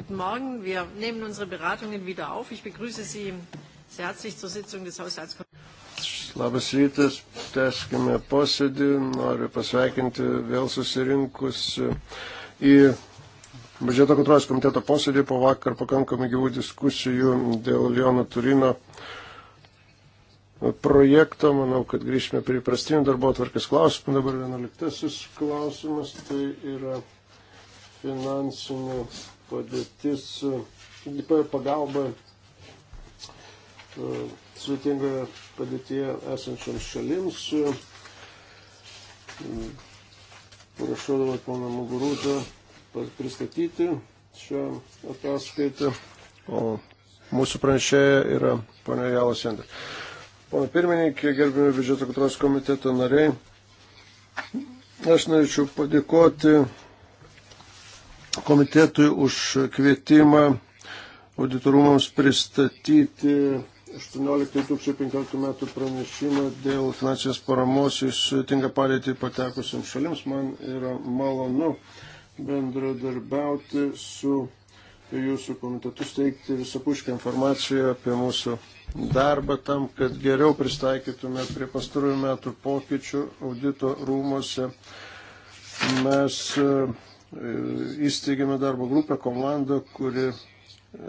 Guten Morgen. Wir nehmen unsere Beratungen wieder auf. Ich begrüße Sie sehr herzlich zur Sitzung des Haushaltskomitees. Labas rytas, teskime posėdį. Noriu pasveikinti vėl susirinkus į biudžeto kontrolės komiteto posėdį po vakar pakankamai gyvų diskusijų dėl Liono Turino projekto. Manau, kad grįžtume prie prastinių darbo atvarkės klausimų. Dabar vienuoliktasis klausimas tai yra finansinės padėtis, pagalba e, sudėtingoje padėtyje esančioms šalims. E, prašau dabar poną Mugurūtą pristatyti šią ataskaitą. O mūsų pranešėja yra ponia Jala Sender. Pone pirmininkė, gerbimi biudžeto kontrolės komiteto nariai, aš norėčiau padėkoti komitetui už kvietimą auditorumams pristatyti 18-2015 metų pranešimą dėl finansinės paramos į sudėtingą padėtį patekusiam šalims. Man yra malonu bendradarbiauti su jūsų komitetu, steigti visapušką informaciją apie mūsų darbą tam, kad geriau pristaikytume prie pastarųjų metų pokyčių audito rūmose. Mes uh, įsteigėme darbo grupę, komandą, kuri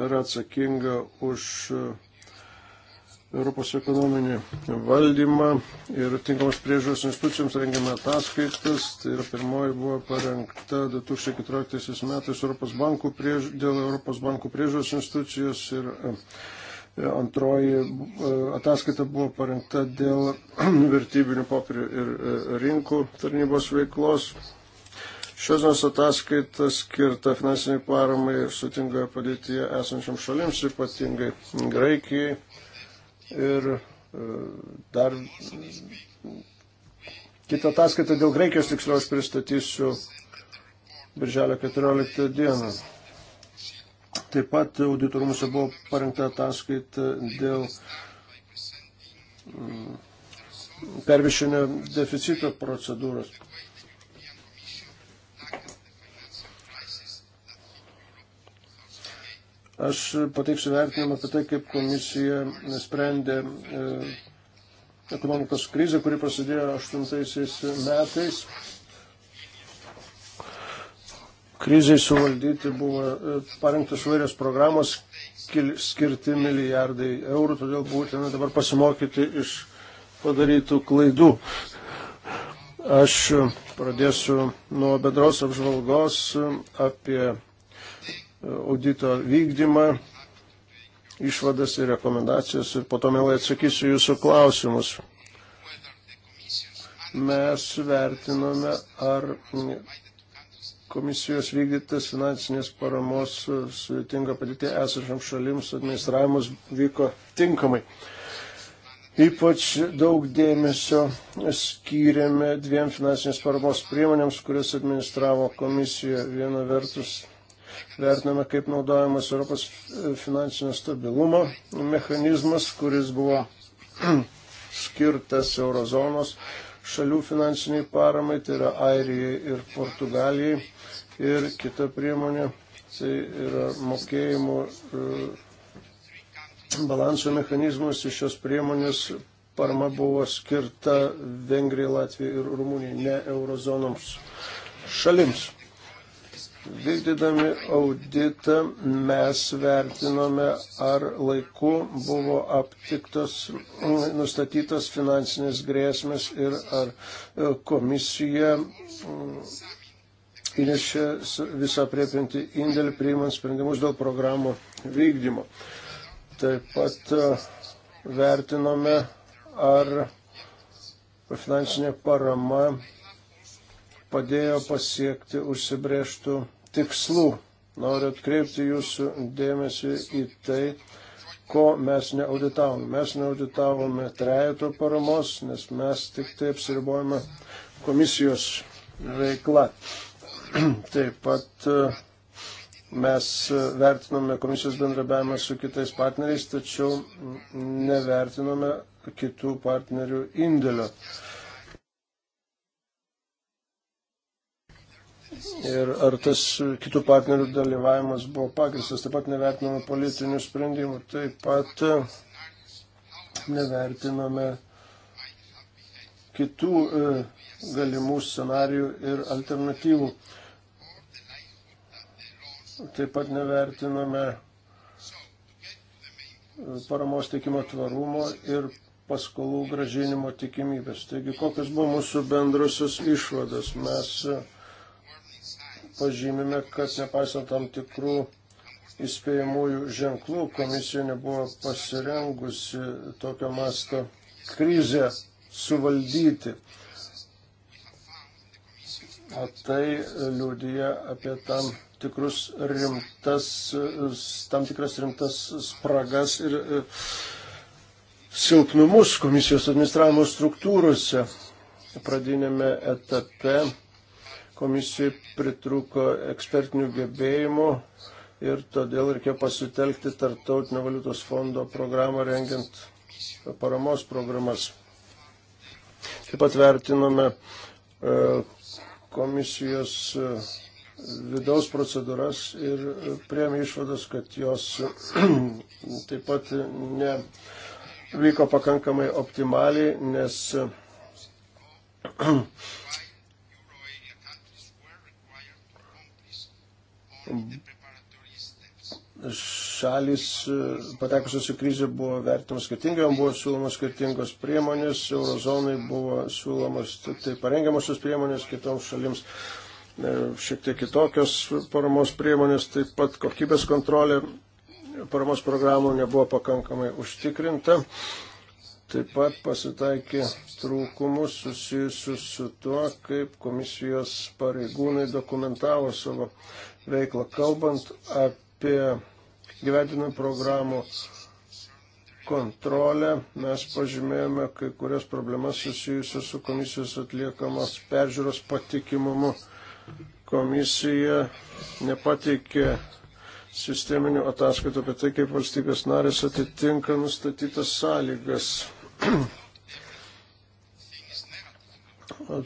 yra atsakinga už e, Europos ekonominį valdymą ir tinkamos priežiūros institucijoms rengiame ataskaitas. Tai yra pirmoji buvo parengta 2014 metais Europos bankų priež... dėl Europos bankų priežiūros institucijos ir e, antroji e, ataskaita buvo parengta dėl vertybinių popierių ir rinkų tarnybos veiklos. Šios dienos ataskaita skirta finansiniai paramai ir sutingoje padėtyje esančiam šalims, ypatingai Graikijai. Ir e, dar kitą ataskaitą dėl Graikijos tiksliau aš pristatysiu birželio 14 dieną. Taip pat auditorumuose buvo parengta ataskaita dėl mm, pervišinio deficito procedūros Aš pateiksiu vertinimą apie tai, kaip komisija sprendė e, ekonomikos krizę, kuri prasidėjo 8 metais. Kriziai suvaldyti buvo e, parengtos vairios programos, skirti milijardai eurų, todėl būtina dabar pasimokyti iš padarytų klaidų. Aš pradėsiu nuo bedros apžvalgos apie audito vykdymą, išvadas ir rekomendacijas ir po to mielai atsakysiu jūsų klausimus. Mes vertinome, ar komisijos vykdytas finansinės paramos sudėtinga padėtė esančiam šalims administravimas vyko tinkamai. Ypač daug dėmesio skyrėme dviem finansinės paramos priemonėms, kurias administravo komisija. Viena vertus vertiname kaip naudojamas Europos e, finansinio stabilumo mechanizmas, kuris buvo skirtas eurozonos šalių finansiniai paramai, tai yra Airijai ir Portugalijai. Ir kita priemonė, tai yra mokėjimų e, balanso mechanizmas iš šios priemonės parama buvo skirta Vengrijai, Latvijai ir Rumunijai, ne eurozonoms šalims. Vykdydami auditą mes vertinome, ar laiku buvo aptiktos, nustatytos finansinės grėsmės ir ar e, komisija mm, įnešė visą priepinti indėlį priimant sprendimus dėl programų vykdymo. Taip pat e, vertinome, ar finansinė parama padėjo pasiekti užsibrėžtų tikslų. Noriu atkreipti jūsų dėmesį į tai, ko mes neauditavome. Mes neauditavome trejato paramos, nes mes tik tai apsiribojame komisijos veikla. Taip pat e, mes e, vertinome komisijos bendrabiavimą su kitais partneriais, tačiau nevertinome kitų partnerių indėlio. ir ar tas kitų partnerių dalyvavimas buvo pagristas. Taip pat nevertinome politinių sprendimų, taip pat e, nevertinome kitų e, galimų scenarių ir alternatyvų. Taip pat nevertinome e, paramos teikimo tvarumo ir paskolų gražinimo tikimybės. Taigi, kokios buvo mūsų bendrosios išvados? Mes pažymime, kad nepaisant tam tikrų įspėjimųjų ženklų, komisija nebuvo pasirengusi tokio masto krizę suvaldyti. O tai liūdija apie tam, tikrus rimtas, tam tikras rimtas spragas ir e, silpnumus komisijos administravimo struktūrose. Pradinėme etape komisijai pritruko ekspertinių gebėjimų ir todėl reikėjo pasitelkti Tartautinio valiutos fondo programą rengiant paramos programas. Taip pat vertinome e, komisijos e, vidaus procedūras ir priemi išvadas, kad jos taip pat nevyko pakankamai optimaliai, nes e, šalis e, patekusios į krizę buvo vertinamos skirtingai, buvo siūlomos skirtingos priemonės, eurozonai buvo siūlomos tai parengiamosios priemonės kitoms šalims, e, šiek tiek kitokios paramos priemonės, taip pat kokybės kontrolė paramos programų nebuvo pakankamai užtikrinta. Taip pat pasitaikė trūkumų susijusių su tuo, kaip komisijos pareigūnai dokumentavo savo veiklą. Kalbant apie gyventinų programų kontrolę, mes pažymėjome kai kurias problemas susijusias su komisijos atliekamos peržiūros patikimumu. Komisija nepateikė sisteminių ataskaitų apie tai, kaip valstybės narės atitinka nustatytas sąlygas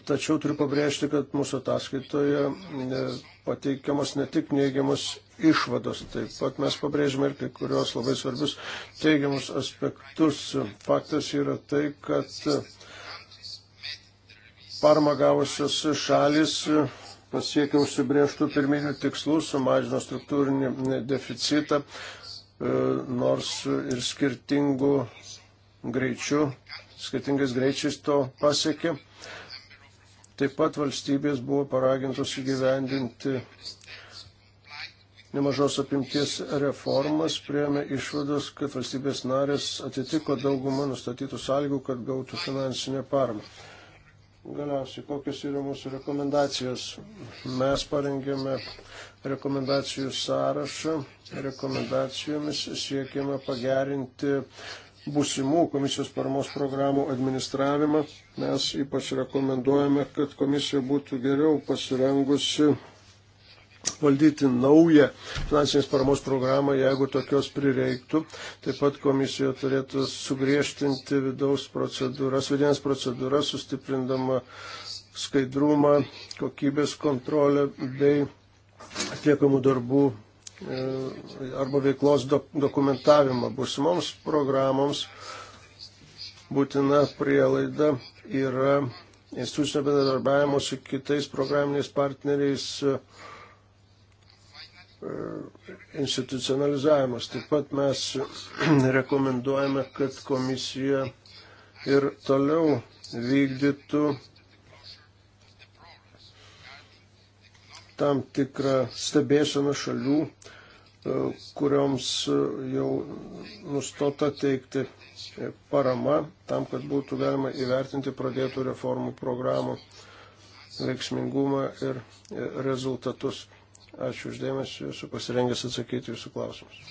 Tačiau turiu pabrėžti, kad mūsų ataskaitoje e, pateikiamas ne tik neigiamas išvados, taip pat mes pabrėžime ir kai kurios labai svarbius teigiamus aspektus. Faktas yra tai, kad e, parma gavusios šalis e, pasiekė užsibrieštų pirminių tikslų, sumažino struktūrinį deficitą, nors ir skirtingų greičiu, skirtingais greičiais to pasiekė. Taip pat valstybės buvo paragintos įgyvendinti nemažos apimties reformas, prieėmė išvados, kad valstybės narės atitiko daugumą nustatytų sąlygų, kad gautų finansinę paramą. Galiausiai, kokios yra mūsų rekomendacijos? Mes parengėme rekomendacijų sąrašą. Rekomendacijomis siekiame pagerinti būsimų komisijos paramos programų administravimą. Mes ypač rekomenduojame, kad komisija būtų geriau pasirengusi valdyti naują finansinės paramos programą, jeigu tokios prireiktų. Taip pat komisija turėtų sugriežtinti vidaus procedūras, vidinės procedūras, sustiprindama skaidrumą, kokybės kontrolę bei atliekamų darbų E, arba veiklos dokumentavimą. Būsimoms programoms būtina prielaida yra institucinio bendradarbiavimo su kitais programiniais partneriais e, institucionalizavimas. Taip pat mes rekomenduojame, kad komisija ir toliau vykdytų tam tikrą stebėseną šalių, e, kurioms e, jau nustota teikti e, parama tam, kad būtų galima įvertinti pradėtų reformų programų veiksmingumą ir rezultatus. Ačiū uždėmesi, esu pasirengęs atsakyti jūsų klausimus.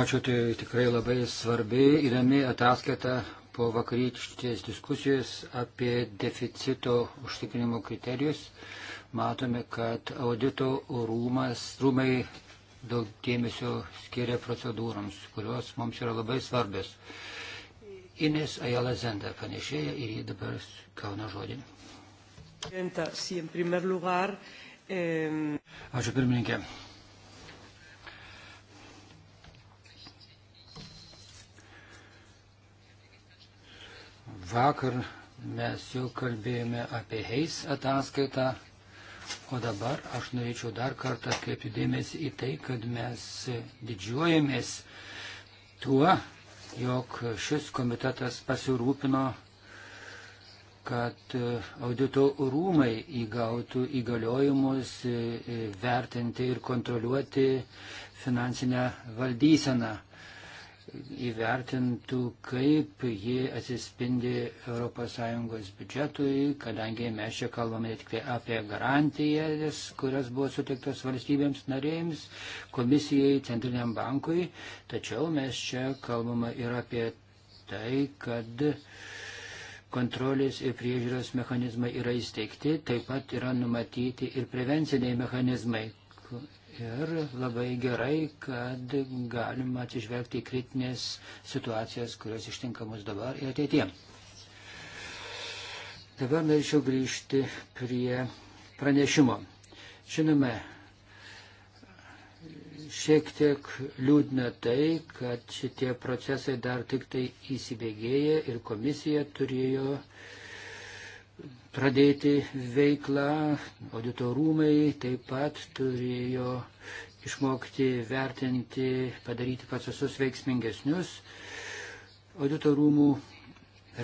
Ačiū, tai tikrai labai svarbi, įdomi ataskaita po vakarykštės diskusijos apie deficito užtikrinimo kriterijus matome, kad audito rūmas, rūmai daug dėmesio skiria procedūrams, kurios mums yra labai svarbios. Ines Ayala Zenda panešėja ir jį dabar gauna žodį. Ačiū pirmininkė. Vakar mes jau kalbėjome apie Heis ataskaitą, o dabar aš norėčiau dar kartą atkreipti dėmesį į tai, kad mes didžiuojamės tuo, jog šis komitetas pasirūpino, kad audito rūmai įgautų įgaliojimus vertinti ir kontroliuoti finansinę valdyseną įvertintų, kaip ji atsispindi ES biudžetui, kadangi mes čia kalbame tik tai apie garantijas, kurios buvo suteiktos valstybėms narėjams, komisijai, centriniam bankui, tačiau mes čia kalbame ir apie tai, kad kontrolės ir priežiūros mechanizmai yra įsteigti, taip pat yra numatyti ir prevenciniai mechanizmai. Ir labai gerai, kad galima atsižvelgti į kritinės situacijas, kurios ištinkamus dabar ir ateitie. Dabar norėčiau grįžti prie pranešimo. Žinome, šiek tiek liūdna tai, kad šitie procesai dar tik tai įsibėgėja ir komisija turėjo uh, pradėti veiklą, auditorumai taip pat turėjo išmokti vertinti, padaryti procesus veiksmingesnius. Auditorumų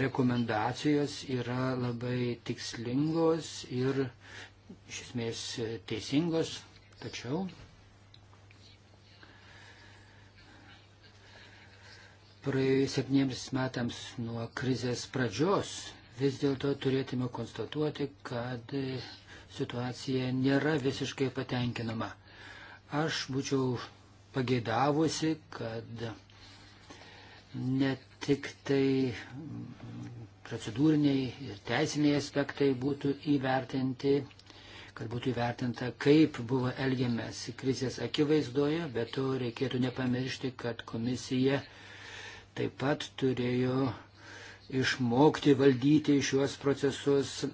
rekomendacijos yra labai tikslingos ir iš esmės teisingos, tačiau praėjus septyniems metams nuo krizės pradžios vis dėlto turėtume konstatuoti, kad situacija nėra visiškai patenkinama. Aš būčiau pageidavusi, kad ne tik tai procedūriniai ir teisiniai aspektai būtų įvertinti, kad būtų įvertinta, kaip buvo elgiamės krizės akivaizdoje, bet to reikėtų nepamiršti, kad komisija taip pat turėjo išmokti valdyti šiuos procesus.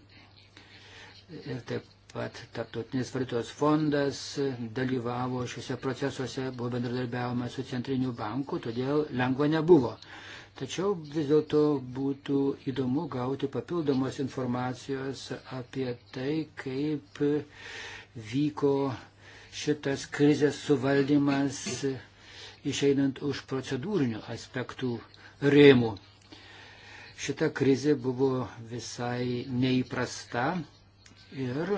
Ir taip pat Tarptautinis valiutos fondas dalyvavo šiuose procesuose, buvo bendradarbiavama su centriniu banku, todėl lengva nebuvo. Tačiau vis dėlto būtų įdomu gauti papildomos informacijos apie tai, kaip vyko šitas krizės suvaldymas išeinant už procedūrinių aspektų rėmų. Šita krizė buvo visai neįprasta ir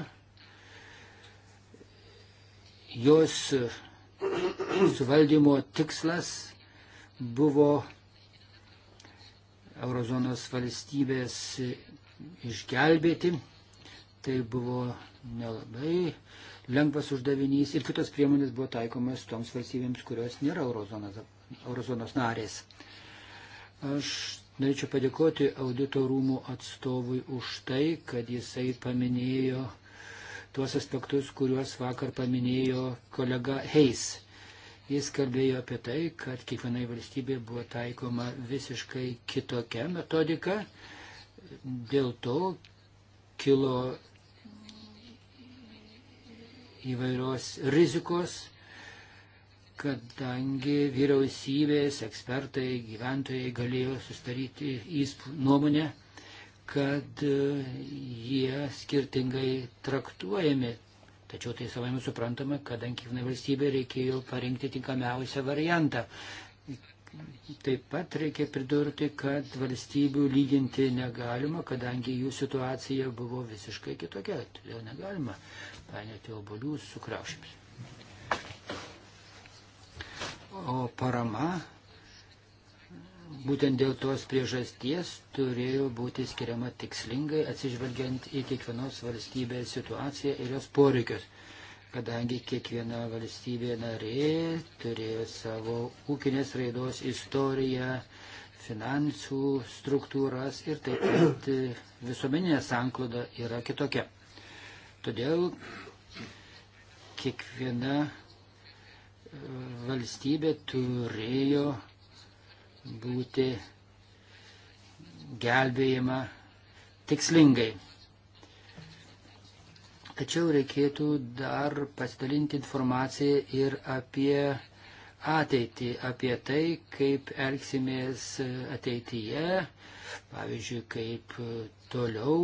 jos suvaldymo tikslas buvo eurozonos valstybės išgelbėti. Tai buvo nelabai lengvas uždavinys ir kitos priemonės buvo taikomas toms valstybėms, kurios nėra eurozonos, eurozonos narės. Aš Norėčiau padėkoti audito rūmų atstovui už tai, kad jisai paminėjo tuos aspektus, kuriuos vakar paminėjo kolega Heis. Jis kalbėjo apie tai, kad kiekvienai valstybė buvo taikoma visiškai kitokia metodika. Dėl to kilo įvairios rizikos kadangi vyriausybės, ekspertai, gyventojai galėjo sustaryti nuomonę, kad e, jie skirtingai traktuojami. Tačiau tai savai mes suprantame, kadangi kiekvienai valstybė reikėjo parinkti tinkamiausią variantą. Taip pat reikia pridurti, kad valstybių lyginti negalima, kadangi jų situacija buvo visiškai kitokia. Todėl negalima painioti obolių su kraušimis o parama būtent dėl tos priežasties turėjo būti skiriama tikslingai atsižvelgiant į kiekvienos valstybės situaciją ir jos poreikius, kadangi kiekviena valstybė narė turėjo savo ūkinės raidos istoriją, finansų struktūras ir taip pat visuomeninė sankloda yra kitokia. Todėl kiekviena valstybė turėjo būti gelbėjama tikslingai. Tačiau reikėtų dar pasidalinti informaciją ir apie ateitį, apie tai, kaip elgsimės ateityje, pavyzdžiui, kaip toliau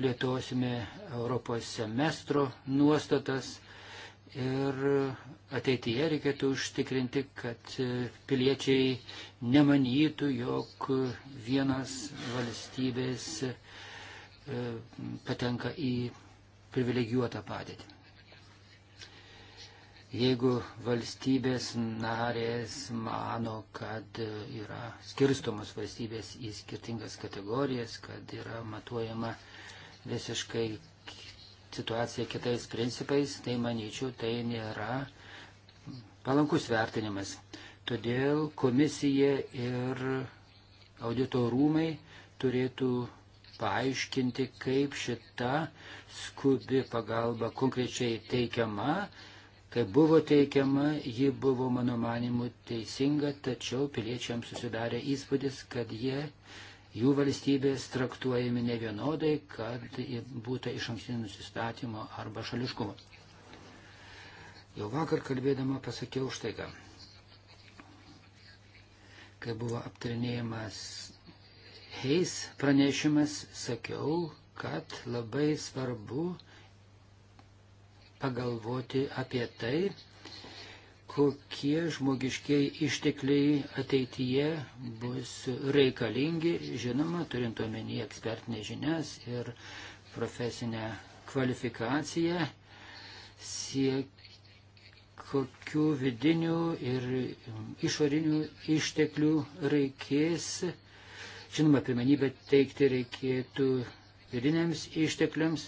plėtosime Europos semestro nuostatas, Ir ateityje reikėtų užtikrinti, kad piliečiai nemanytų, jog vienas valstybės e, patenka į privilegijuotą padėtį. Jeigu valstybės narės mano, kad yra skirstomos valstybės į skirtingas kategorijas, kad yra matuojama visiškai situaciją kitais principais, tai manyčiau, tai nėra palankus vertinimas. Todėl komisija ir audito rūmai turėtų paaiškinti, kaip šita skubi pagalba konkrečiai teikiama. Kai buvo teikiama, ji buvo mano manimu teisinga, tačiau piliečiams susidarė įspūdis, kad jie jų valstybės traktuojami ne vienodai, kad būtų iš ankstinio nusistatymo arba šališkumo. Jau vakar kalbėdama pasakiau štai ką. Kai buvo aptarinėjimas Heis pranešimas, sakiau, kad labai svarbu pagalvoti apie tai, kokie žmogiškiai ištekliai ateityje bus reikalingi, žinoma, turint omenyje ekspertinės žinias ir profesinę kvalifikaciją, siek kokių vidinių ir išorinių išteklių reikės. Žinoma, pirmenybę teikti reikėtų vidiniams ištekliams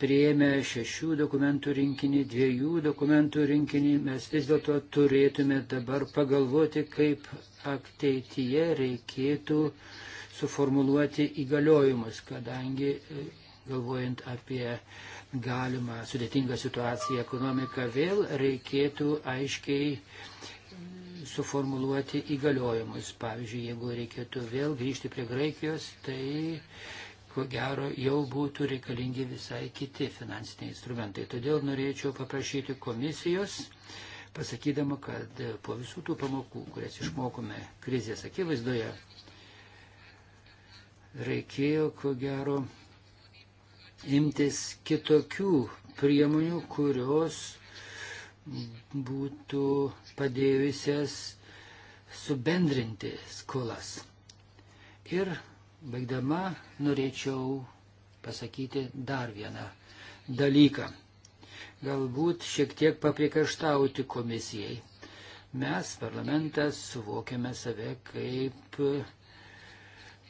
prieėmę šešių dokumentų rinkinį, dviejų dokumentų rinkinį, mes vis dėlto turėtume dabar pagalvoti, kaip ateityje reikėtų suformuluoti įgaliojimus, kadangi e, galvojant apie galimą sudėtingą situaciją ekonomiką, vėl reikėtų aiškiai suformuluoti įgaliojimus. Pavyzdžiui, jeigu reikėtų vėl grįžti prie Graikijos, tai ko gero jau būtų reikalingi visai kiti finansiniai instrumentai. Todėl norėčiau paprašyti komisijos, pasakydama, kad po visų tų pamokų, kurias išmokome krizės akivaizdoje, reikėjo ko gero imtis kitokių priemonių, kurios būtų padėjusias subendrinti skolas. Ir Baigdama norėčiau pasakyti dar vieną dalyką. Galbūt šiek tiek paprikaštauti komisijai. Mes, parlamentas, suvokiame save kaip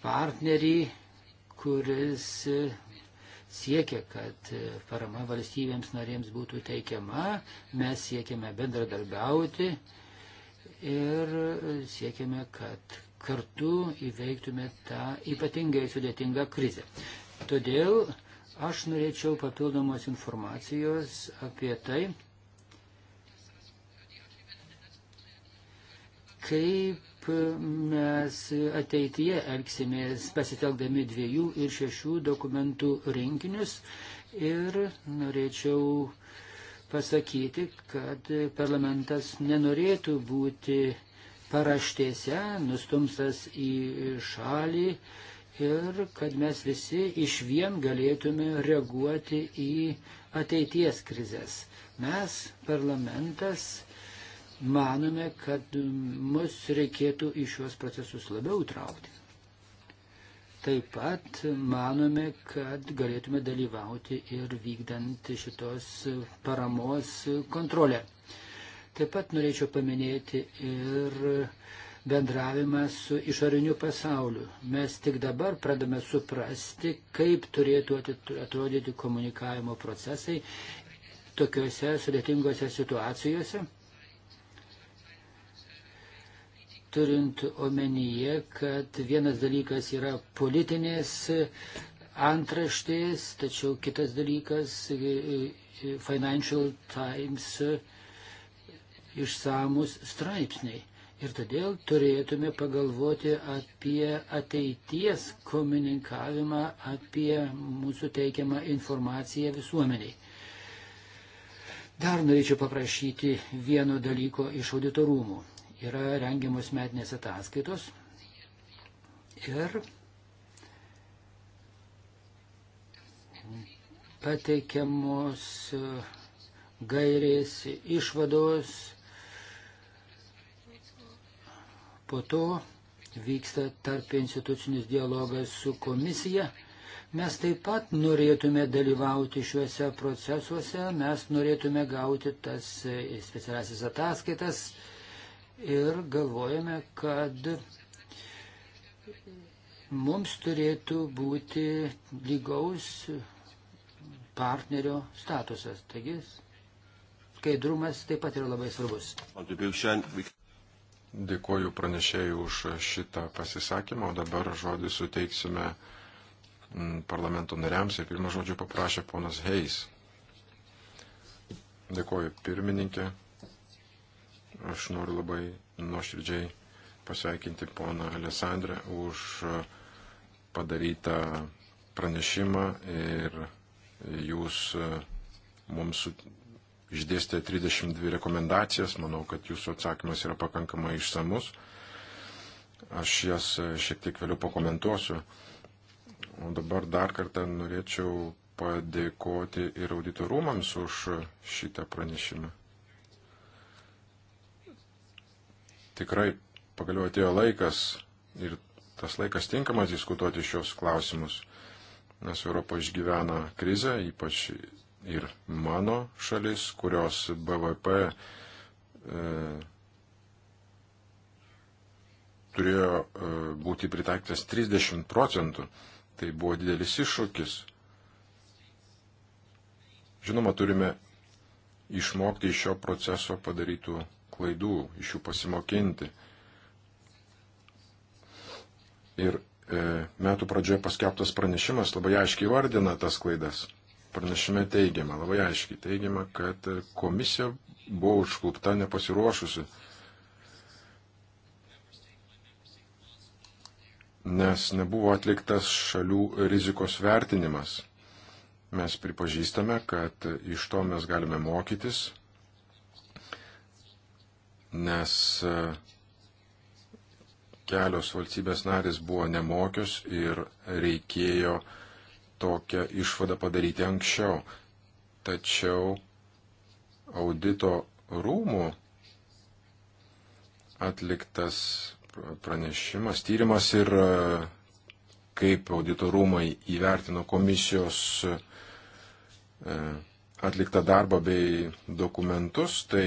partnerį, kuris siekia, kad parama valstybėms narėms būtų teikiama, mes siekiame bendradarbiauti ir siekiame, kad kartu įveiktume tą ypatingai sudėtingą krizę. Todėl aš norėčiau papildomos informacijos apie tai, kaip mes ateityje elgsimės pasitelkdami dviejų ir šešių dokumentų rinkinius. Ir norėčiau pasakyti, kad parlamentas nenorėtų būti paraštėse, nustumstas į šalį ir kad mes visi iš vien galėtume reaguoti į ateities krizės. Mes, parlamentas, manome, kad mus reikėtų į šiuos procesus labiau traukti. Taip pat manome, kad galėtume dalyvauti ir vykdant šitos paramos kontrolę. Taip pat norėčiau paminėti ir bendravimą su išoriniu pasauliu. Mes tik dabar pradame suprasti, kaip turėtų atrodyti komunikavimo procesai tokiuose sudėtingose situacijose, turint omenyje, kad vienas dalykas yra politinės antraštės, tačiau kitas dalykas e, e, Financial Times išsamus straipsniai. Ir todėl turėtume pagalvoti apie ateities komunikavimą, apie mūsų teikiamą informaciją visuomeniai. Dar norėčiau paprašyti vieno dalyko iš auditorumų. Yra rengiamos metinės ataskaitos ir pateikiamos gairės išvados Po to vyksta tarp institucinis dialogas su komisija. Mes taip pat norėtume dalyvauti šiuose procesuose, mes norėtume gauti tas e, specialiasis ataskaitas ir galvojame, kad mums turėtų būti lygaus partnerio statusas. Taigi skaidrumas taip pat yra labai svarbus. Dėkuoju pranešėjų už šitą pasisakymą, o dabar žodį suteiksime mm, parlamento nariams ir pirmą žodžią paprašė ponas Heis. Dėkuoju pirmininkė. Aš noriu labai nuoširdžiai pasveikinti poną Alessandrę už padarytą pranešimą ir jūs mm, mums išdėstė 32 rekomendacijas. Manau, kad jūsų atsakymas yra pakankamai išsamus. Aš jas e, šiek tiek vėliau pakomentuosiu. O dabar dar kartą norėčiau padėkoti ir auditorumams už šitą pranešimą. Tikrai pagaliau atėjo laikas ir tas laikas tinkamas diskutuoti šios klausimus, nes Europa išgyvena krizę, ypač ir mano šalis, kurios BVP e, turėjo e, būti pritaiktas 30 procentų. Tai buvo didelis iššūkis. Žinoma, turime išmokti iš šio proceso padarytų klaidų, iš jų pasimokinti. Ir e, metų pradžioje paskelbtas pranešimas labai aiškiai vardina tas klaidas pranešime teigiama, labai aiškiai teigiama, kad komisija buvo užklupta nepasiruošusi. Nes nebuvo atliktas šalių rizikos vertinimas. Mes pripažįstame, kad iš to mes galime mokytis, nes e, kelios valstybės narės buvo nemokios ir reikėjo uh, tokią išvadą padaryti anksčiau. Tačiau audito rūmų atliktas pranešimas, tyrimas ir e, kaip audito rūmai įvertino komisijos e, atliktą darbą bei dokumentus, tai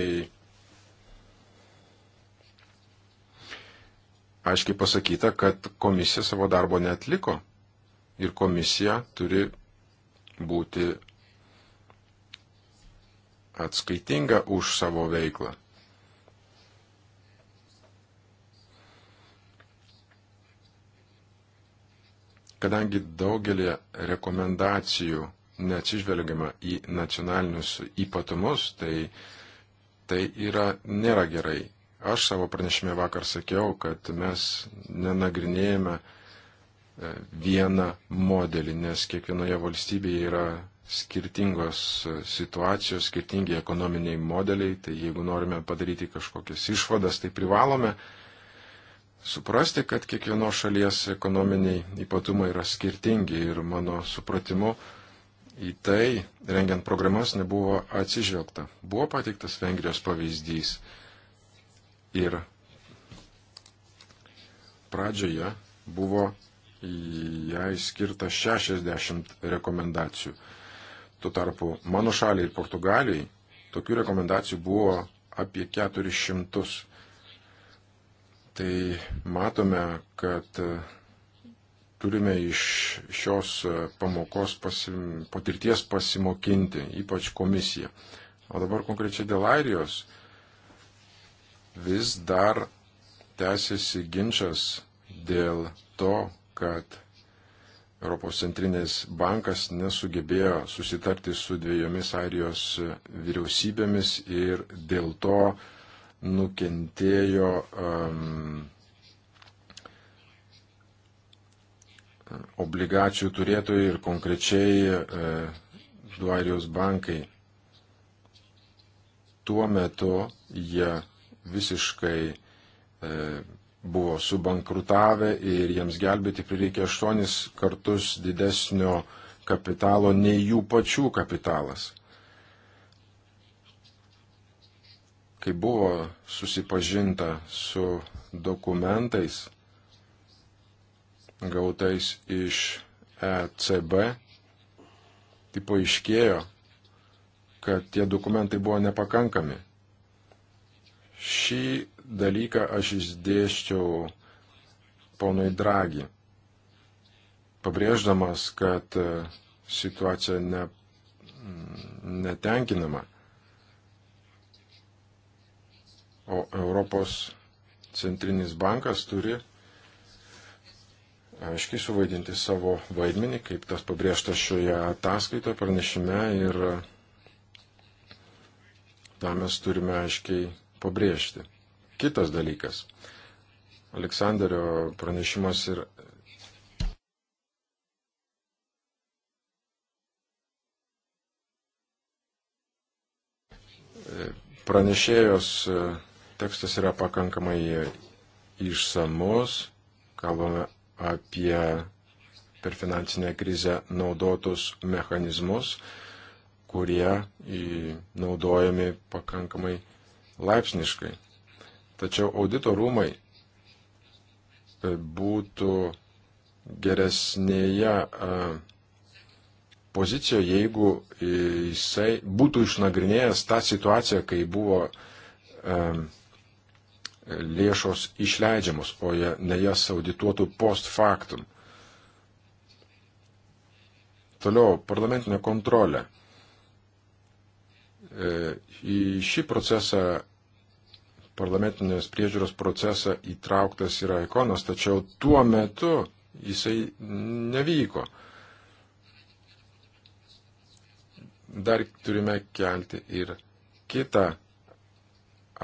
aiškiai pasakyta, kad komisija savo darbo netliko ir komisija turi būti atskaitinga už savo veiklą. Kadangi daugelį rekomendacijų neatsižvelgiama į nacionalinius ypatumus, tai tai yra, nėra gerai. Aš savo pranešime vakar sakiau, kad mes nenagrinėjame E, vieną modelį, nes kiekvienoje valstybėje yra skirtingos e, situacijos, skirtingi ekonominiai modeliai, tai jeigu norime padaryti kažkokias išvadas, tai privalome suprasti, kad kiekvienos šalies ekonominiai ypatumai yra skirtingi ir mano supratimu į tai, rengiant programas, nebuvo atsižvelgta. Buvo pateiktas Vengrijos pavyzdys ir pradžioje buvo jai skirta 60 rekomendacijų. Tuo tarpu mano šaliai ir Portugalijai tokių rekomendacijų buvo apie 400. Tai matome, kad e, turime iš šios pamokos pasim, patirties pasimokinti, ypač komisija. O dabar konkrečiai dėl Airijos vis dar tęsiasi ginčas dėl to, kad Europos centrinės bankas nesugebėjo susitarti su dviejomis Airijos vyriausybėmis ir dėl to nukentėjo um, obligacijų turėtojai ir konkrečiai uh, du Airijos bankai. Tuo metu jie visiškai uh, buvo subankrutavę ir jiems gelbėti prireikė aštuonis kartus didesnio kapitalo nei jų pačių kapitalas. Kai buvo susipažinta su dokumentais gautais iš ECB, tai paaiškėjo, kad tie dokumentai buvo nepakankami. Šį dalyką aš išdėščiau ponui Dragi, pabrėždamas, kad e, situacija ne, netenkinama, o Europos centrinis bankas turi aiškiai suvaidinti savo vaidmenį, kaip tas pabrėžtas šioje ataskaitoje pranešime ir tą mes turime aiškiai pabrėžti. Kitas dalykas. Aleksandrio pranešimas ir. Pranešėjos e, tekstas yra pakankamai e, išsamus, kalbame apie per finansinę krizę naudotus mechanizmus, kurie e, naudojami pakankamai laipsniškai. Tačiau audito rūmai e, būtų geresnėje e, pozicijoje, jeigu jisai būtų išnagrinėjęs tą situaciją, kai buvo e, lėšos išleidžiamos, o ne jas audituotų post factum. Toliau, parlamentinė kontrolė. Į šį procesą parlamentinės priežiūros procesą įtrauktas yra ikonas, tačiau tuo metu jisai nevyko. Dar turime kelti ir kitą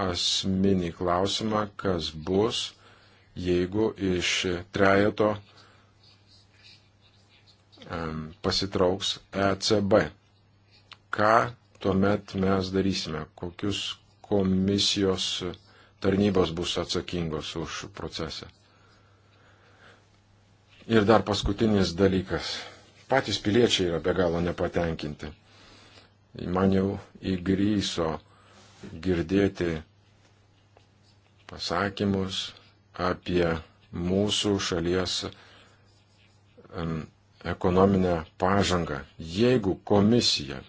asmenį klausimą, kas bus, jeigu iš trejato pasitrauks ECB. Ką tuomet mes darysime, kokius komisijos tarnybos bus atsakingos už procesą. Ir dar paskutinis dalykas. Patys piliečiai yra be galo nepatenkinti. Man jau įgryso girdėti pasakymus apie mūsų šalies ekonominę pažangą. Jeigu komisija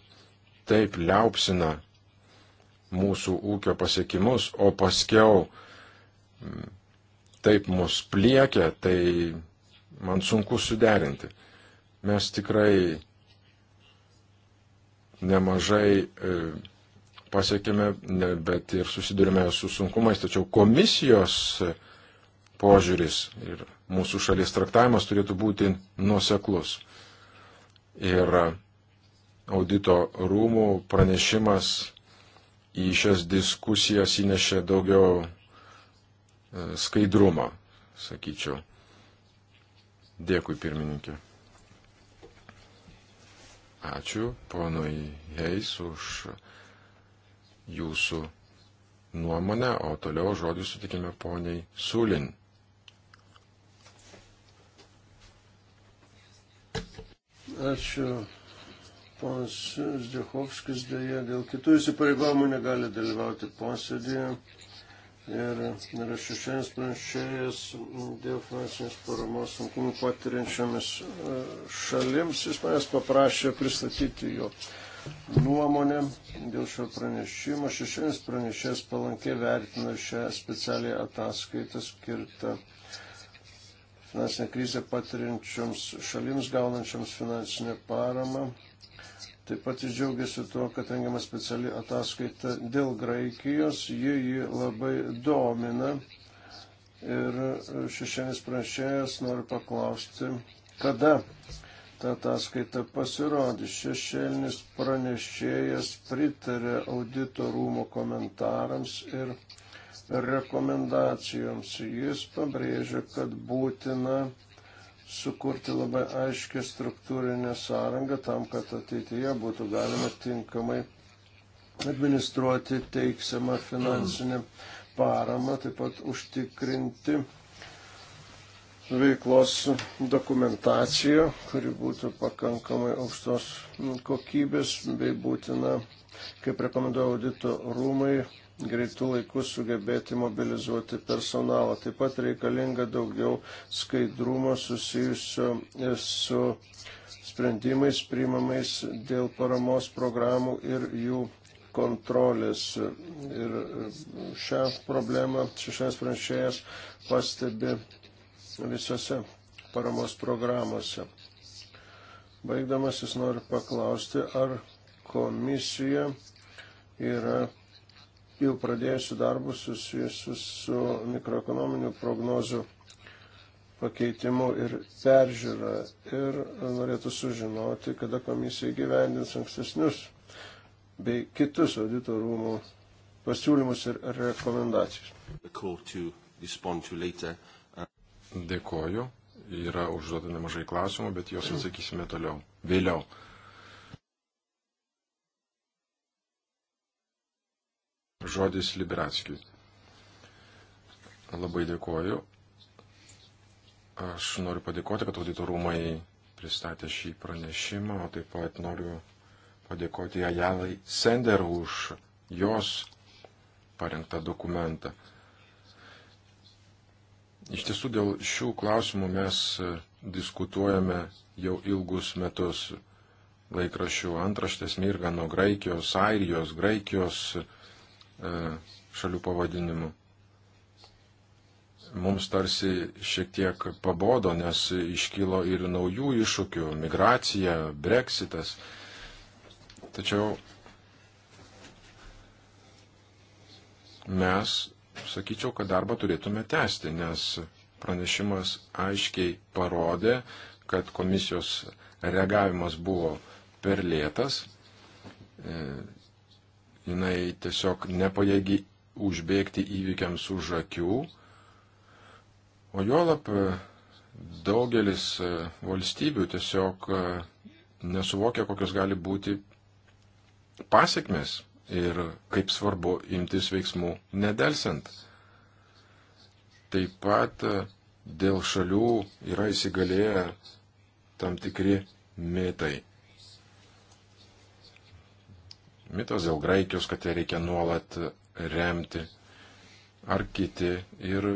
taip liaupsina mūsų ūkio pasiekimus, o paskiau mm, taip mus pliekia, tai man sunku suderinti. Mes tikrai nemažai e, pasiekėme, bet ir susidurime su sunkumais, tačiau komisijos požiūris ir mūsų šalies traktavimas turėtų būti nuoseklus. Ir audito rūmų pranešimas į šias diskusijas įnešė daugiau e, skaidrumo, sakyčiau. Dėkui, pirmininkė. Ačiū ponui Heis už jūsų nuomonę, o toliau žodį sutikime poniai Sulin. Ačiū Ponas Zdechovskis dėja dėl kitų įsipareigojimų negali dalyvauti posėdėje. Ir yra šešienis pranešėjas dėl finansinės paramos sunkumų patiriančiamis e, šalims. Jis manęs paprašė pristatyti jo nuomonę dėl šio pranešimo. Šešienis pranešėjas palankiai vertina šią specialią ataskaitą skirtą finansinę krizę patiriančioms šalims gaunančioms finansinę paramą. Taip pat jis džiaugiasi tuo, kad rengiama speciali ataskaita dėl Graikijos, jį, jį labai domina. Ir šešienis pranešėjas nori paklausti, kada ta ataskaita pasirodys. Šešėlinis pranešėjas pritarė audito rūmo komentarams ir rekomendacijoms. Jis pabrėžia, kad būtina sukurti labai aiškę struktūrinę sąrangą tam, kad ateityje būtų galima tinkamai administruoti teiksiamą finansinę paramą, taip pat užtikrinti veiklos dokumentaciją, kuri būtų pakankamai aukštos kokybės bei būtina, kaip rekomenduoja audito rūmai, greitų laikų sugebėti mobilizuoti personalą. Taip pat reikalinga daugiau skaidrumo susijusio e, su sprendimais priimamais dėl paramos programų ir jų kontrolės. Ir e, šią problemą šešias pranešėjas pastebi visose paramos programuose. Baigdamas jis nori paklausti, ar komisija yra jau pradėjusių darbus susijusių su mikroekonominių prognozių pakeitimu ir peržiūra. Ir norėtų sužinoti, kada komisija gyvendins ankstesnius bei kitus audito rūmų pasiūlymus ir rekomendacijas. Dėkoju. Yra užduota nemažai klausimų, bet juos atsakysime toliau. Vėliau. Žodis Liberatskiui. Labai dėkoju. Aš noriu padėkoti, kad auditorumai pristatė šį pranešimą, o taip pat noriu padėkoti Ajalai Sender už jos parengtą dokumentą. Iš tiesų dėl šių klausimų mes diskutuojame jau ilgus metus. Laikrašių antraštės mirga nuo Graikijos, Airijos, Graikijos, Graikijos E, šalių pavadinimų. Mums tarsi šiek tiek pabodo, nes iškylo ir naujų iššūkių - migracija, breksitas. Tačiau mes, sakyčiau, kad darbą turėtume tęsti, nes pranešimas aiškiai parodė, kad komisijos reagavimas buvo per lėtas e, jinai tiesiog nepajėgi užbėgti įvykiams už akių, o juolap daugelis e, valstybių tiesiog e, nesuvokia, kokios gali būti pasiekmes ir kaip svarbu imtis veiksmų nedelsant. Taip pat e, dėl šalių yra įsigalėję tam tikri mitai mitas dėl Graikijos, kad ją reikia nuolat remti, ar kiti. Ir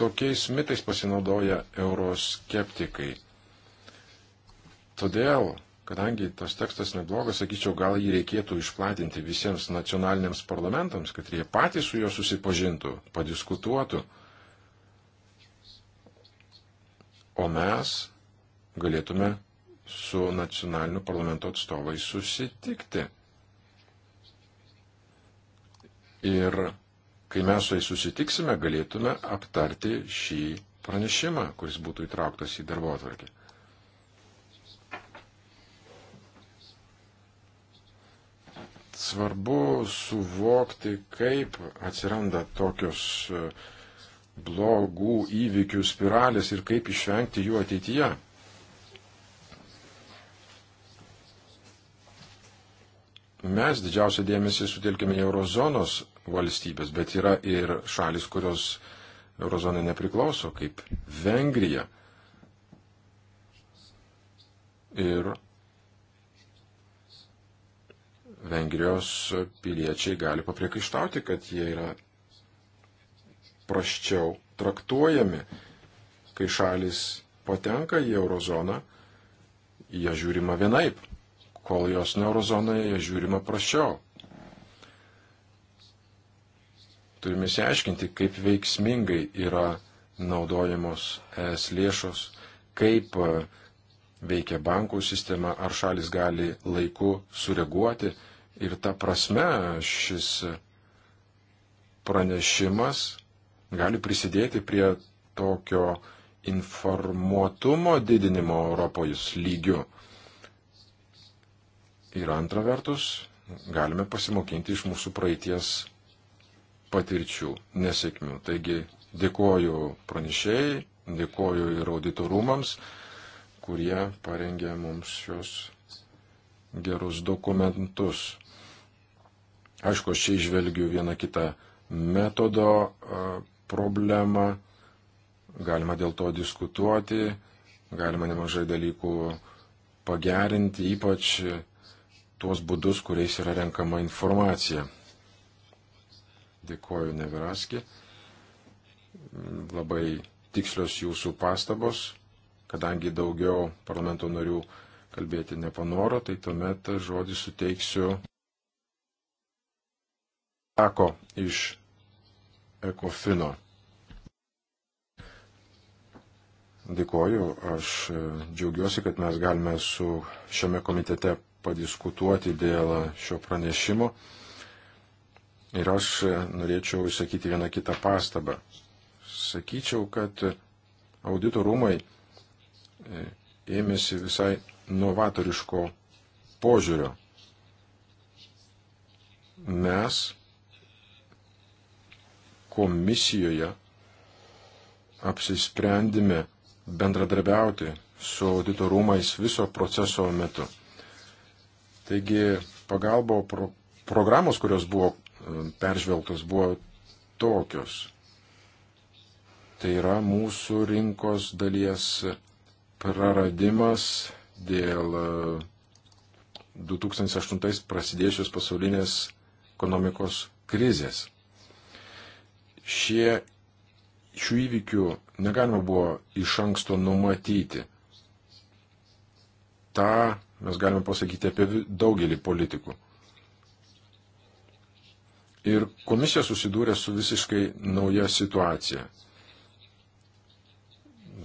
tokiais mitais pasinaudoja euroskeptikai. Todėl, kadangi tas tekstas neblogas, sakyčiau, gal jį reikėtų išplatinti visiems nacionaliniams parlamentams, kad jie patys su juo susipažintų, padiskutuotų. O mes galėtume su nacionaliniu parlamento atstovai susitikti ir kai mes su jais susitiksime, galėtume aptarti šį pranešimą, kuris būtų įtrauktas į darbo atvarkę. Svarbu suvokti, kaip atsiranda tokios e, blogų įvykių spiralės ir kaip išvengti jų ateityje. mes didžiausią dėmesį sutelkime į eurozonos valstybės, bet yra ir šalis, kurios eurozonai nepriklauso, kaip Vengrija. Ir Vengrijos piliečiai gali papriekaištauti, kad jie yra praščiau traktuojami, kai šalis patenka į eurozoną, jie žiūrima vienaip kol jos neurozonoje žiūrima prašiau. Turime įsiaiškinti, kaip veiksmingai yra naudojamos ES lėšos, kaip e, veikia bankų sistema, ar šalis gali laiku sureaguoti. Ir ta prasme šis pranešimas gali prisidėti prie tokio informuotumo didinimo Europos lygių. Ir antra vertus, galime pasimokinti iš mūsų praeities patirčių nesėkmių. Taigi dėkoju pranešėjai, dėkoju ir auditorumams, kurie parengė mums šios gerus dokumentus. Aišku, aš čia išvelgiu vieną kitą metodo problemą, galima dėl to diskutuoti, galima nemažai dalykų pagerinti, ypač tuos būdus, kuriais yra renkama informacija. Dėkoju, Neveraski. Labai tikslios jūsų pastabos, kadangi daugiau parlamento narių kalbėti nepanoro, tai tuomet žodį suteiksiu Ako iš Ekofino. Dėkoju, aš džiaugiuosi, kad mes galime su šiame komitete padiskutuoti dėl šio pranešimo. Ir aš norėčiau išsakyti vieną kitą pastabą. Sakyčiau, kad audito rūmai e, ėmėsi visai novatoriško požiūrio. Mes komisijoje apsisprendėme bendradarbiauti su audito rūmais viso proceso metu. Taigi pagalbo pro, programos, kurios buvo e, peržvelgtos, buvo tokios. Tai yra mūsų rinkos dalies praradimas dėl 2008 e, prasidėjusios pasaulinės ekonomikos krizės. Šie, šių įvykių negalima buvo iš anksto numatyti. Ta mes galime pasakyti apie daugelį politikų. Ir komisija susidūrė su visiškai nauja situacija.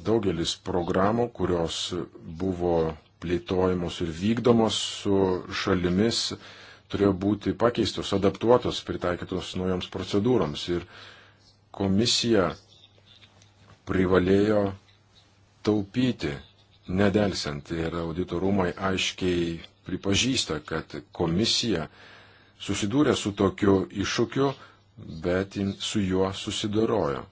Daugelis programų, kurios buvo plėtojamos ir vykdomos su šalimis, turėjo būti pakeistos, adaptuotos, pritaikytos naujoms procedūroms. Ir komisija privalėjo taupyti nedelsiant. Ir auditorumai aiškiai pripažįsta, kad komisija susidūrė su tokiu iššūkiu, bet su juo susidorojo.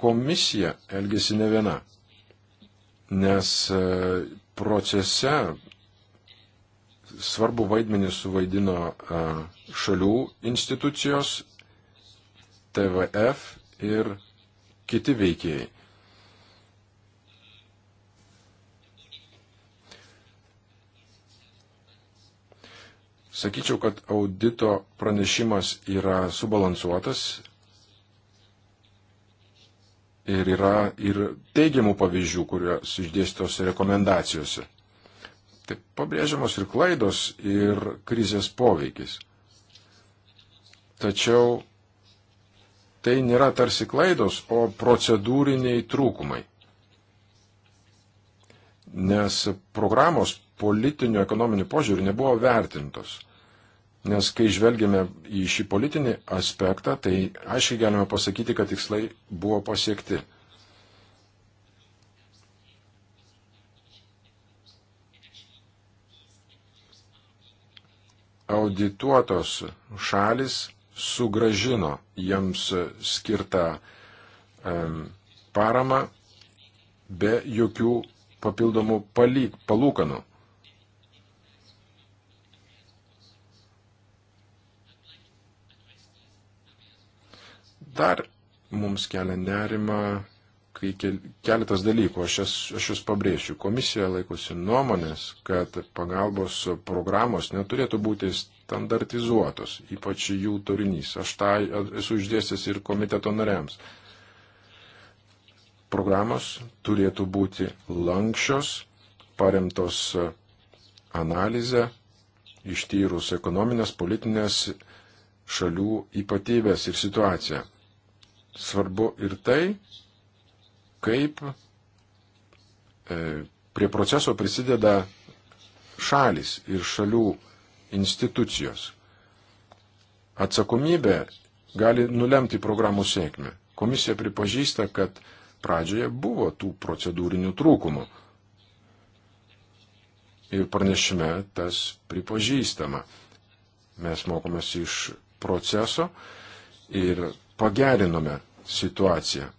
Komisija elgesi ne viena, nes e, procese svarbu vaidmenį suvaidino e, šalių institucijos, TVF ir kiti veikėjai. Sakyčiau, kad audito pranešimas yra subalansuotas ir yra ir teigiamų pavyzdžių, kurios išdėstos rekomendacijose. Taip pabrėžiamos ir klaidos, ir krizės poveikis. Tačiau tai nėra tarsi klaidos, o procedūriniai trūkumai. Nes programos politinių ekonominių požiūrių nebuvo vertintos. Nes kai žvelgėme į šį politinį aspektą, tai aiškiai galime pasakyti, kad tikslai buvo pasiekti. Audituotos šalis sugražino jiems skirtą paramą be jokių papildomų palyk, palūkanų. Dar mums kelia nerima kai keletas dalykų, aš, jas, aš jūs pabrėšiu. Komisija laikosi nuomonės, kad pagalbos programos neturėtų būti standartizuotos, ypač jų turinys. Aš tą esu išdėstęs ir komiteto nariams. Programos turėtų būti lankščios, paremtos analizę, ištyrus ekonominės, politinės šalių ypatybės ir situaciją. Svarbu ir tai, kaip e, prie proceso prisideda šalis ir šalių institucijos. Atsakomybė gali nulemti programų sėkmę. Komisija pripažįsta, kad pradžioje buvo tų procedūrinių trūkumų. Ir pranešime tas pripažįstama. Mes mokomės iš proceso ir pagerinome situaciją.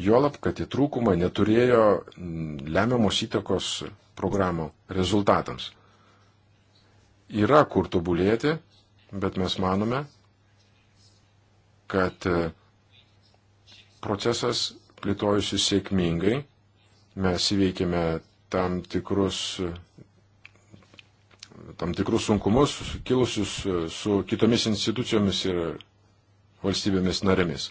Juolab, kad į trūkumą neturėjo mm, lemiamos įtakos programų rezultatams. Yra kur tobulėti, bet mes manome, kad e, procesas plėtojusi sėkmingai, mes įveikėme tam tikrus, tam tikrus sunkumus, kilusius e, su kitomis institucijomis ir valstybėmis narėmis.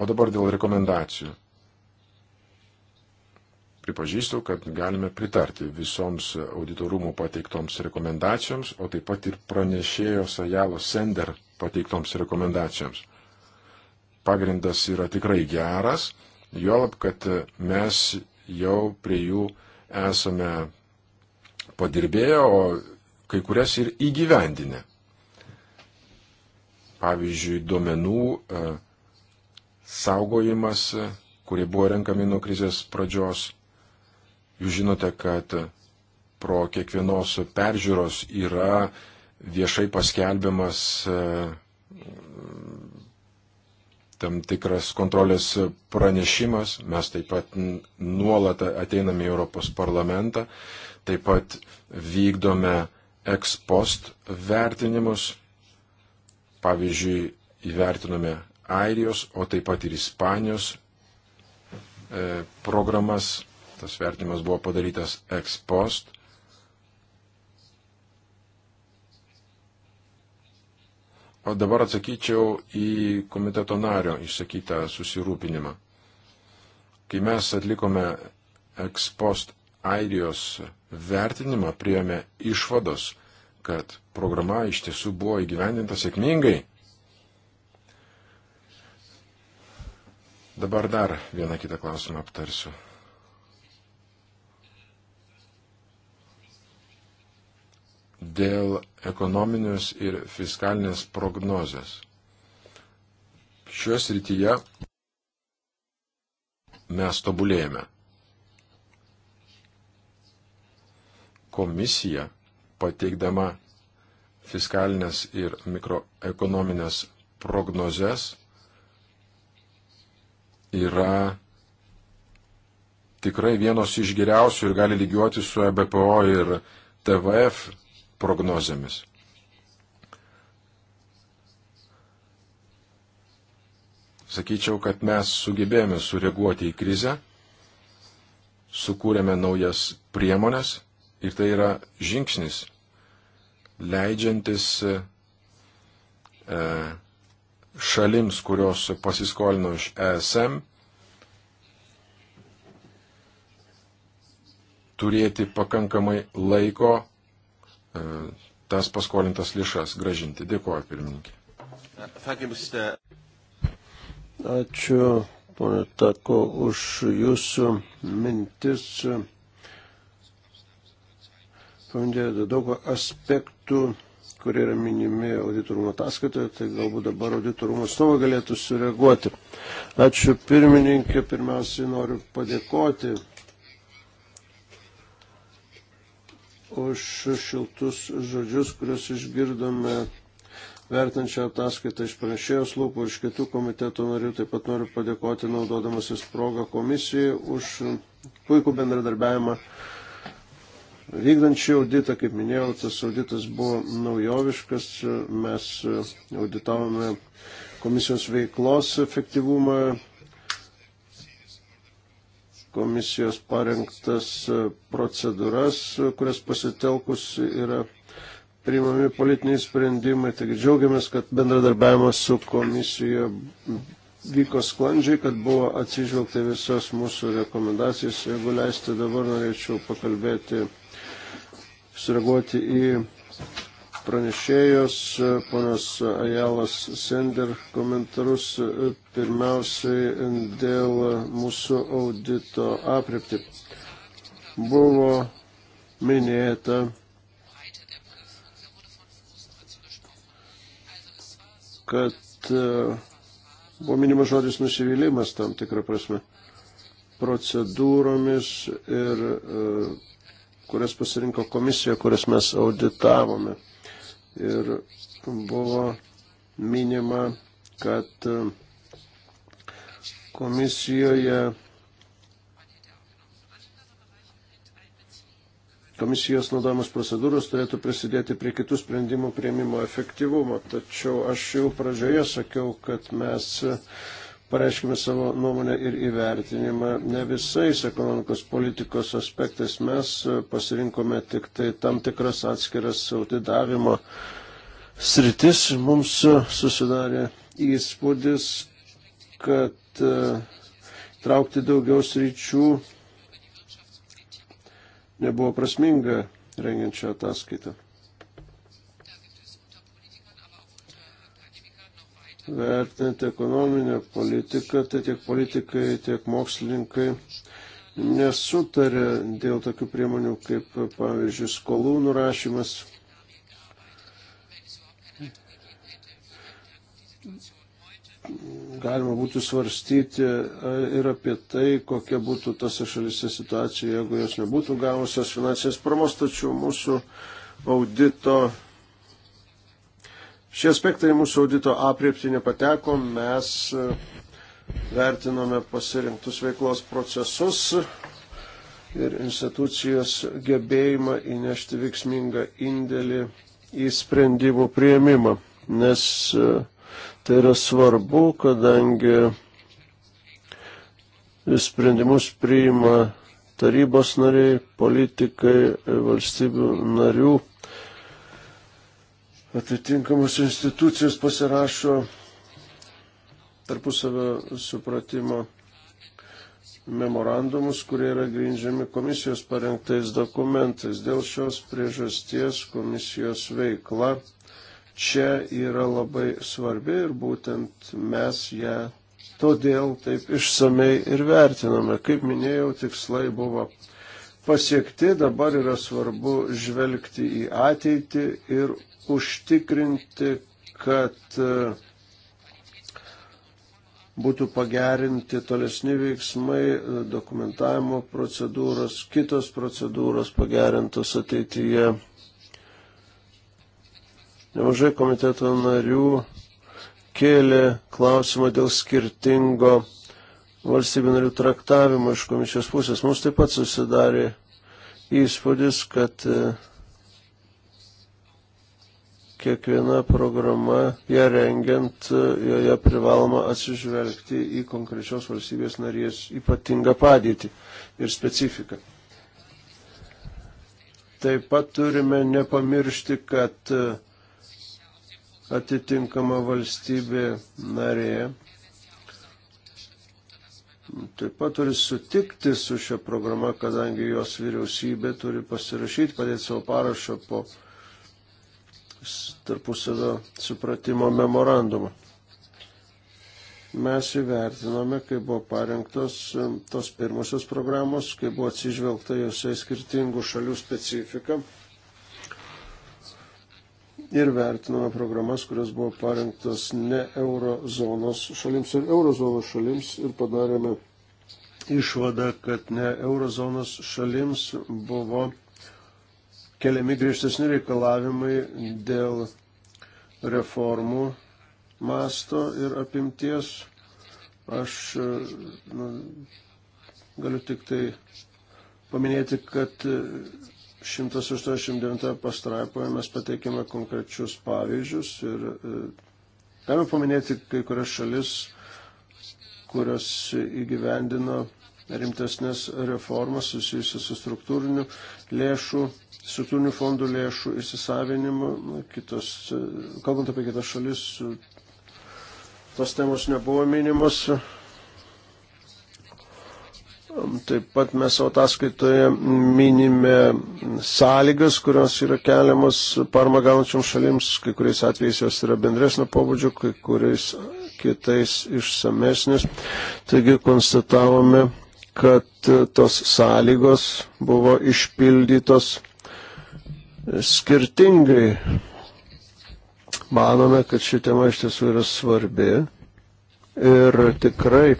O dabar dėl rekomendacijų pripažįstu, kad galime pritarti visoms auditorumų pateiktoms rekomendacijoms, o taip pat ir pranešėjo Sajalo Sender pateiktoms rekomendacijoms. Pagrindas yra tikrai geras, juolab, kad mes jau prie jų esame padirbėję, o kai kurias ir įgyvendinę. Pavyzdžiui, duomenų e, saugojimas, kurie buvo renkami nuo krizės pradžios, Jūs žinote, kad pro kiekvienos peržiūros yra viešai paskelbiamas e, tam tikras kontrolės pranešimas. Mes taip pat nuolat ateiname į Europos parlamentą, taip pat vykdome ex post vertinimus. Pavyzdžiui, įvertinome Airijos, o taip pat ir Ispanijos e, programas Tas vertimas buvo padarytas ex post. O dabar atsakyčiau į komiteto nario išsakytą susirūpinimą. Kai mes atlikome ex post Airijos vertinimą, priėmė išvados, kad programa iš tiesų buvo įgyvendinta sėkmingai. Dabar dar vieną kitą klausimą aptarsiu. dėl ekonominės ir fiskalinės prognozės. Šioje srityje mes tobulėjame. Komisija, pateikdama fiskalinės ir mikroekonominės prognozes, yra tikrai vienos iš geriausių ir gali lygiuoti su EBPO ir TVF prognozėmis. Sakyčiau, kad mes sugebėjome sureaguoti į krizę, sukūrėme naujas priemonės ir tai yra žingsnis, leidžiantis e, šalims, kurios pasiskolino iš ESM, turėti pakankamai laiko E, tas paskolintas lišas gražinti. Dėkuoju, pirmininkė. Ačiū, ponė Tako, už jūsų mintis. Paminėjote daug aspektų, kurie yra minimi auditorumo ataskaitoje, tai galbūt dabar auditorumo atstovai galėtų sureaguoti. Ačiū pirmininkė, pirmiausiai noriu padėkoti už šiltus žodžius, kuriuos išgirdome vertinčią ataskaitą iš pranešėjos lūpų ir iš kitų komiteto narių. Taip pat noriu padėkoti naudodamasis progą komisijai už puikų bendradarbiavimą. Vykdant šį auditą, kaip minėjau, tas auditas buvo naujoviškas. Mes auditavome komisijos veiklos efektyvumą, komisijos parengtas e, procedūras, e, kurias pasitelkus yra priimami politiniai sprendimai. Taigi džiaugiamės, kad bendradarbiavimas su komisija vyko sklandžiai, kad buvo atsižvelgta visas mūsų rekomendacijas. Jeigu leisti, dabar norėčiau pakalbėti, sureaguoti į pranešėjos, e, panas Ajalas Sender komentarus e, pirmiausiai dėl mūsų audito aprepti. Buvo minėta, kad e, buvo minimas žodis nusivylimas tam tikrą prasme procedūromis ir kurias pasirinko komisija, kurias mes auditavome ir buvo minima, kad komisijoje Komisijos naudojamos procedūros turėtų prisidėti prie kitų sprendimų prieimimo efektyvumo, tačiau aš jau pradžioje sakiau, kad mes uh, pareiškime savo nuomonę ir įvertinimą. Ne visais ekonomikos politikos aspektais mes pasirinkome tik tai tam tikras atskiras auditavimo sritis. Mums susidarė įspūdis, kad e, traukti daugiau sričių nebuvo prasminga rengiančio ataskaitą. vertinti ekonominę politiką, tai tiek politikai, tiek mokslininkai nesutarė dėl tokių priemonių kaip, pavyzdžiui, skolų nurašymas. Galima būtų svarstyti ir apie tai, kokia būtų tose šalise situacija, jeigu jos nebūtų gavusios finansinės promos, tačiau mūsų audito Šie aspektai mūsų audito apriepti nepateko, mes e, vertinome pasirinktus veiklos procesus ir institucijos gebėjimą įnešti veiksmingą indėlį į sprendimų prieimimą, nes e, tai yra svarbu, kadangi sprendimus priima tarybos nariai, politikai, valstybių narių atitinkamos institucijos pasirašo tarpusavio supratimo memorandumus, kurie yra grindžiami komisijos parengtais dokumentais. Dėl šios priežasties komisijos veikla čia yra labai svarbi ir būtent mes ją todėl taip išsamei ir vertiname. Kaip minėjau, tikslai buvo pasiekti, dabar yra svarbu žvelgti į ateitį ir užtikrinti, kad e, būtų pagerinti tolesni veiksmai, e, dokumentavimo procedūros, kitos procedūros pagerintos ateityje. Nemažai komiteto narių kėlė klausimą dėl skirtingo valstybių narių traktavimo iš komisijos pusės. Mums taip pat susidarė įspūdis, kad e, kiekviena programa, ją rengiant, joje privaloma atsižvelgti į konkrečios valstybės narės ypatingą padėtį ir specifiką. Taip pat turime nepamiršti, kad atitinkama valstybė narė taip pat turi sutikti su šia programa, kadangi jos vyriausybė turi pasirašyti, padėti savo parašą po tarpusavio supratimo memorandumą. Mes įvertinome, kai buvo parengtos tos pirmosios programos, kai buvo atsižvelgta jose skirtingų šalių specifika. Ir vertinome programas, kurios buvo parengtos ne eurozonos šalims ir eurozonos šalims ir padarėme išvadą, kad ne eurozonos šalims buvo keliami griežtesni reikalavimai dėl reformų masto ir apimties. Aš nu, galiu tik tai paminėti, kad 189 pastraipoje mes pateikėme konkrečius pavyzdžius ir e, galime paminėti kai kurias šalis, kurios įgyvendino rimtesnės reformas susijusias su struktūriniu lėšų, struktūrinių fondų lėšų įsisavinimu. Kitos, kalbant apie kitas šalis, tos temos nebuvo minimos. Taip pat mes ataskaitoje minime sąlygas, kurios yra keliamos parma gaunančiom šalims, kai kuriais atvejais jos yra bendresnio pobūdžio, kai kuriais kitais išsamesnės. Taigi konstatavome, kad e, tos sąlygos buvo išpildytos skirtingai. Manome, kad ši tema iš tiesų yra svarbi ir tikrai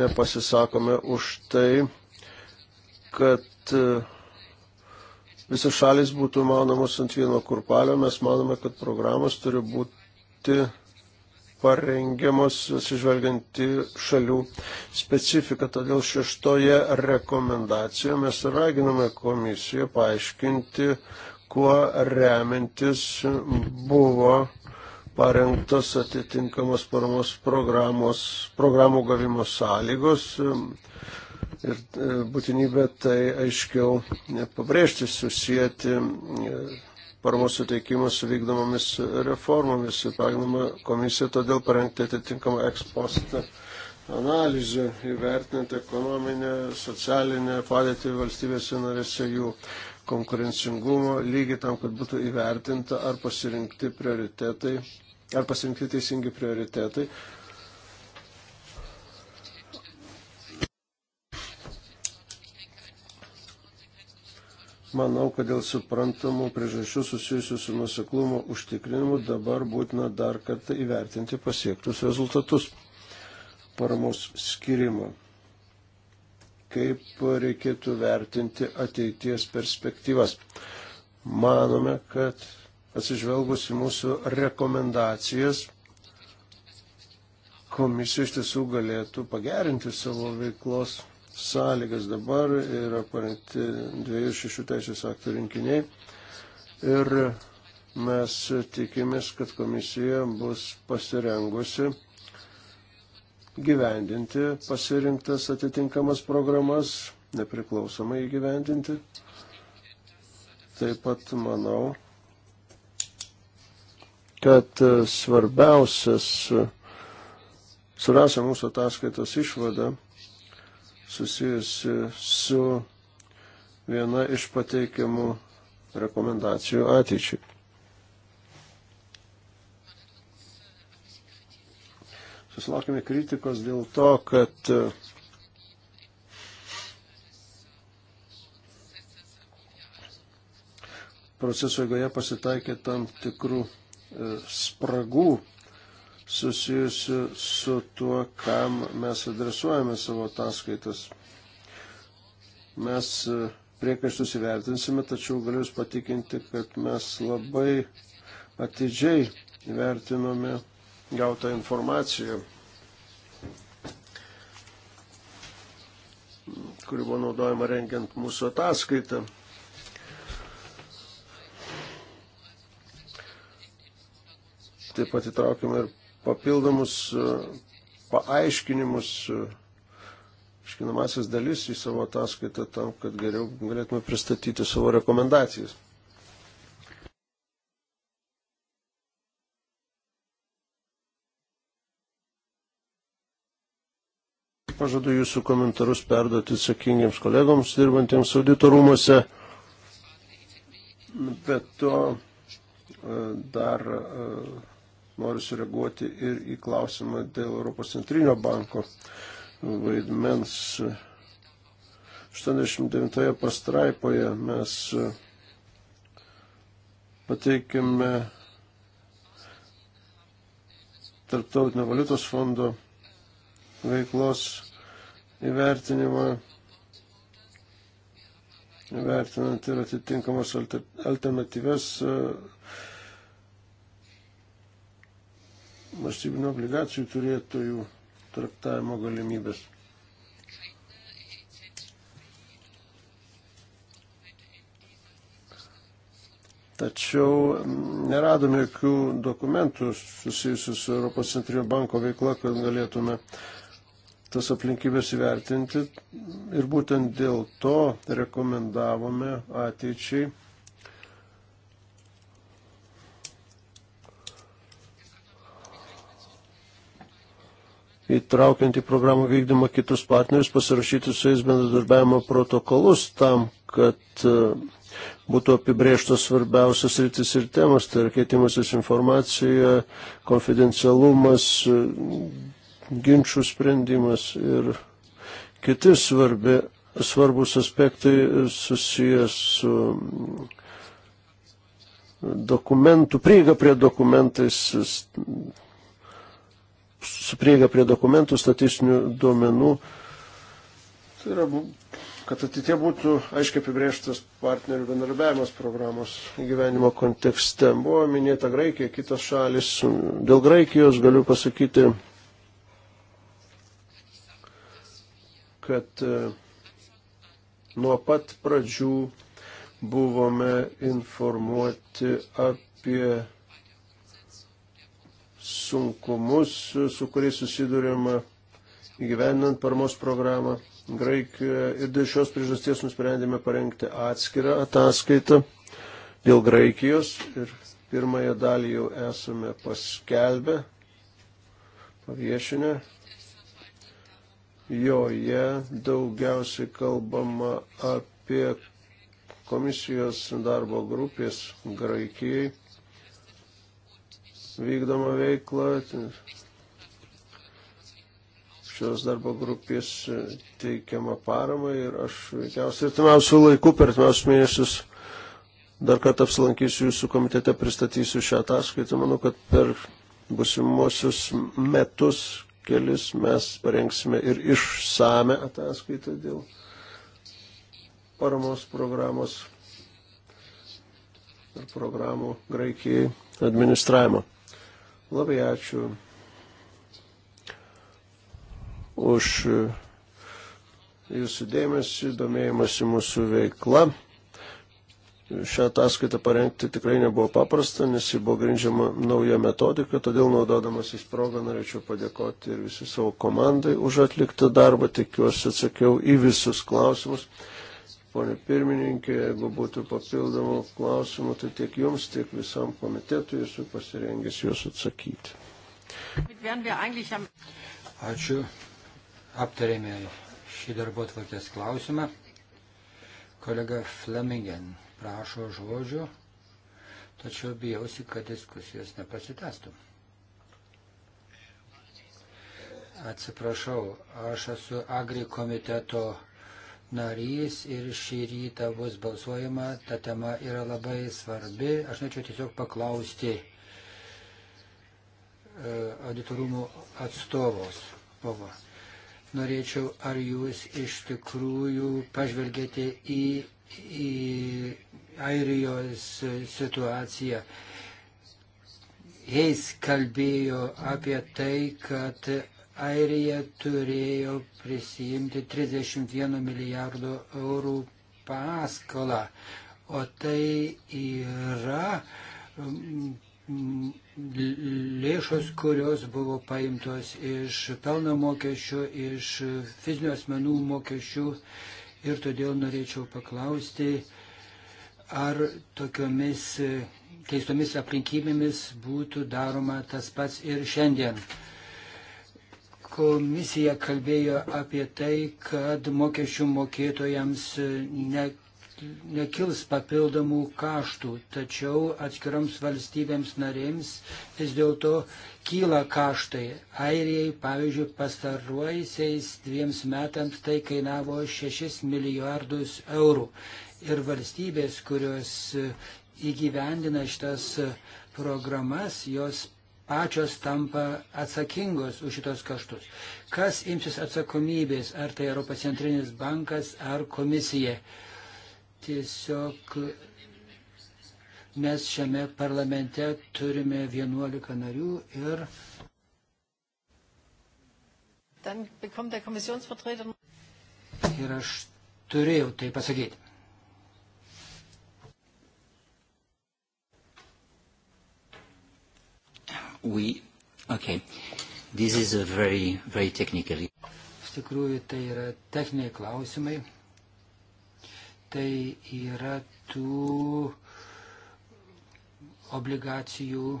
nepasisakome už tai, kad e, visos šalis būtų maunamos ant vieno kurpalio. Mes manome, kad programos turi būti parengiamos atsižvelgiant į šalių specifiką. Todėl šeštoje rekomendacijoje mes raginame komisiją paaiškinti, kuo remiantis buvo parengtos atitinkamos paramos programos, programų gavimo sąlygos ir e, būtinybė tai aiškiau pabrėžti, susijęti e, paramos suteikimas su vykdomomis reformomis. Pagnama komisija todėl parengti atitinkamą ekspostą analizę, įvertinant ekonominę, socialinę padėtį valstybėse narėse jų konkurencingumo lygį tam, kad būtų įvertinta ar pasirinkti prioritetai, ar pasirinkti teisingi prioritetai manau, kad dėl suprantamų priežasčių susijusių su nuseklumo užtikrinimu dabar būtina dar kartą įvertinti pasiektus rezultatus paramos skirimo. Kaip reikėtų vertinti ateities perspektyvas? Manome, kad atsižvelgus į mūsų rekomendacijas, komisija iš tiesų galėtų pagerinti savo veiklos sąlygas. Dabar yra parengti dviejų šešių teisės aktų rinkiniai ir mes tikimės, kad komisija bus pasirengusi gyvendinti pasirinktas atitinkamas programas, nepriklausomai įgyvendinti. Taip pat manau, kad svarbiausias Surasa mūsų ataskaitos išvada susijusi su viena iš pateikiamų rekomendacijų ateičiai. Susilaukime kritikos dėl to, kad uh, proceso eigoje pasitaikė tam tikrų uh, spragų susijusi su tuo, kam mes adresuojame savo ataskaitas. Mes e, priekaištus įvertinsime, tačiau galiu Jūs patikinti, kad mes labai atidžiai įvertinome gautą informaciją, kuri buvo naudojama rengiant mūsų ataskaitą. Taip pat įtraukime ir papildomus e, paaiškinimus, e, aiškinamasis dalis į savo ataskaitą tam, kad geriau galėtume pristatyti savo rekomendacijas. Pažadu jūsų komentarus perduoti atsakingiams kolegoms dirbantiems auditorumuose. Bet to e, dar noriu sureaguoti ir į klausimą dėl Europos centrinio banko vaidmens. 89 pastraipoje mes pateikime Tarptautinio valiutos fondo veiklos įvertinimą, įvertinant ir atitinkamas alternatyves valstybinio obligacijų turėtojų traktavimo galimybės. Tačiau neradome jokių dokumentų susijusių su Europos centrinio banko veikla, kad galėtume tas aplinkybės įvertinti. Ir būtent dėl to rekomendavome ateičiai įtraukiant į programų vykdymą kitus partnerius, pasirašyti su jais bendradarbiavimo protokolus tam, kad e, būtų apibrėžtos svarbiausios rytis ir temos, tai yra keitimasis informacija, konfidencialumas, e, ginčių sprendimas ir kiti svarbi, svarbus aspektai susijęs su dokumentų, prieiga prie dokumentais su prieiga prie dokumentų, statistinių duomenų. Tai yra, kad atitie būtų aiškiai apibrėžtas partnerių bendarbiavimas programos gyvenimo kontekste. Buvo minėta Graikija, kitos šalis. Dėl Graikijos galiu pasakyti, kad e, nuo pat pradžių buvome informuoti apie sunkumus, su kuriais susidurėma įgyvendinant paramos programą Graikijoje ir dėl šios priežasties nusprendėme parengti atskirą ataskaitą dėl Graikijos ir pirmąją dalį jau esame paskelbę, paviešinę. Joje daugiausiai kalbama apie komisijos darbo grupės Graikijai vykdomą veiklą. Šios darbo grupės teikiama parama ir aš veikiausiai artimiausių laikų per artimiausius mėnesius dar kartą apsilankysiu jūsų komitete, pristatysiu šią ataskaitą. Manau, kad per busimuosius metus kelis mes parengsime ir išsame ataskaitą dėl paramos programos ir programų Graikijai administravimo. Labai ačiū už jūsų dėmesį, domėjimąsi mūsų veikla. Šią ataskaitą parengti tikrai nebuvo paprasta, nes ji buvo grindžiama nauja metodika, todėl naudodamas į sprogą norėčiau padėkoti ir visi savo komandai už atliktą darbą. Tikiuosi atsakiau į visus klausimus ponė pirmininkė. Jeigu būtų papildomų klausimų, tai tiek jums, tiek visam komitetui esu pasirengęs juos atsakyti. Ačiū. Aptarėme šį darbo tvarkės klausimą. Kolega Flemingen prašo žodžio, tačiau bijausi, kad diskusijos nepasitestų. Atsiprašau, aš esu agri komiteto narys ir šį rytą bus balsuojama. Ta tema yra labai svarbi. Aš norėčiau tiesiog paklausti e, auditorumų atstovos. Pova. Norėčiau, ar jūs iš tikrųjų pažvelgėte į, į Airijos situaciją. Heis kalbėjo apie tai, kad Airija turėjo prisijimti 31 milijardo eurų paskolą, o tai yra mm, lėšos, kurios buvo paimtos iš pelno mokesčių, iš fizinių asmenų mokesčių. Ir todėl norėčiau paklausti, ar tokiomis keistomis aplinkybėmis būtų daroma tas pats ir šiandien. Komisija kalbėjo apie tai, kad mokesčių mokėtojams ne, nekils papildomų kaštų, tačiau atskiroms valstybėms narėms vis dėlto kyla kaštai. Airijai, pavyzdžiui, pastaruoisiais dviems metams tai kainavo 6 milijardus eurų. Ir valstybės, kurios įgyvendina šitas programas, jos pačios tampa atsakingos už šitos kaštus. Kas imsis atsakomybės, ar tai Europos centrinis bankas, ar komisija? Tiesiog mes šiame parlamente turime 11 narių ir. Ir aš turėjau tai pasakyti. Oui. Okay. This is a very, very technical. Iš tikrųjų, tai yra techniniai klausimai. Tai yra tų obligacijų,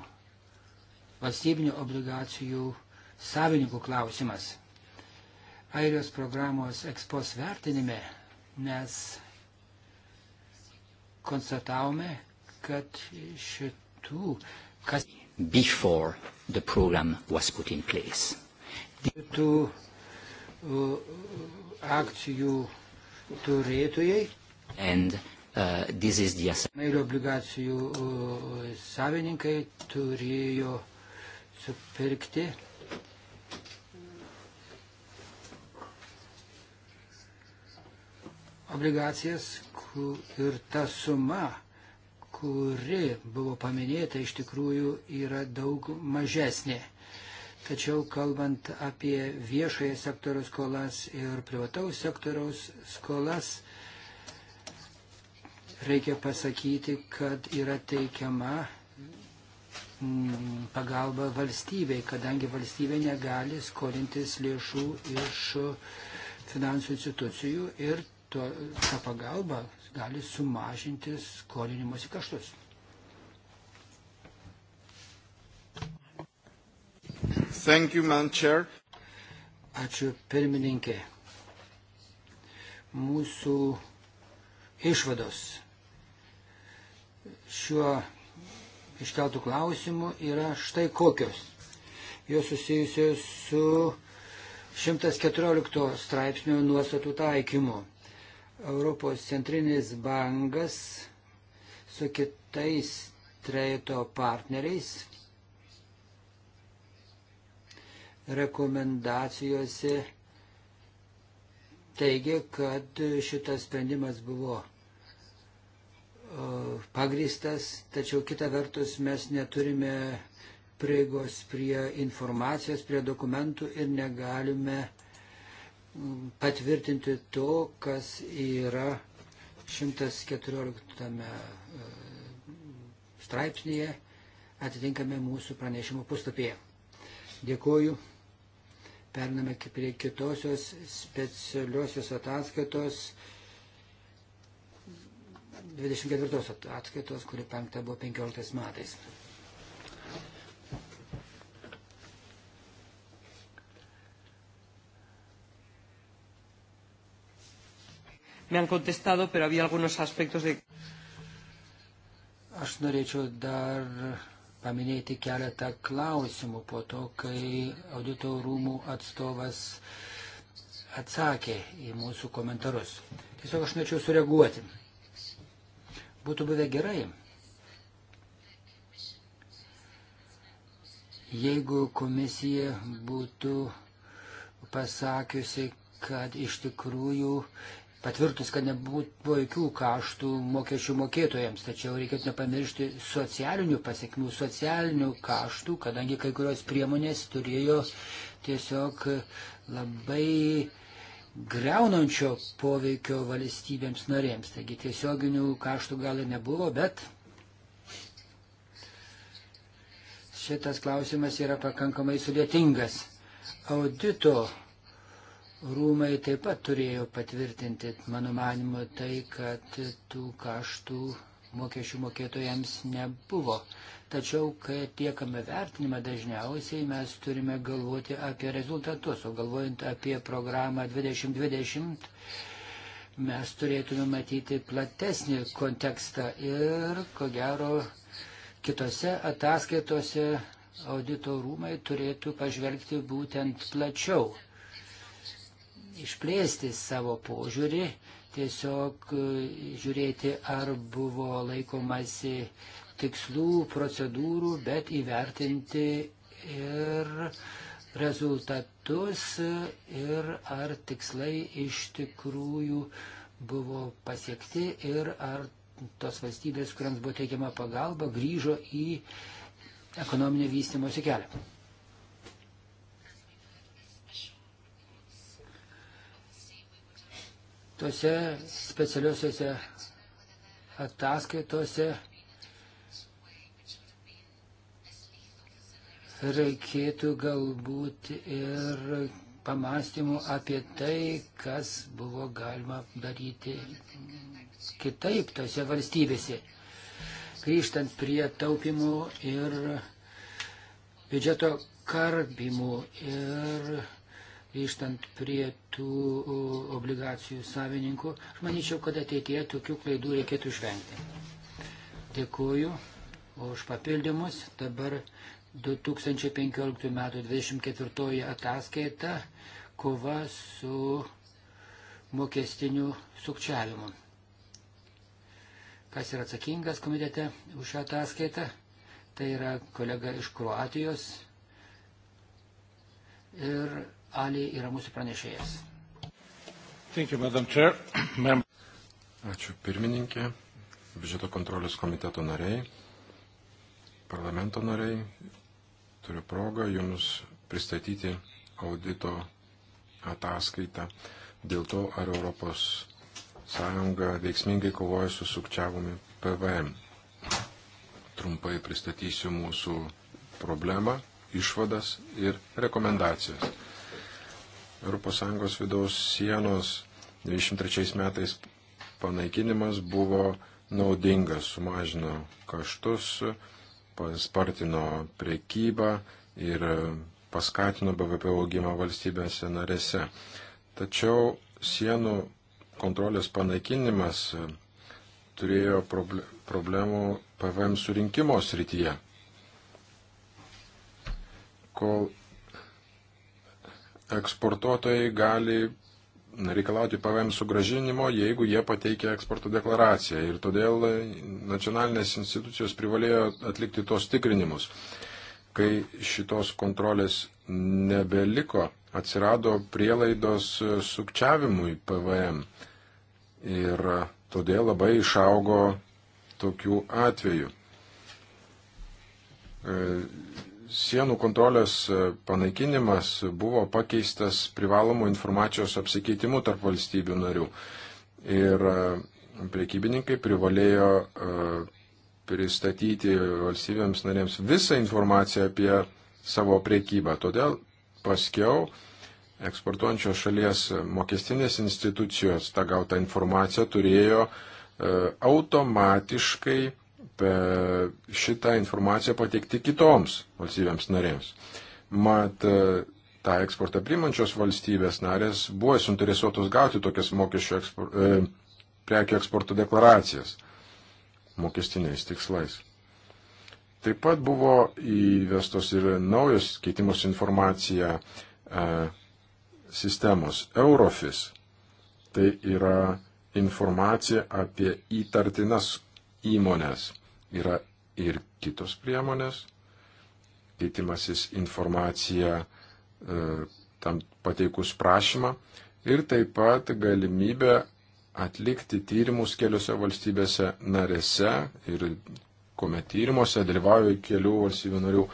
valstybinių obligacijų savininkų klausimas. Airijos programos ekspos vertinime mes konstatavome, kad šitų, kas before the program was put in place. Tų uh, akcijų turėtojai. And uh, this is the Mailio obligacijų uh, savininkai turėjo supirkti. obligacijas ir ta suma, kuri buvo paminėta, iš tikrųjų yra daug mažesnė. Tačiau kalbant apie viešoje sektoriaus skolas ir privataus sektoriaus skolas, reikia pasakyti, kad yra teikiama mm, pagalba valstybei, kadangi valstybė negali skolintis lėšų iš finansų institucijų ir to, ta pagalba gali sumažinti skolinimuose kaštus. Thank you, man chair. Ačiū pirmininkė. Mūsų išvados šiuo iškeltų klausimų yra štai kokios. Jos susijusios su 114 straipsnio nuostatų taikymu. Europos centrinis bankas su kitais treito partneriais rekomendacijose teigia, kad šitas sprendimas buvo e, pagristas, tačiau kita vertus mes neturime prieigos prie informacijos, prie dokumentų ir negalime uh, patvirtinti to, kas yra 114 e, straipsnėje atitinkame mūsų pranešimo puslapyje. Dėkuoju. Pername prie kitosios specialiosios ataskaitos, 24 ataskaitos, kuri penkta buvo 15 metais. me han contestado, pero había algunos aspectos de. Aš norėčiau dar paminėti keletą klausimų po to, kai audito rūmų atstovas atsakė į mūsų komentarus. Tiesiog aš norėčiau sureaguoti. Būtų buvę gerai, jeigu komisija būtų pasakiusi, kad iš tikrųjų patvirtus, kad nebuvo jokių kaštų mokesčių mokėtojams. Tačiau reikėtų nepamiršti socialinių pasiekmių, socialinių kaštų, kadangi kai kurios priemonės turėjo tiesiog labai greunančio poveikio valstybėms norėms. Taigi tiesioginių kaštų gal ir nebuvo, bet šitas klausimas yra pakankamai sudėtingas. Audito rūmai taip pat turėjo patvirtinti, mano manimu, tai, kad tų kaštų mokesčių mokėtojams nebuvo. Tačiau, kai atliekame vertinimą, dažniausiai mes turime galvoti apie rezultatus, o galvojant apie programą 2020, mes turėtume matyti platesnį kontekstą ir, ko gero, kitose ataskaitose audito rūmai turėtų pažvelgti būtent plačiau išplėsti savo požiūrį, tiesiog e, žiūrėti, ar buvo laikomasi tikslų, procedūrų, bet įvertinti ir rezultatus ir ar tikslai iš tikrųjų buvo pasiekti ir ar tos valstybės, kuriams buvo teikiama pagalba, grįžo į ekonominio vystimosi kelią. Tose specialiuosiuose ataskaitose reikėtų galbūt ir pamastymų apie tai, kas buvo galima daryti kitaip tose valstybėse. Grįžtant prie taupimų ir biudžeto karpimų ir grįžtant prie tų obligacijų savininkų. Aš manyčiau, kad ateityje tokių klaidų reikėtų išvengti. Dėkuoju už papildymus. Dabar 2015 m. 24 ataskaita kova su mokestiniu sukčiavimu. Kas yra atsakingas komitete už šią ataskaitą? Tai yra kolega iš Kroatijos, ir Ali yra mūsų pranešėjas. Thank you, Madam Chair. Mem Ačiū pirmininkė, biudžeto kontrolės komiteto nariai, parlamento nariai. Turiu progą Jums pristatyti audito ataskaitą dėl to, ar Europos Sąjunga veiksmingai kovoja su sukčiavimu PVM. Trumpai pristatysiu mūsų problemą, išvadas ir rekomendacijas. ES vidaus sienos 23 metais panaikinimas buvo naudingas, sumažino kaštus, spartino priekybą ir paskatino BVP augimą valstybėse narėse. Tačiau sienų kontrolės panaikinimas turėjo problemų PVM surinkimo srityje. Kol eksportuotojai gali reikalauti PVM sugražinimo, jeigu jie pateikia eksporto deklaraciją. Ir todėl nacionalinės institucijos privalėjo atlikti tos tikrinimus. Kai šitos kontrolės nebeliko, atsirado prielaidos sukčiavimui PVM. Ir todėl labai išaugo tokių atvejų. E, sienų kontrolės e, panaikinimas buvo pakeistas privalomų informacijos apsikeitimu tarp valstybių narių. Ir e, priekybininkai privalėjo e, pristatyti valstybėms narėms visą informaciją apie savo priekybą. Todėl paskiau eksportuojančios šalies mokestinės institucijos tą gautą informaciją turėjo automatiškai šitą informaciją pateikti kitoms valstybėms narėms. Mat, e, tą eksportą primančios valstybės narės buvo suinteresuotos gauti tokias mokesčių ekspor, e, prekių eksporto deklaracijas mokestiniais tikslais. Taip pat buvo įvestos ir naujos keitimos informacija e, sistemos Eurofis. Tai yra informacija apie įtartinas įmonės yra ir kitos priemonės, keitimasis informacija e, tam pateikus prašymą ir taip pat galimybė atlikti tyrimus keliose valstybėse narėse ir kuomet tyrimuose dalyvauja kelių valstybių narių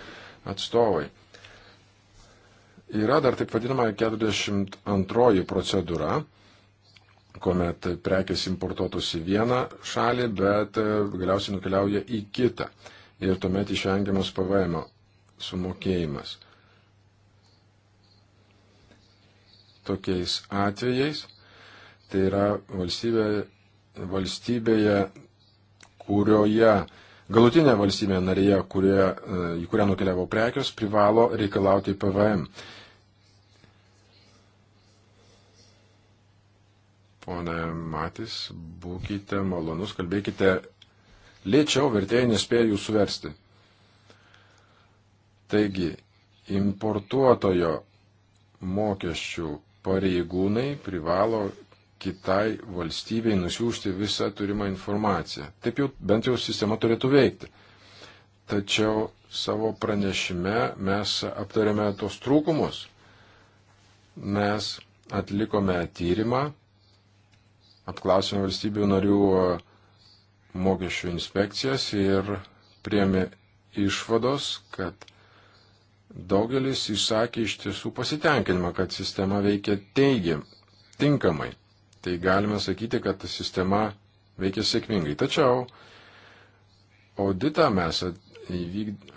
atstovai. Yra dar taip vadinama 42 procedūra, kuomet prekės importuotos į vieną šalį, bet e, galiausiai nukeliauja į kitą. Ir tuomet išvengiamas PVM sumokėjimas. Tokiais atvejais, tai yra valstybė, valstybėje, kurioje, galutinė valstybė narėje, kurie, e, į kurią nukeliavo prekios, privalo reikalauti PVM. Pone Matis, būkite malonus, kalbėkite lėčiau, vertėjai nespėja jūsų versti. Taigi, importuotojo mokesčių pareigūnai privalo kitai valstybei nusiųsti visą turimą informaciją. Taip jau bent jau sistema turėtų veikti. Tačiau savo pranešime mes aptarėme tos trūkumus. Mes atlikome tyrimą apklausėme valstybių narių e, mokesčių inspekcijas ir priemė išvados, kad daugelis išsakė iš tiesų pasitenkinimą, kad sistema veikia teigiam, tinkamai. Tai galime sakyti, kad sistema veikia sėkmingai. Tačiau auditą mes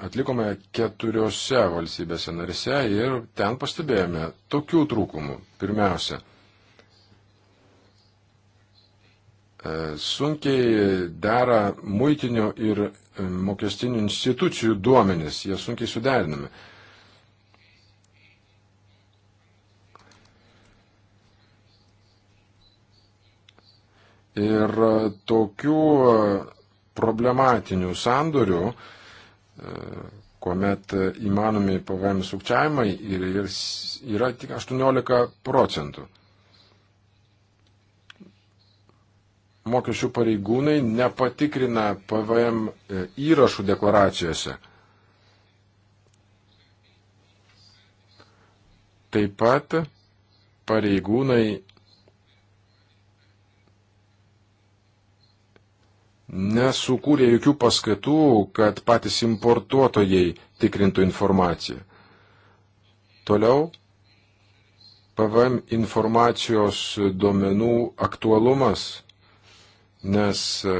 atlikome keturiose valstybėse narise ir ten pastebėjome tokių trūkumų. Pirmiausia, E, sunkiai dera muitinių ir e, mokestinių institucijų duomenys, jie sunkiai suderinami. Ir e, tokių problematinių sandorių, kuomet įmanomi PVM sukčiavimai, yra tik 18 procentų. mokesčių pareigūnai nepatikrina PVM e, įrašų deklaracijose. Taip pat pareigūnai nesukūrė jokių paskatų, kad patys importuotojai tikrintų informaciją. Toliau PVM informacijos duomenų aktualumas Nes e,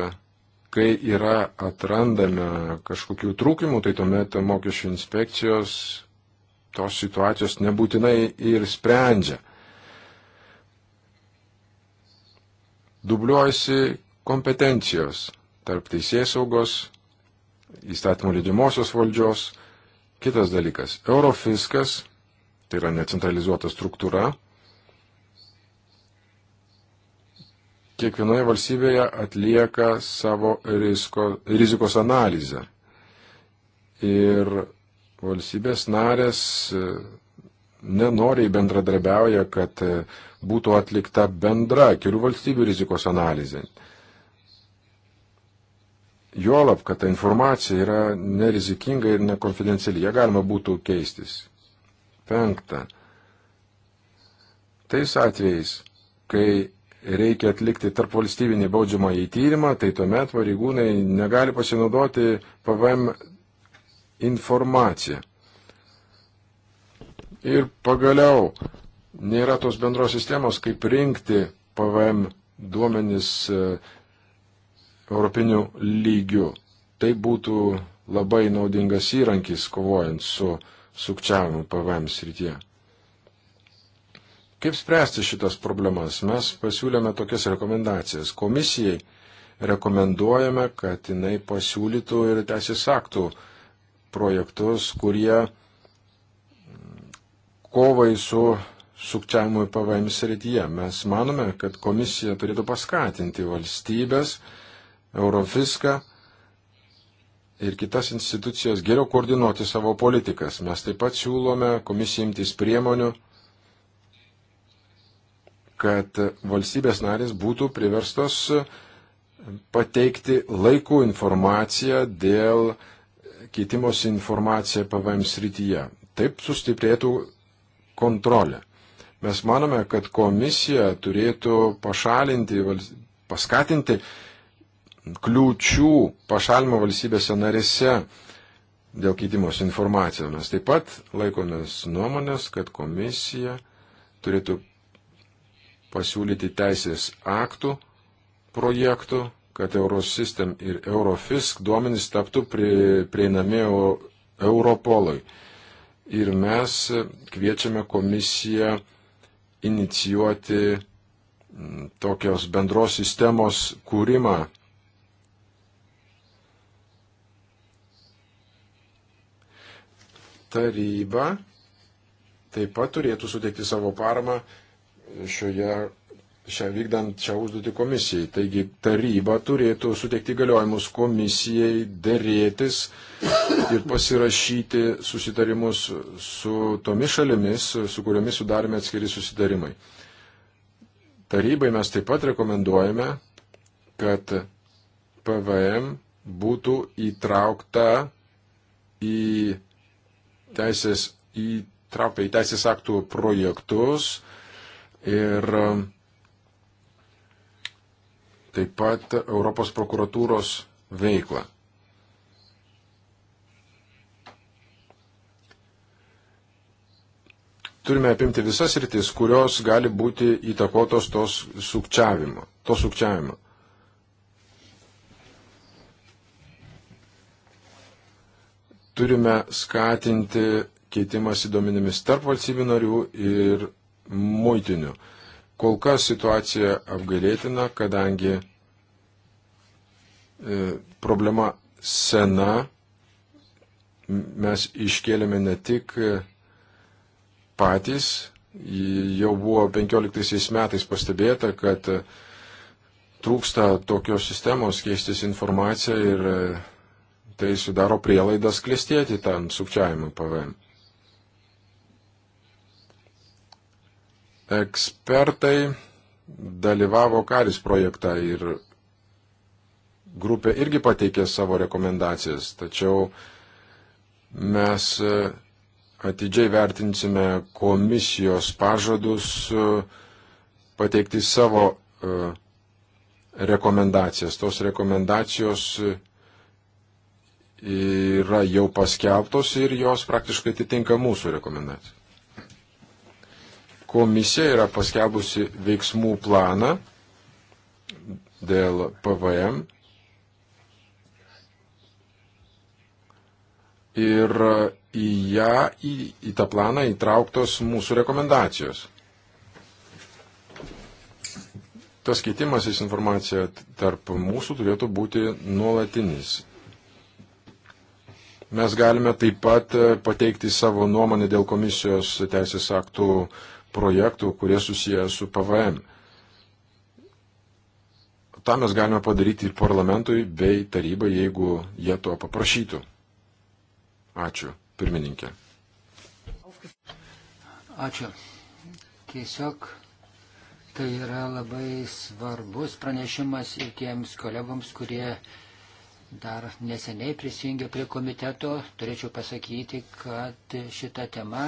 kai yra atrandame kažkokių trūkumų, tai tuomet mokesčių inspekcijos tos situacijos nebūtinai ir sprendžia. Dubliuojasi kompetencijos tarp teisės saugos, įstatymų leidimosios valdžios. Kitas dalykas - eurofiskas, tai yra necentralizuota struktūra, kiekvienoje valstybėje atlieka savo risko, rizikos analizę. Ir valstybės narės e, nenoriai bendradarbiauja, kad e, būtų atlikta bendra kelių valstybių rizikos analizė. Juolab, kad ta informacija yra nerizikinga ir nekonfidenciali, ją galima būtų keistis. Penkta. Tais atvejais, kai reikia atlikti tarp valstybinį baudžiamą į tyrimą, tai tuomet pareigūnai negali pasinaudoti PVM informaciją. Ir pagaliau nėra tos bendros sistemos, kaip rinkti PVM duomenis e, europinių lygių. Tai būtų labai naudingas įrankis kovojant su sukčiavimu PVM srityje. Kaip spręsti šitas problemas? Mes pasiūlėme tokias rekomendacijas. Komisijai rekomenduojame, kad jinai pasiūlytų ir teisės aktų projektus, kurie kovai su sukčiavimu į PVM srityje. Mes manome, kad komisija turėtų paskatinti valstybės, Eurofiską ir kitas institucijas geriau koordinuoti savo politikas. Mes taip pat siūlome komisijai imtis priemonių, kad valstybės narės būtų priverstos pateikti laikų informaciją dėl keitimos informacija PVM srityje. Taip sustiprėtų kontrolė. Mes manome, kad komisija turėtų pašalinti, paskatinti kliūčių pašalimą valstybėse narėse dėl keitimos informacijos. Mes taip pat laikomės nuomonės, kad komisija turėtų pasiūlyti teisės aktų projektų, kad Eurosystem ir Eurofisk duomenys taptų prieinami Europolui. Ir mes kviečiame komisiją inicijuoti tokios bendros sistemos kūrimą. Taryba taip pat turėtų suteikti savo paramą šioje, šią vykdant šią užduotį komisijai. Taigi taryba turėtų suteikti galiojimus komisijai dėrėtis ir pasirašyti susitarimus su tomis šalimis, su kuriomis sudarėme atskiri susitarimai. Tarybai mes taip pat rekomenduojame, kad PVM būtų įtraukta į teisės, įtraukta į teisės aktų projektus, Ir um, taip pat Europos prokuratūros veiklą. Turime apimti visas rytis, kurios gali būti įtakotos tos sukčiavimo. To sukčiavimo. Turime skatinti keitimąsi duomenimis tarp valstybių narių ir muitinių. Kol kas situacija apgailėtina, kadangi e, problema sena, mes iškėlėme ne tik e, patys, jau buvo 15 metais pastebėta, kad e, trūksta tokios sistemos keistis informacija ir tai sudaro prielaidas klestėti tam sukčiavimui PVM. Ekspertai dalyvavo karis projektą ir grupė irgi pateikė savo rekomendacijas, tačiau mes e, atidžiai vertinsime komisijos pažadus e, pateikti savo e, rekomendacijas. Tos rekomendacijos yra jau paskelbtos ir jos praktiškai atitinka mūsų rekomendacijas. Komisija yra paskelbusi veiksmų planą dėl PVM ir į ją, į, į tą planą įtrauktos mūsų rekomendacijos. Tas keitimasis informacija tarp mūsų turėtų būti nuolatinis. Mes galime taip pat pateikti savo nuomonę dėl komisijos teisės aktų uh, projektų, kurie susiję su PVN. Ta mes galime padaryti ir parlamentui bei tarybai, jeigu jie to paprašytų. Ačiū, pirmininkė. Ačiū. Tiesiog tai yra labai svarbus pranešimas ir tiems kolegoms, kurie dar neseniai prisijungė prie komiteto. Turėčiau pasakyti, kad šita tema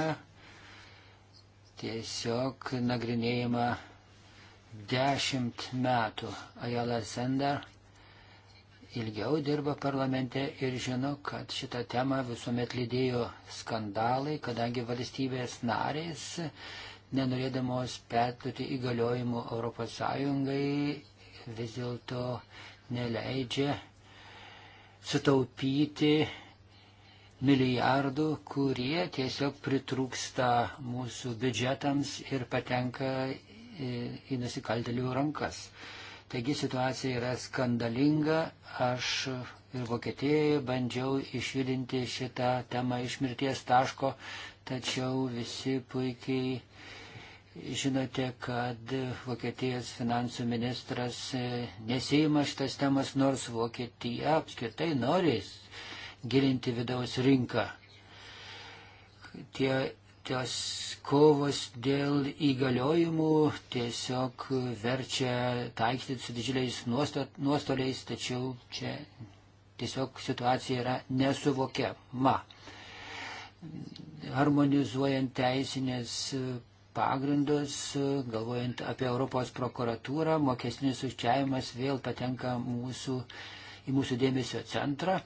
tiesiog nagrinėjama dešimt metų. Ajala Sender ilgiau dirba parlamente ir žino, kad šitą temą visuomet lydėjo skandalai, kadangi valstybės narės, nenorėdamos perduoti įgaliojimų ES, vis dėlto neleidžia sutaupyti milijardų, kurie tiesiog pritrūksta mūsų biudžetams ir patenka į nusikaltelių rankas. Taigi situacija yra skandalinga. Aš ir Vokietijoje bandžiau išjudinti šitą temą iš mirties taško, tačiau visi puikiai žinote, kad Vokietijos finansų ministras e, nesijima šitas temas, nors Vokietija apskritai norės gilinti vidaus rinką. Tie, tos kovos dėl įgaliojimų tiesiog verčia taikyti su didžiuliais nuostoliais, tačiau čia tiesiog situacija yra nesuvokiama. Harmonizuojant teisinės pagrindus, galvojant apie Europos prokuratūrą, mokestinis užčiavimas vėl patenka mūsų, į mūsų dėmesio centrą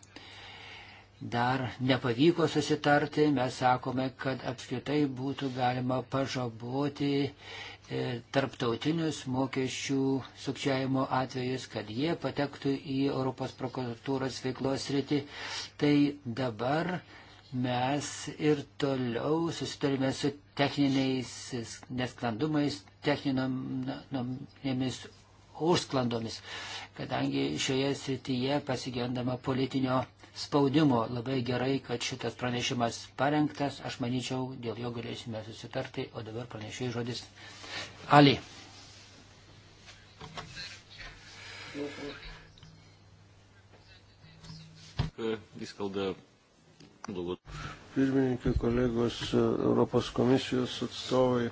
dar nepavyko susitarti, mes sakome, kad apskritai būtų galima pažaboti e, tarptautinius mokesčių sukčiavimo atvejus, kad jie patektų į Europos prokuratūros veiklos rytį. Tai dabar mes ir toliau susitarime su techniniais nesklandumais, techninėmis užsklandomis, kadangi šioje srityje pasigendama politinio spaudimo. Labai gerai, kad šitas pranešimas parengtas. Aš manyčiau, dėl jo galėsime susitarti. O dabar pranešėjai žodis Ali. Pirmininkai, kolegos, Europos komisijos atstovai,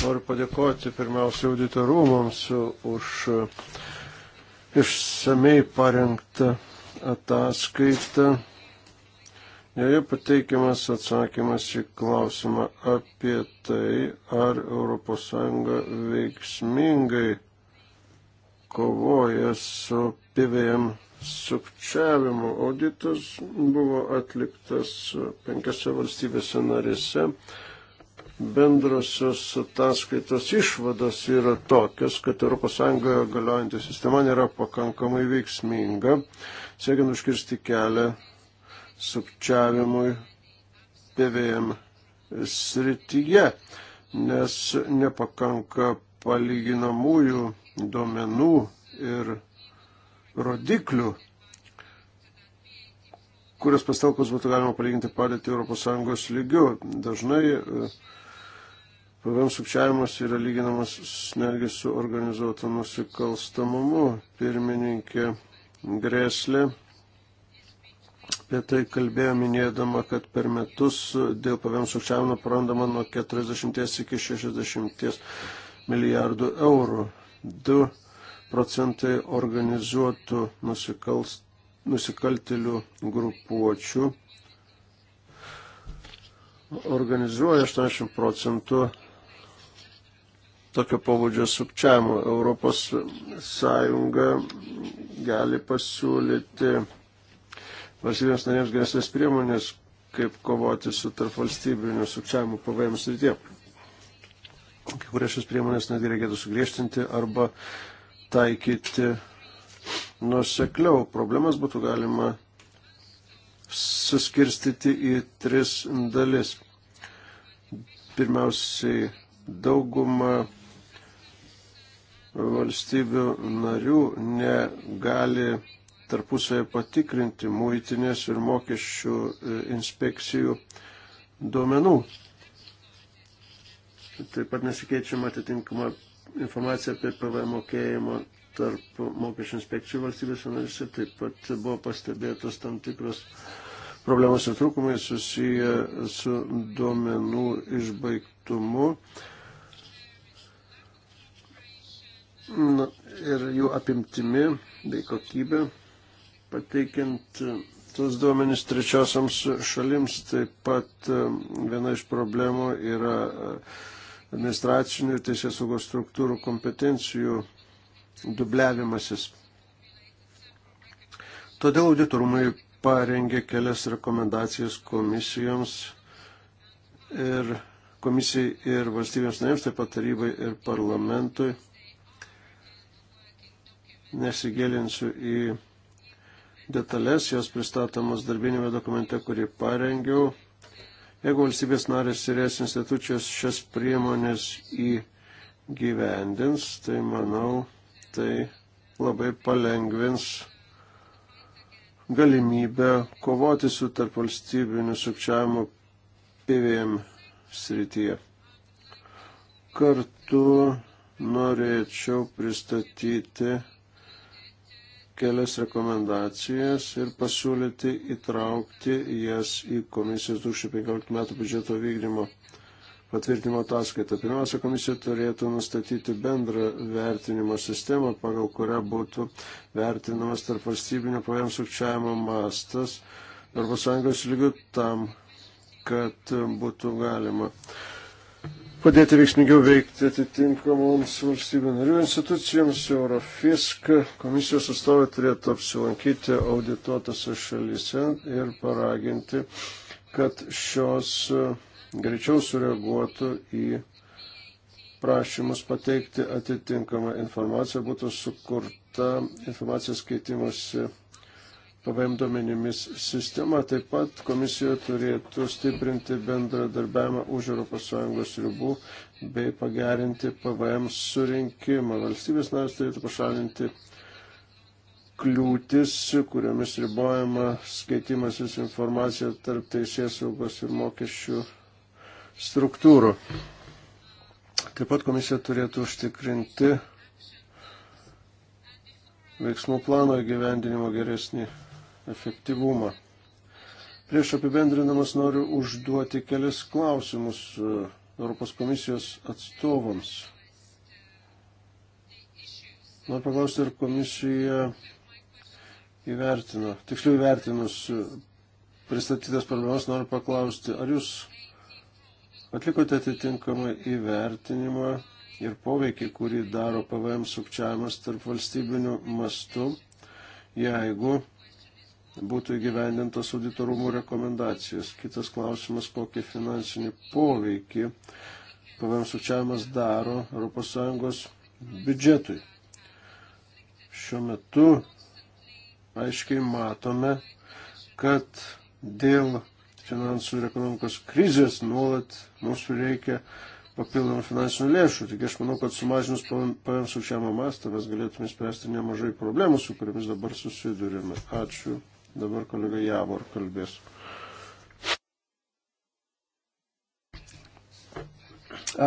noriu padėkoti pirmiausia auditorumams už išsamei parengtą ataskaita. Joje pateikiamas atsakymas į klausimą apie tai, ar ES veiksmingai kovoja su PVM sukčiavimu. Auditas buvo atliktas penkiose valstybėse narėse. Bendrosios ataskaitos išvados yra tokios, kad ES galiojanti sistema nėra pakankamai veiksminga siekiant užkirsti kelią sukčiavimui PVM srityje, nes nepakanka palyginamųjų duomenų ir rodiklių, kurias pastelkus būtų galima palyginti padėti ES lygiu. Dažnai e, PVM sukčiavimas yra lyginamas netgi su organizuotu nusikalstamumu. Pirmininkė Greslė apie tai kalbėjo minėdama, kad per metus dėl pavėm sukčiavimo prarandama nuo 40 iki 60 milijardų eurų. 2 procentai organizuotų nusikals, nusikaltelių grupuočių organizuoja 80 procentų tokio pobūdžio sukčiavimo. Europos Sąjunga gali pasiūlyti valstybėms narėms geresnės priemonės, kaip kovoti su tarp valstybiniu sukčiavimu PVM srityje. Kai kurias šias priemonės netgi reikėtų sugriežtinti arba taikyti nusekliau. Problemas būtų galima suskirstyti į tris dalis. Pirmiausiai dauguma valstybių narių negali tarpusavėje patikrinti muitinės ir mokesčių e, inspekcijų duomenų. Taip pat nesikeičiama atitinkama informacija apie PVM mokėjimo tarp mokesčių inspekcijų valstybės narėse. Taip pat buvo pastebėtos tam tikros problemos ir trūkumai susiję su duomenų išbaigtumu. Nu, ir jų apimtimi bei kokybė, pateikiant e, tuos duomenys trečiosiams šalims. Taip pat e, viena iš problemų yra e, administracinių ir teisės saugos struktūrų kompetencijų dubliavimasis. Todėl auditorumai parengė kelias rekomendacijas komisijoms ir komisijai ir valstybėms narėms, taip pat tarybai ir parlamentui nesigilinsiu į detalės, jos pristatomos darbinėme dokumente, kurį parengiau. Jeigu valstybės narės ir jas institucijos šias priemonės įgyvendins, tai manau, tai labai palengvins galimybę kovoti su tarp valstybiniu sukčiavimu PVM srityje. Kartu norėčiau pristatyti kelias rekomendacijas ir pasiūlyti įtraukti jas į komisijos 2015 metų biudžeto vykdymo patvirtinimo ataskaitą. Pirmiausia, komisija turėtų nustatyti bendrą vertinimo sistemą, pagal kurią būtų vertinamas tarp valstybinio pajamų sukčiavimo mastas arba sąjungos lygių tam, kad būtų galima padėti veiksmingiau veikti atitinkamoms valstybių narių institucijoms. Eurofisk komisijos atstovai turėtų apsilankyti audituotose šalyse ir paraginti, kad šios e, greičiau sureaguotų į prašymus pateikti atitinkamą informaciją, būtų sukurta informacijos keitimas PVM duomenimis sistema. Taip pat komisija turėtų stiprinti bendradarbiavimą už ES ribų bei pagerinti PVM surinkimą. Valstybės narės turėtų pašalinti kliūtis, kuriomis ribojama skaitimasis informacija tarp teisės saugos ir mokesčių struktūrų. Taip pat komisija turėtų užtikrinti veiksmų plano įgyvendinimo geresnį efektyvumą. Prieš apibendrinamas noriu užduoti kelias klausimus e, Europos komisijos atstovams. Noriu paklausti, ar komisija įvertino, tiksliau įvertinus pristatytas problemas, noriu paklausti, ar jūs atlikote atitinkamą įvertinimą ir poveikį, kurį daro PVM sukčiavimas tarp valstybinių mastų, jeigu būtų įgyvendintas auditorumų rekomendacijos. Kitas klausimas, kokį finansinį poveikį PVM sučiavimas daro ES biudžetui. Šiuo metu aiškiai matome, kad dėl finansų ir ekonomikos krizės nuolat mūsų reikia papildomų finansinių lėšų. Tik aš manau, kad sumažinus PVM sukčiamo mastą mes galėtume spręsti nemažai problemų, su kuriamis dabar susidurime. Ačiū. Dabar kolega Javor kalbės.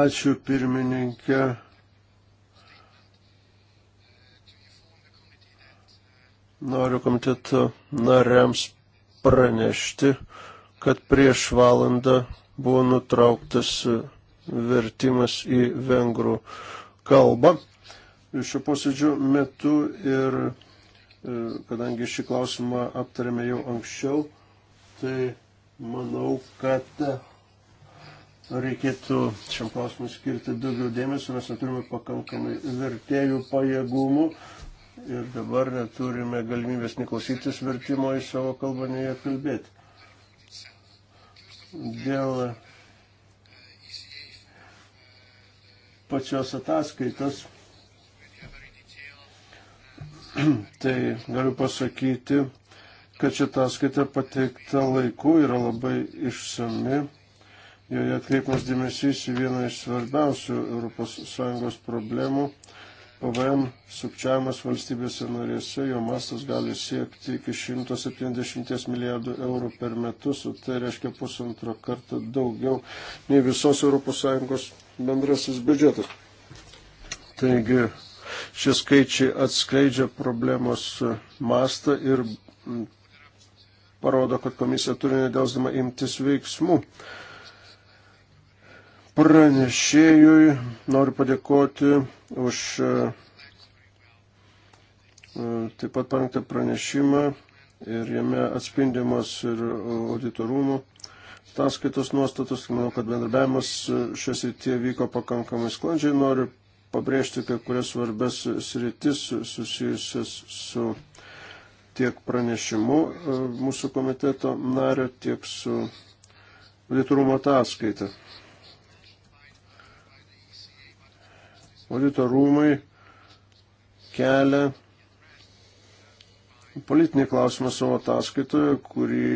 Ačiū pirmininkė. Noriu komiteto nariams pranešti, kad prieš valandą buvo nutrauktas vertimas į vengrų kalbą. Šio posėdžio metu ir E, kadangi šį klausimą aptarėme jau anksčiau, tai manau, kad reikėtų šiam klausimui skirti daugiau dėmesio, mes neturime pakankamai vertėjų pajėgumų ir dabar neturime galimybės neklausytis vertimo į savo kalbą, nei ją kalbėti. Dėl pačios ataskaitos tai galiu pasakyti, kad šita skaita pateikta laiku yra labai išsami. Joje atkreipimas dėmesys į vieną iš svarbiausių ES problemų. PVM sukčiavimas valstybėse norėse, jo mastas gali siekti iki 170 milijardų eurų per metus, o tai reiškia pusantro karto daugiau nei visos ES bendrasis biudžetas. Taigi Šie skaičiai atskleidžia problemos mastą ir parodo, kad komisija turi nedelsdama imtis veiksmų. Pranešėjui noriu padėkoti už e, taip pat parengtą pranešimą ir jame atspindimos ir auditorumų ataskaitos nuostatos. Manau, kad bendrabiavimas šios rytie vyko pakankamai sklandžiai. Noriu pabrėžti kai kurias svarbes sritis susijusias su tiek pranešimu e, mūsų komiteto nario, tiek su auditorumo ataskaita. Auditorumai kelia politinį klausimą savo ataskaitoje, kurį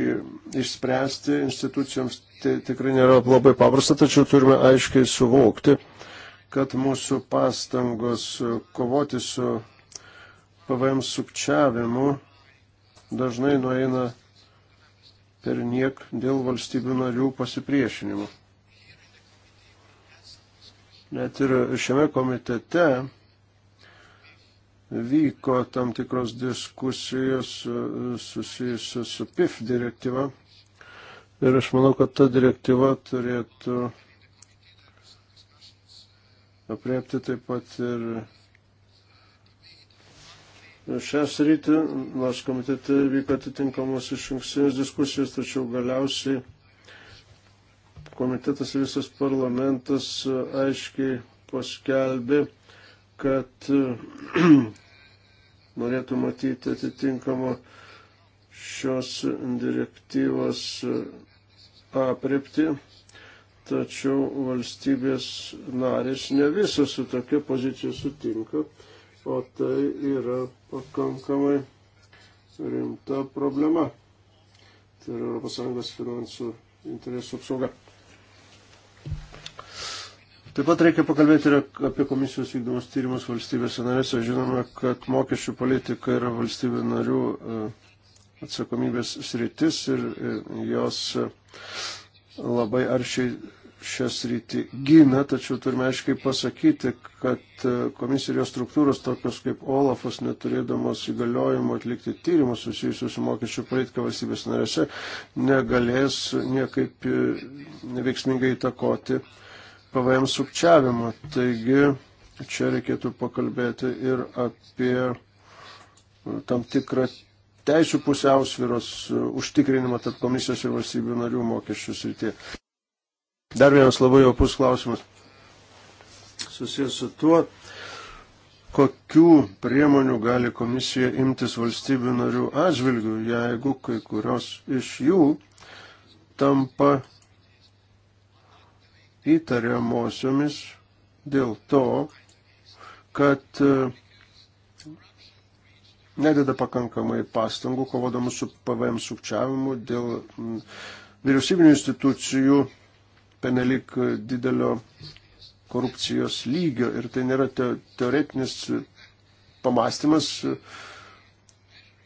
išspręsti institucijoms tikrai nėra labai paprasta, tačiau turime aiškiai suvokti, kad mūsų pastangos kovoti su PVM sukčiavimu dažnai nueina per niek dėl valstybių narių pasipriešinimo. Net ir šiame komitete vyko tam tikros diskusijos e, susijusios su PIF direktyva. Ir aš manau, kad ta direktyva turėtų apriepti taip pat ir šią sritį, nors komitete vyko atitinkamos iš ankstinės diskusijos, tačiau galiausiai komitetas ir visas parlamentas aiškiai paskelbė, kad norėtų matyti atitinkamą šios direktyvos aprepti tačiau valstybės narės ne visos su tokia pozicija sutinka, o tai yra pakankamai rimta problema. Tai yra ES finansų interesų apsauga. Taip pat reikia pakalbėti ir apie komisijos vykdomus tyrimus valstybėse narėse. Žinome, kad mokesčių politika yra valstybių narių e, atsakomybės sritis ir e, jos labai aršiai šią sritį gina, tačiau turime aiškiai pasakyti, kad e, komisija ir jos struktūros, tokios kaip Olafas, neturėdamos įgaliojimo atlikti tyrimus susijusius su mokesčių politika valstybės narėse, negalės niekaip e, neveiksmingai įtakoti PVM sukčiavimo. Taigi čia reikėtų pakalbėti ir apie tam tikrą teisų pusiausviros e, užtikrinimo tarp komisijos ir valstybių narių mokesčių srityje. Dar vienas labai opus klausimas susijęs su tuo, kokių priemonių gali komisija imtis valstybių narių atžvilgių, jeigu kai kurios iš jų tampa įtariamosiomis dėl to, kad uh, nededa pakankamai pastangų kovodama su PVM sukčiavimu dėl mm, vyriausybinių institucijų penelik didelio korupcijos lygio. Ir tai nėra te, teoretinis pamastymas,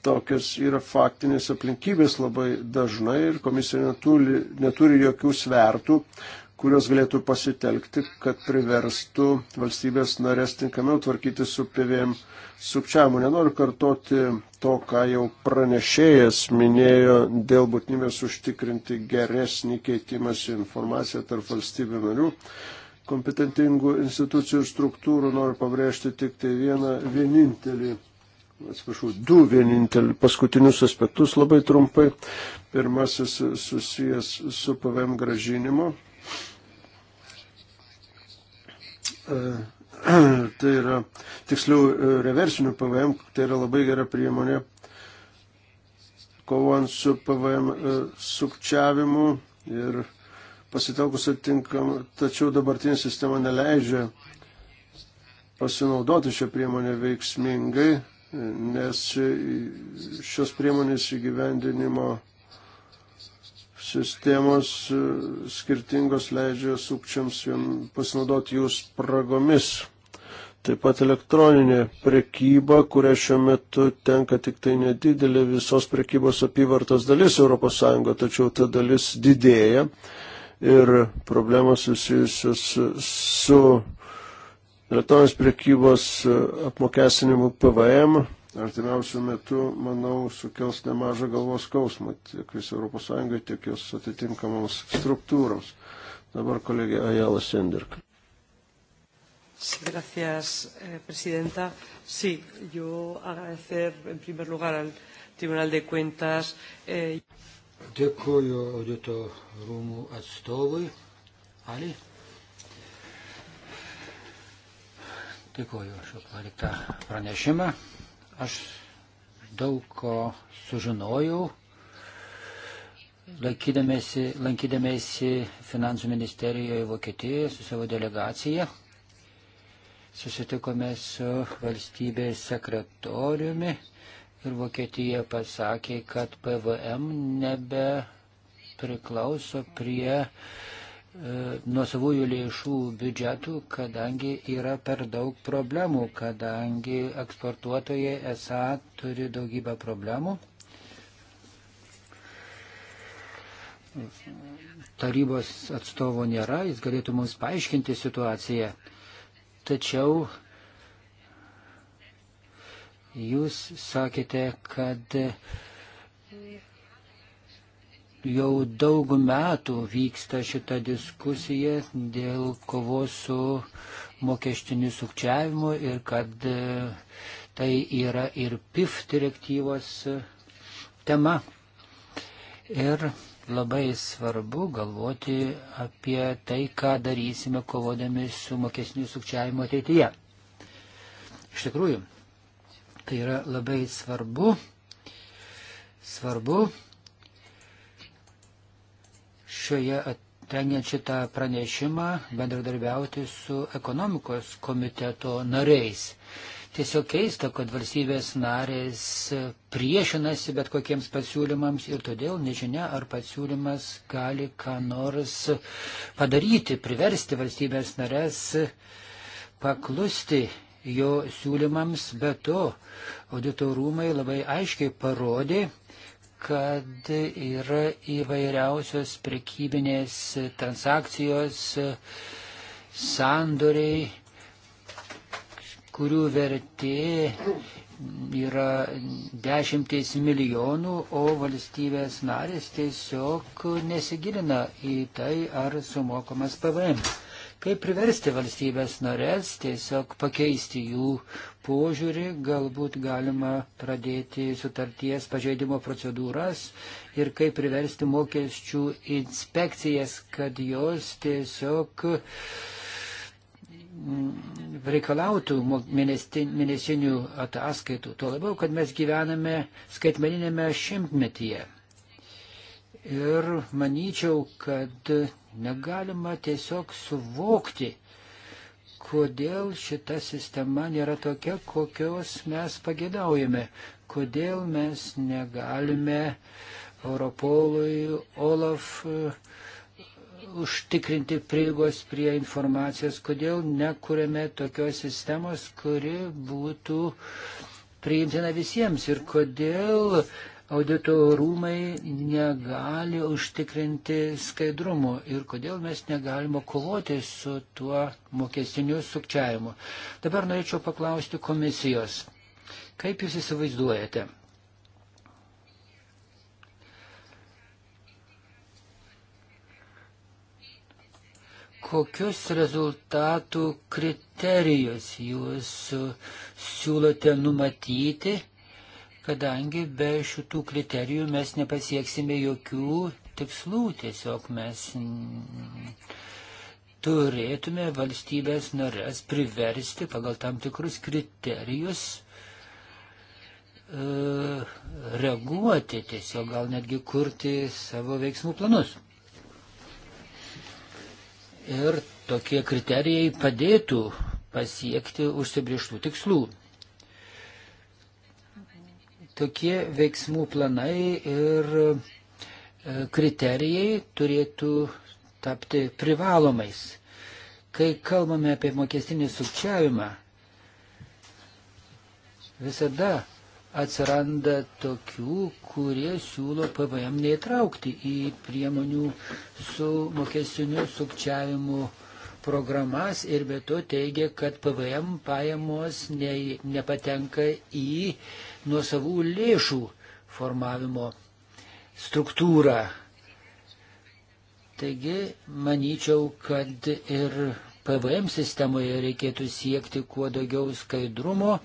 tokios yra faktinės aplinkybės labai dažnai ir komisija neturi, neturi jokių svertų kurios galėtų pasitelkti, kad priverstų valstybės narės tinkamiau tvarkyti su PVM sukčiavimu. Nenoriu kartoti to, ką jau pranešėjas minėjo dėl būtinybės užtikrinti geresnį keitimąsi informaciją tarp valstybių narių. Kompetentingų institucijų struktūrų noriu pabrėžti tik tai vieną vienintelį, atsiprašau, du vienintelį paskutinius aspektus labai trumpai. Pirmasis susijęs su PVM gražinimu E, tai yra, tiksliau, e, reversinių PVM, tai yra labai gera priemonė, kovojant su PVM e, sukčiavimu ir pasitelkus atitinkam, tačiau dabartinė sistema neleidžia pasinaudoti šią priemonę veiksmingai, nes šios priemonės įgyvendinimo sistemos e, skirtingos leidžia sukčiams pasinaudoti jų spragomis. Taip pat elektroninė prekyba, kuria šiuo metu tenka tik tai nedidelė visos prekybos apyvartos dalis ES, tačiau ta dalis didėja ir problemos susijusios su, su elektroninės prekybos e, apmokestinimu PVM artimiausių metų, manau, sukels nemažą galvos skausmą tiek visai ES, tiek jos atitinkamoms struktūroms. Dabar kolegė Ajala Sendirk. Sí, gracias, eh, presidenta. Sí, yo agradecer en primer lugar al Tribunal de Cuentas. Eh... Dėkuoju audito rūmų atstovui. Ali. Dėkuoju šio paliktą pranešimą. Aš daug ko sužinojau, lankydamėsi, lankydamėsi finansų ministerijoje Vokietijoje su savo delegacija. Susitikome su valstybės sekretoriumi ir Vokietija pasakė, kad PVM nebe priklauso prie uh, nuosavųjų lėšų biudžetų, kadangi yra per daug problemų, kadangi eksportuotojai esą turi daugybę problemų. Tarybos atstovo nėra, jis galėtų mums paaiškinti situaciją. Tačiau jūs sakėte, kad Jau daug metų vyksta šita diskusija dėl kovos su mokestiniu sukčiavimu ir kad e, tai yra ir PIF direktyvos e, tema. Ir labai svarbu galvoti apie tai, ką darysime kovodami su mokesniu sukčiavimu ateityje. Iš tikrųjų, tai yra labai svarbu. Svarbu šioje rengiant šitą pranešimą bendradarbiauti su ekonomikos komiteto nariais. Tiesiog keista, kad valstybės narės priešinasi bet kokiems pasiūlymams ir todėl nežinia, ar pasiūlymas gali ką nors padaryti, priversti valstybės narės paklusti jo siūlymams, bet to auditorumai labai aiškiai parodė, kad yra įvairiausios prekybinės transakcijos, sandoriai, kurių vertė yra dešimties milijonų, o valstybės narės tiesiog nesigilina į tai, ar sumokamas PVM. Kaip priversti valstybės norės tiesiog pakeisti jų požiūrį galbūt galima pradėti sutarties pažeidimo procedūras ir kaip priversti mokesčių inspekcijas, kad jos tiesiog mm, reikalautų mėnesinių ataskaitų. Tuo labiau, kad mes gyvename skaitmeninėme šimtmetyje. Ir manyčiau, kad negalima tiesiog suvokti, kodėl šita sistema nėra tokia, kokios mes pagėdaujame, kodėl mes negalime Europolui, Olaf e, užtikrinti prieigos prie informacijos, kodėl nekūrėme tokios sistemos, kuri būtų priimtina visiems ir kodėl uh, audito rūmai negali užtikrinti skaidrumo ir kodėl mes negalime kovoti su tuo mokestiniu sukčiavimu. Dabar norėčiau paklausti komisijos. Kaip jūs įsivaizduojate? kokius rezultatų kriterijus jūs siūlote numatyti kadangi be šitų kriterijų mes nepasieksime jokių tikslų, tiesiog mes turėtume valstybės narės priversti pagal tam tikrus kriterijus e, reaguoti, tiesiog gal netgi kurti savo veiksmų planus. Ir tokie kriterijai padėtų pasiekti užsibrieštų tikslų. Tokie veiksmų planai ir e, kriterijai turėtų tapti privalomais. Kai kalbame apie mokestinį sukčiavimą, visada atsiranda tokių, kurie siūlo PVM neįtraukti į priemonių su mokestiniu sukčiavimu programas ir be to teigia, kad PVM pajamos ne, nepatenka į nuosavų lėšų formavimo struktūrą. Taigi, manyčiau, kad ir PVM sistemoje reikėtų siekti kuo daugiau skaidrumo,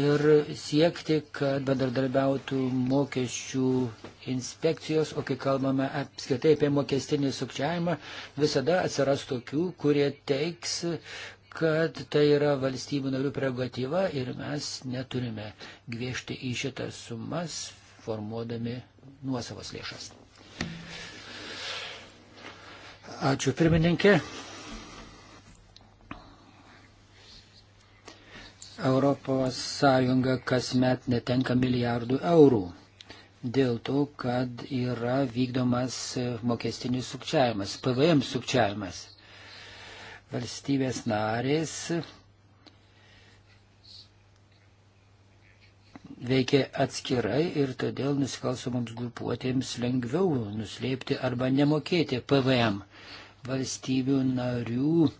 ir siekti, kad bendradarbiautų mokesčių inspekcijos, o kai kalbame apskritai apie mokestinį sukčiavimą, visada atsiras tokių, kurie teiks, kad tai yra valstybių narių prerogatyva ir mes neturime griežti į šitas sumas, formuodami nuosavas lėšas. Ačiū pirmininkė. ES kasmet netenka milijardų eurų dėl to, kad yra vykdomas mokestinis sukčiavimas, PVM sukčiavimas. Valstybės narės veikia atskirai ir todėl nusikalstamoms grupuotėms lengviau nuslėpti arba nemokėti PVM. Valstybių narių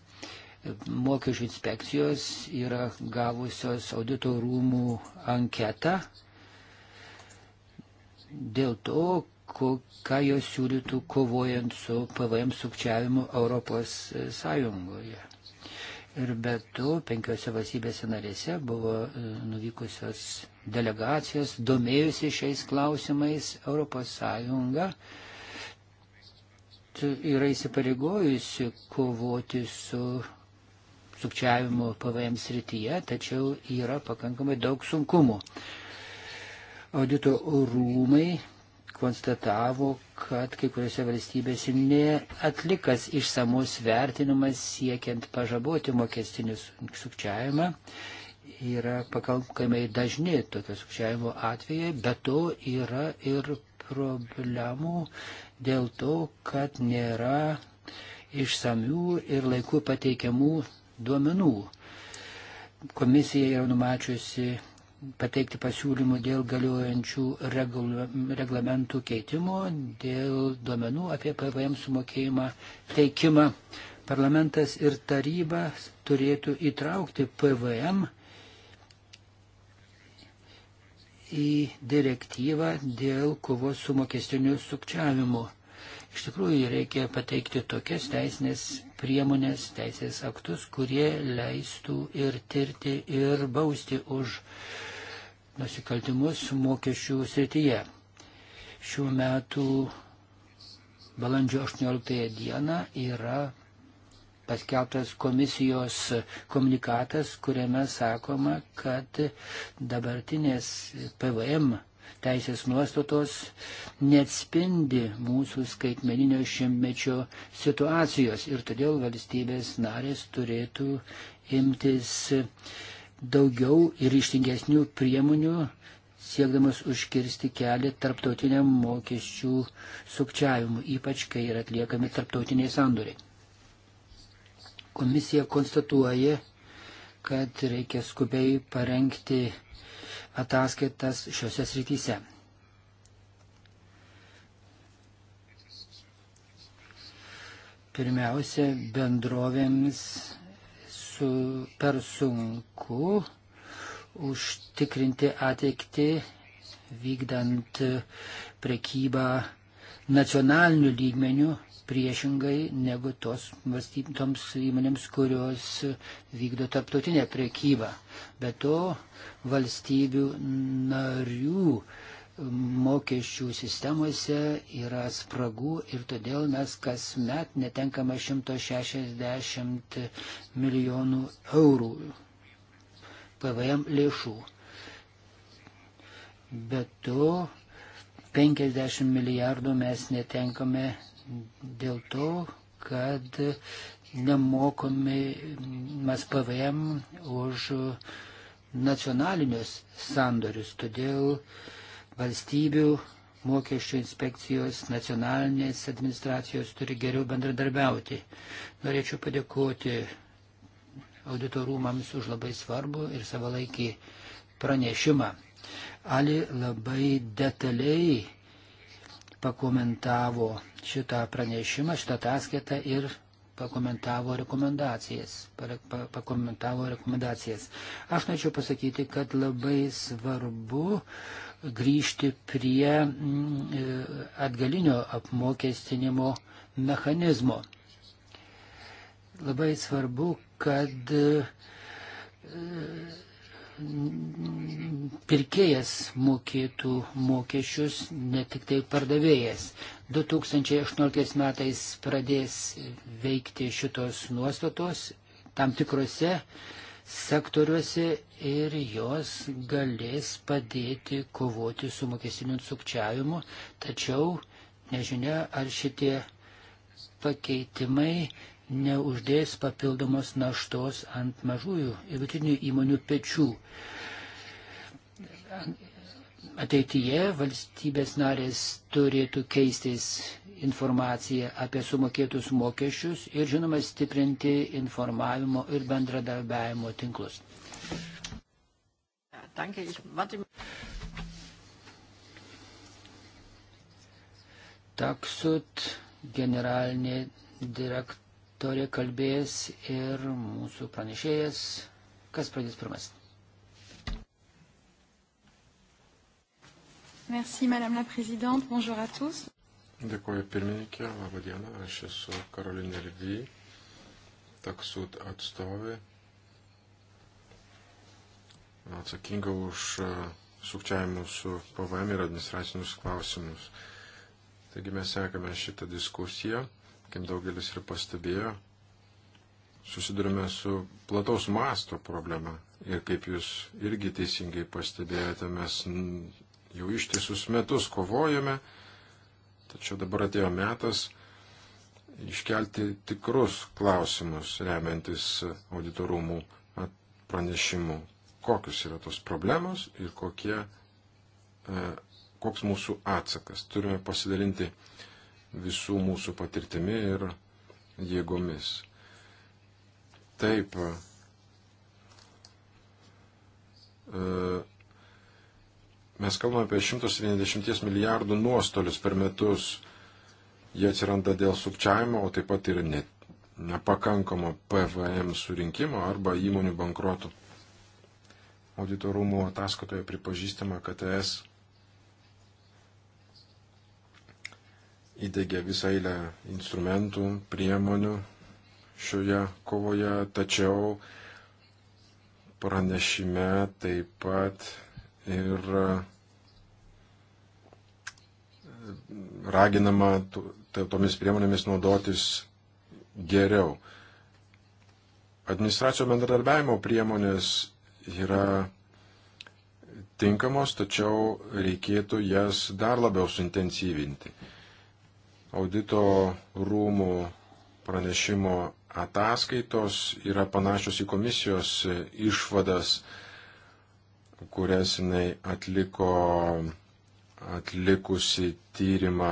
mokesčių inspekcijos yra gavusios audito rūmų anketą dėl to, ko, ką jos siūlytų kovojant su PVM sukčiavimu Europos Sąjungoje. Ir be to, penkiose valstybėse narėse buvo e, nuvykusios delegacijos, domėjusi šiais klausimais Europos Sąjunga yra įsipareigojusi kovoti su sukčiavimo PVM srityje, tačiau yra pakankamai daug sunkumų. Audito rūmai konstatavo, kad kai kuriuose valstybėse neatlikas išsamus vertinimas siekiant pažaboti mokestinį sukčiavimą. Yra pakankamai dažni tokio sukčiavimo atvejai, bet to yra ir problemų dėl to, kad nėra išsamių ir laikų pateikiamų duomenų. Komisija yra numačiusi pateikti pasiūlymų dėl galiojančių reglamentų keitimo, dėl duomenų apie PVM sumokėjimą teikimą. Parlamentas ir taryba turėtų įtraukti PVM į direktyvą dėl kovos su mokestiniu sukčiavimu. Iš tikrųjų, reikia pateikti tokias teisinės priemonės, teisės aktus, kurie leistų ir tirti, ir bausti už nusikaltimus mokesčių srityje. Šių metų balandžio 18 dieną yra paskelbtas komisijos komunikatas, kuriame sakoma, kad dabartinės PVM teisės nuostatos neatspindi mūsų skaitmeninio šimtmečio situacijos ir todėl valstybės narės turėtų imtis daugiau ir ištingesnių priemonių, siekdamas užkirsti kelią tarptautiniam mokesčių sukčiavimui, ypač kai yra atliekami tarptautiniai sandoriai. Komisija konstatuoja, kad reikia skubiai parengti ataskaitas šiuose srityse. Pirmiausia, bendrovėms su, per sunku užtikrinti ateikti, vykdant prekybą nacionaliniu lygmeniu priešingai negu tos valstybėms įmonėms, kurios vykdo tarptautinę priekybą. Be to, valstybių narių mokesčių sistemose yra spragų ir todėl mes kasmet netenkame 160 milijonų eurų PVM lėšų. Bet to 50 milijardų mes netenkame dėl to, kad nemokomas PVM už nacionalinius sandorius. Todėl valstybių mokesčių inspekcijos nacionalinės administracijos turi geriau bendradarbiauti. Norėčiau padėkoti auditorumams už labai svarbu ir savalaikį pranešimą. Ali labai detaliai pakomentavo šitą pranešimą, šitą ataskaitą ir pakomentavo rekomendacijas. Pakomentavo rekomendacijas. Aš norėčiau pasakyti, kad labai svarbu grįžti prie mm, e, atgalinio apmokestinimo mechanizmo. Labai svarbu, kad e, pirkėjas mokėtų mokesčius, ne tik tai pardavėjas. 2018 metais pradės veikti šitos nuostatos tam tikrose sektoriuose ir jos galės padėti kovoti su mokestiniu sukčiavimu, tačiau nežinia, ar šitie pakeitimai neuždės papildomos naštos ant mažųjų ir vidutinių įmonių pečių. Ateityje valstybės narės turėtų keistis informaciją apie sumokėtus mokesčius ir, žinoma, stiprinti informavimo ir bendradarbiavimo tinklus. Taksut generalinė direkt, sektorė kalbės ir mūsų pranešėjas. Kas pradės pirmas? Merci, Madame la Présidente. Bonjour à tous. Dėkuoju pirmininkė, laba diena, aš esu Karolinė Lydy, taksut atstovė, atsakinga už e, sukčiavimus su PVM ir administracinius klausimus. Taigi mes sekame šitą diskusiją kaip daugelis ir pastebėjo, susidurime su plataus masto problema. Ir kaip jūs irgi teisingai pastebėjote, mes jau ištisus metus kovojame, tačiau dabar atėjo metas iškelti tikrus klausimus, remiantis auditorumų pranešimu, kokius yra tos problemos ir kokie, e, koks mūsų atsakas. Turime pasidalinti uh, visų mūsų patirtimi ir jėgomis. Taip, e, mes kalbame apie 170 milijardų nuostolius per metus. Jie atsiranda dėl sukčiavimo, o taip pat ir net, nepakankamo PVM surinkimo arba įmonių bankruotų. Auditorumo ataskatoje pripažįstama, kad ES įdėgė visą eilę instrumentų, priemonių šioje kovoje, tačiau pranešime taip pat ir e, raginama tomis priemonėmis naudotis geriau. Administracijos bendradarbiavimo priemonės yra tinkamos, tačiau reikėtų jas dar labiau suintensyvinti. Audito rūmų pranešimo ataskaitos yra panašios į komisijos išvadas, kurias jinai atliko atlikusi tyrimą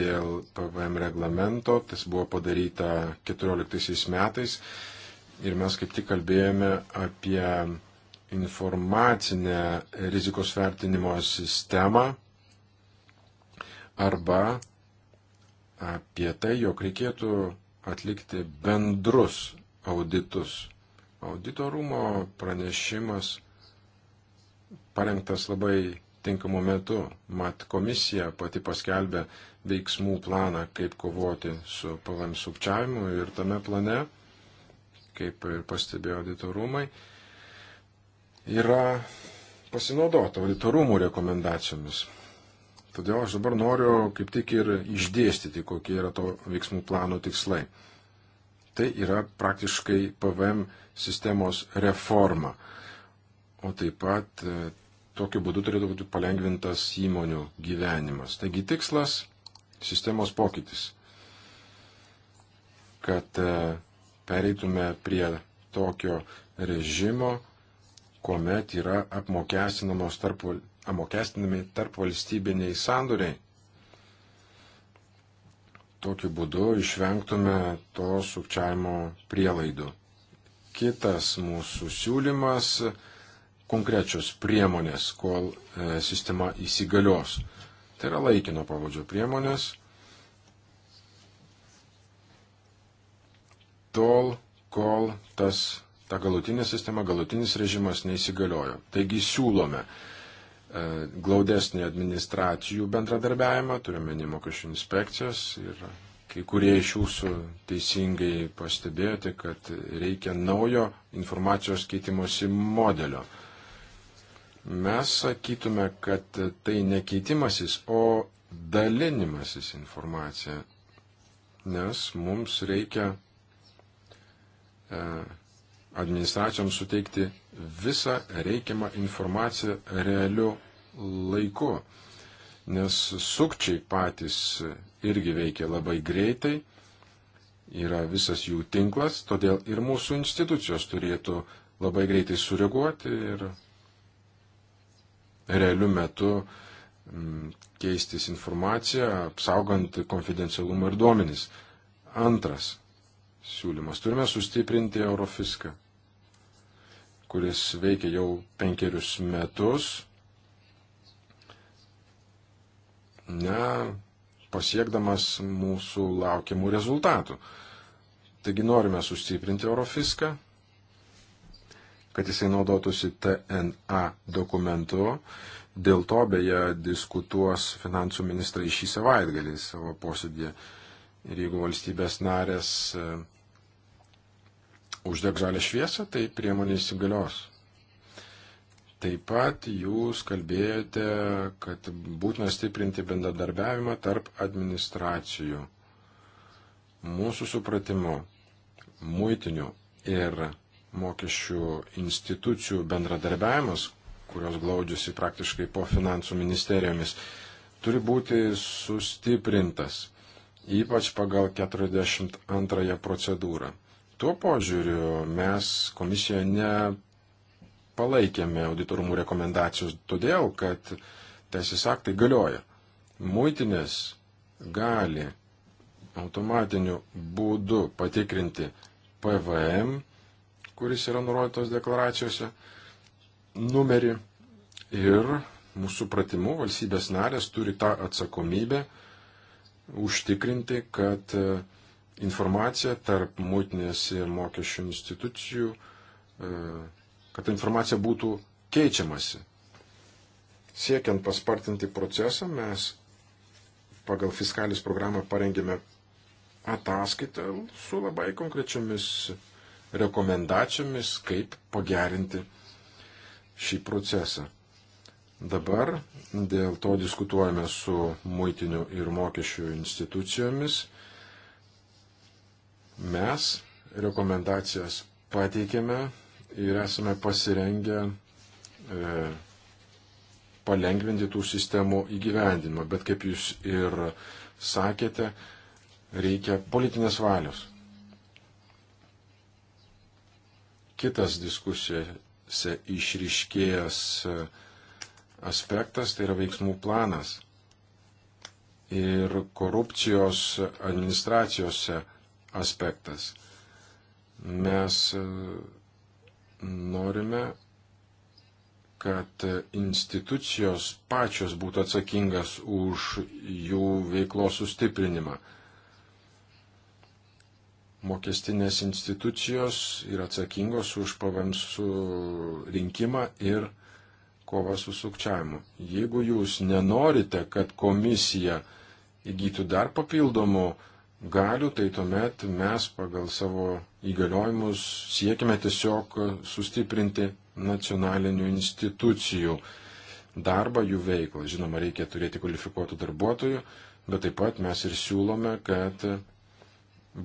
dėl PVM reglamento. Tas buvo padaryta 2014 metais. Ir mes kaip tik kalbėjome apie informacinę rizikos vertinimo sistemą arba apie tai, jog reikėtų atlikti bendrus auditus. Auditorumo pranešimas parengtas labai tinkamu metu, mat komisija pati paskelbė veiksmų planą, kaip kovoti su PVM sukčiavimu ir tame plane, kaip ir pastebėjo auditorumai, yra pasinaudota auditorumų rekomendacijomis. Todėl aš dabar noriu kaip tik ir išdėstyti, kokie yra to veiksmų plano tikslai. Tai yra praktiškai PVM sistemos reforma. O taip pat e, tokiu būdu turėtų būti palengvintas įmonių gyvenimas. Taigi tikslas - sistemos pokytis. Kad e, pereitume prie tokio režimo, kuomet yra apmokestinamos tarp apmokestinami tarp valstybiniai sandoriai. Tokiu būdu išvengtume to sukčiavimo prielaidų. Kitas mūsų siūlymas - konkrečios priemonės, kol e, sistema įsigalios. Tai yra laikino pavadžio priemonės, tol, kol tas, ta galutinė sistema, galutinis režimas neįsigaliojo. Taigi siūlome E, glaudesnį administracijų bendradarbiavimą, turiuomenį mokesčių inspekcijas ir kai kurie iš jūsų teisingai pastebėjote, kad reikia naujo informacijos keitimosi modelio. Mes sakytume, kad tai ne keitimasis, o dalinimasis informacija, nes mums reikia e, administracijoms suteikti visą reikiamą informaciją realiu laiku, nes sukčiai patys irgi veikia labai greitai, yra visas jų tinklas, todėl ir mūsų institucijos turėtų labai greitai sureaguoti ir realiu metu mm, keistis informaciją, apsaugant konfidencialumą ir duomenis. Antras siūlymas. Turime sustiprinti Eurofiską kuris veikia jau penkerius metus, ne pasiekdamas mūsų laukiamų rezultatų. Taigi norime sustiprinti Eurofiską, kad jisai naudotųsi TNA dokumentu. Dėl to beje diskutuos finansų ministrai šį savaitgalį savo posėdėje. Ir jeigu valstybės narės uždeg žalę šviesą, tai priemonė įsigalios. Taip pat jūs kalbėjote, kad būtina stiprinti bendradarbiavimą tarp administracijų. Mūsų supratimu, muitinių ir mokesčių institucijų bendradarbiavimas, kurios glaudžiasi praktiškai po finansų ministerijomis, turi būti sustiprintas, ypač pagal 42 procedūrą. Tuo požiūriu mes komisijoje nepalaikėme auditorumų rekomendacijos, todėl kad teisės aktai galioja. Muitinės gali automatiniu būdu patikrinti PVM, kuris yra nurodytos deklaracijose, numerį ir mūsų pratimu valstybės narės turi tą atsakomybę užtikrinti, kad uh, informacija tarp muitinės ir mokesčių institucijų, e, kad ta informacija būtų keičiamasi. Siekiant paspartinti procesą, mes pagal fiskalis programą parengėme ataskaitą su labai konkrečiomis rekomendacijomis, kaip pagerinti šį procesą. Dabar dėl to diskutuojame su muitiniu ir mokesčių institucijomis Mes rekomendacijas pateikėme ir esame pasirengę e, palengventi tų sistemų įgyvendinimą. Bet kaip jūs ir sakėte, reikia politinės valios. Kitas diskusijose išriškėjęs e, aspektas tai yra veiksmų planas. Ir korupcijos administracijose aspektas. Mes e, norime, kad institucijos pačios būtų atsakingas už jų veiklos sustiprinimą. Mokestinės institucijos yra atsakingos už pavams rinkimą ir kovą su sukčiavimu. Jeigu jūs nenorite, kad komisija įgytų dar papildomų galių, tai tuomet mes pagal savo įgaliojimus siekime tiesiog sustiprinti nacionalinių institucijų darbą, jų veiklą. Žinoma, reikia turėti kvalifikuotų darbuotojų, bet taip pat mes ir siūlome, kad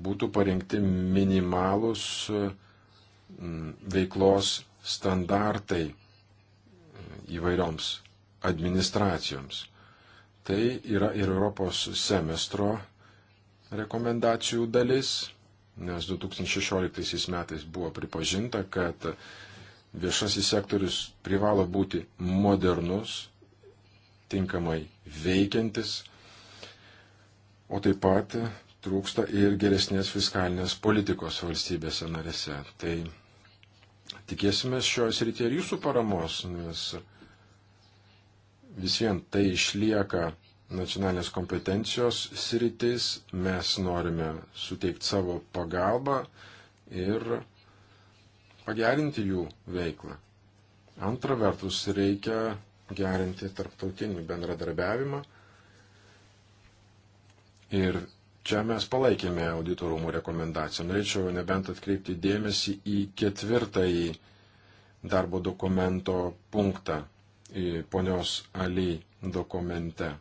būtų parengti minimalus mm, veiklos standartai įvairioms administracijoms. Tai yra ir Europos semestro rekomendacijų dalis, nes 2016 metais buvo pripažinta, kad viešasis sektorius privalo būti modernus, tinkamai veikiantis, o taip pat trūksta ir geresnės fiskalinės politikos valstybėse narėse. Tai tikėsime šioje srityje ir jūsų paramos, nes vis vien tai išlieka nacionalinės kompetencijos sritis, mes norime suteikti savo pagalbą ir pagerinti jų veiklą. Antra vertus, reikia gerinti tarptautinį bendradarbiavimą. Ir čia mes palaikėme auditorumų rekomendaciją. Norėčiau nebent atkreipti dėmesį į ketvirtąjį darbo dokumento punktą ponios Ali dokumente.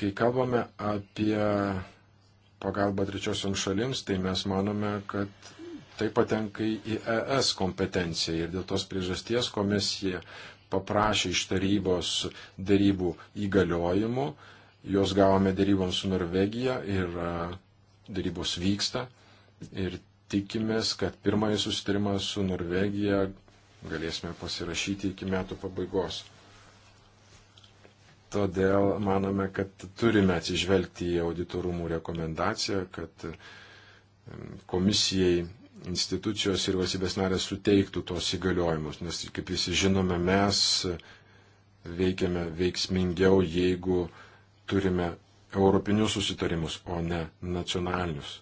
Kai kalbame apie pagalbą trečiosiam šalims, tai mes manome, kad tai patenka į ES kompetenciją ir dėl tos priežasties komisija paprašė iš tarybos darybų įgaliojimų, juos gavome daryboms su Norvegija ir darybos vyksta ir tikimės, kad pirmąjį susitarimą su Norvegija galėsime pasirašyti iki metų pabaigos. Todėl manome, kad turime atsižvelgti į auditorumų rekomendaciją, kad komisijai institucijos ir valstybės narės suteiktų tos įgaliojimus, nes, kaip visi žinome, mes veikiame veiksmingiau, jeigu turime europinius susitarimus, o ne nacionalinius,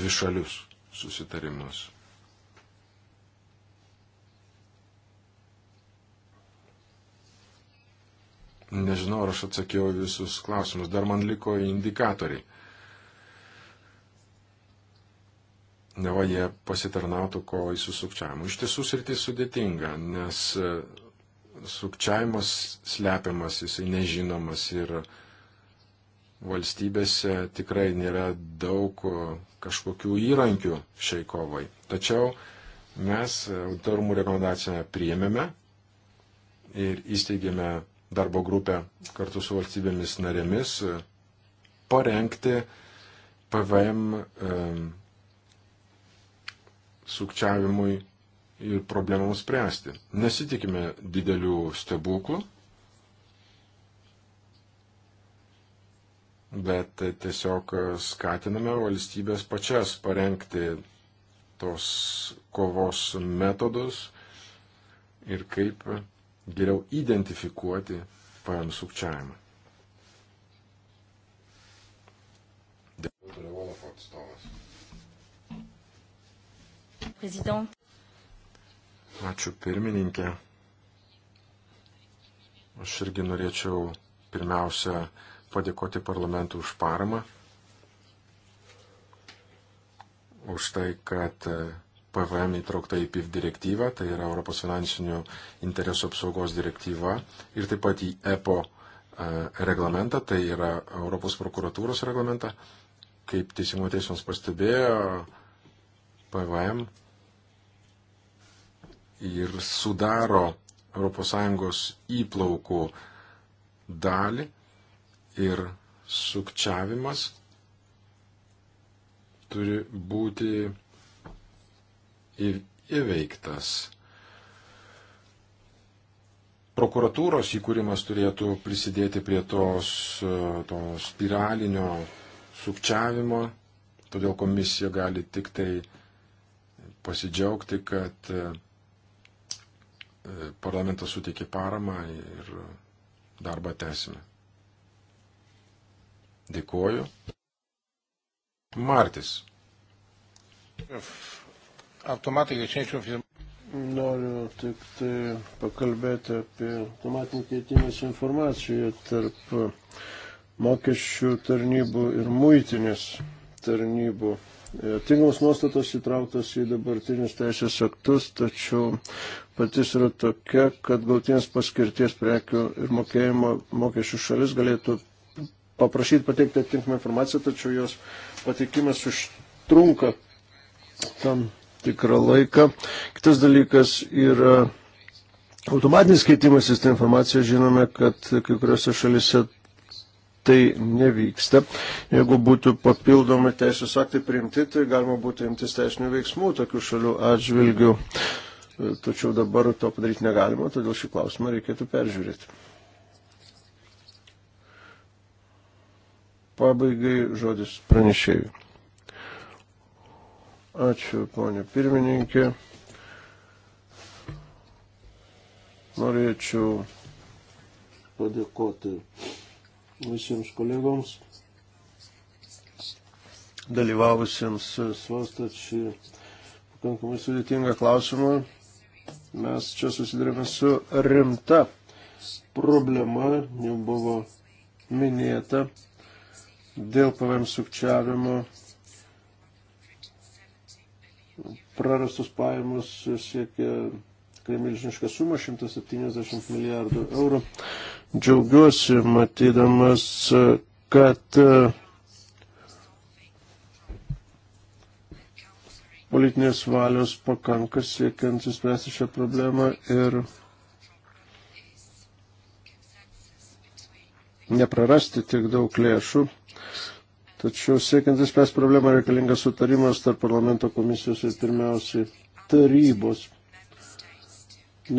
dvišalius susitarimus. Nežinau, ar aš atsakiau visus klausimus. Dar man liko indikatoriai. Neva jie pasitarnautų kovai su sukčiavimu. Iš tiesų sritis sudėtinga, nes e, sukčiavimas slepiamas, jisai nežinomas ir valstybėse tikrai nėra daug e, kažkokių įrankių šiai kovai. Tačiau mes e, autorumų rekomendaciją priėmėme ir įsteigėme darbo grupę kartu su valstybėmis narėmis e, parengti PVM e, sukčiavimui ir problemams spręsti. Nesitikime didelių stebuklų, bet tiesiog skatiname valstybės pačias parengti tos kovos metodus ir kaip geriau identifikuoti pajamų sukčiavimą. Dėkui, toliau Olafo atstovas. Prezident. Ačiū pirmininkė. Aš irgi norėčiau pirmiausia padėkoti parlamentui už paramą, už tai, kad PVM įtraukta į PIF direktyvą, tai yra Europos finansinių interesų apsaugos direktyva, ir taip pat į EPO e, reglamentą, tai yra Europos prokuratūros reglamentą. Kaip Teisingumo teismas pastebėjo, PVM ir sudaro ES įplaukų dalį ir sukčiavimas turi būti įveiktas. Prokuratūros įkūrimas turėtų prisidėti prie tos e, to spiralinio sukčiavimo, todėl komisija gali tik tai pasidžiaugti, kad e, parlamentas suteikė paramą ir darbą tęsime. Dėkuoju. Martis automatic exchange of Noriu tik tai pakalbėti apie automatinį keitimas informaciją tarp mokesčių tarnybų ir muitinės tarnybų. E, tinkamos nuostatos įtrauktos į dabartinius teisės aktus, tačiau patys yra tokia, kad gautinės paskirties prekių ir mokėjimo mokesčių šalis galėtų paprašyti pateikti atitinkamą informaciją, tačiau jos patikimas užtrunka tam tikrą laiką. Kitas dalykas yra automatinis keitimasis tą informaciją. Žinome, kad kai kuriuose šalise tai nevyksta. Jeigu būtų papildomi teisės aktai priimti, tai galima būtų imtis teisinių veiksmų tokių šalių atžvilgių. Tačiau dabar to padaryti negalima, todėl šį klausimą reikėtų peržiūrėti. Pabaigai žodis pranešėjui. Ačiū, ponė pirmininkė. Norėčiau padėkoti visiems kolegoms, dalyvavusiems svarstat šį pakankamai sudėtingą klausimą. Mes čia susidurėme su rimta problema, jau buvo minėta, dėl pavėm sukčiavimo prarastos pajamos siekia tikrai milžinišką sumą - 170 milijardų eurų. Džiaugiuosi matydamas, kad e, politinės valios pakanka siekiant įspręsti šią problemą ir neprarasti tiek daug lėšų Tačiau siekiant įspręs problemą reikalingas sutarimas tarp parlamento komisijos ir pirmiausiai tarybos,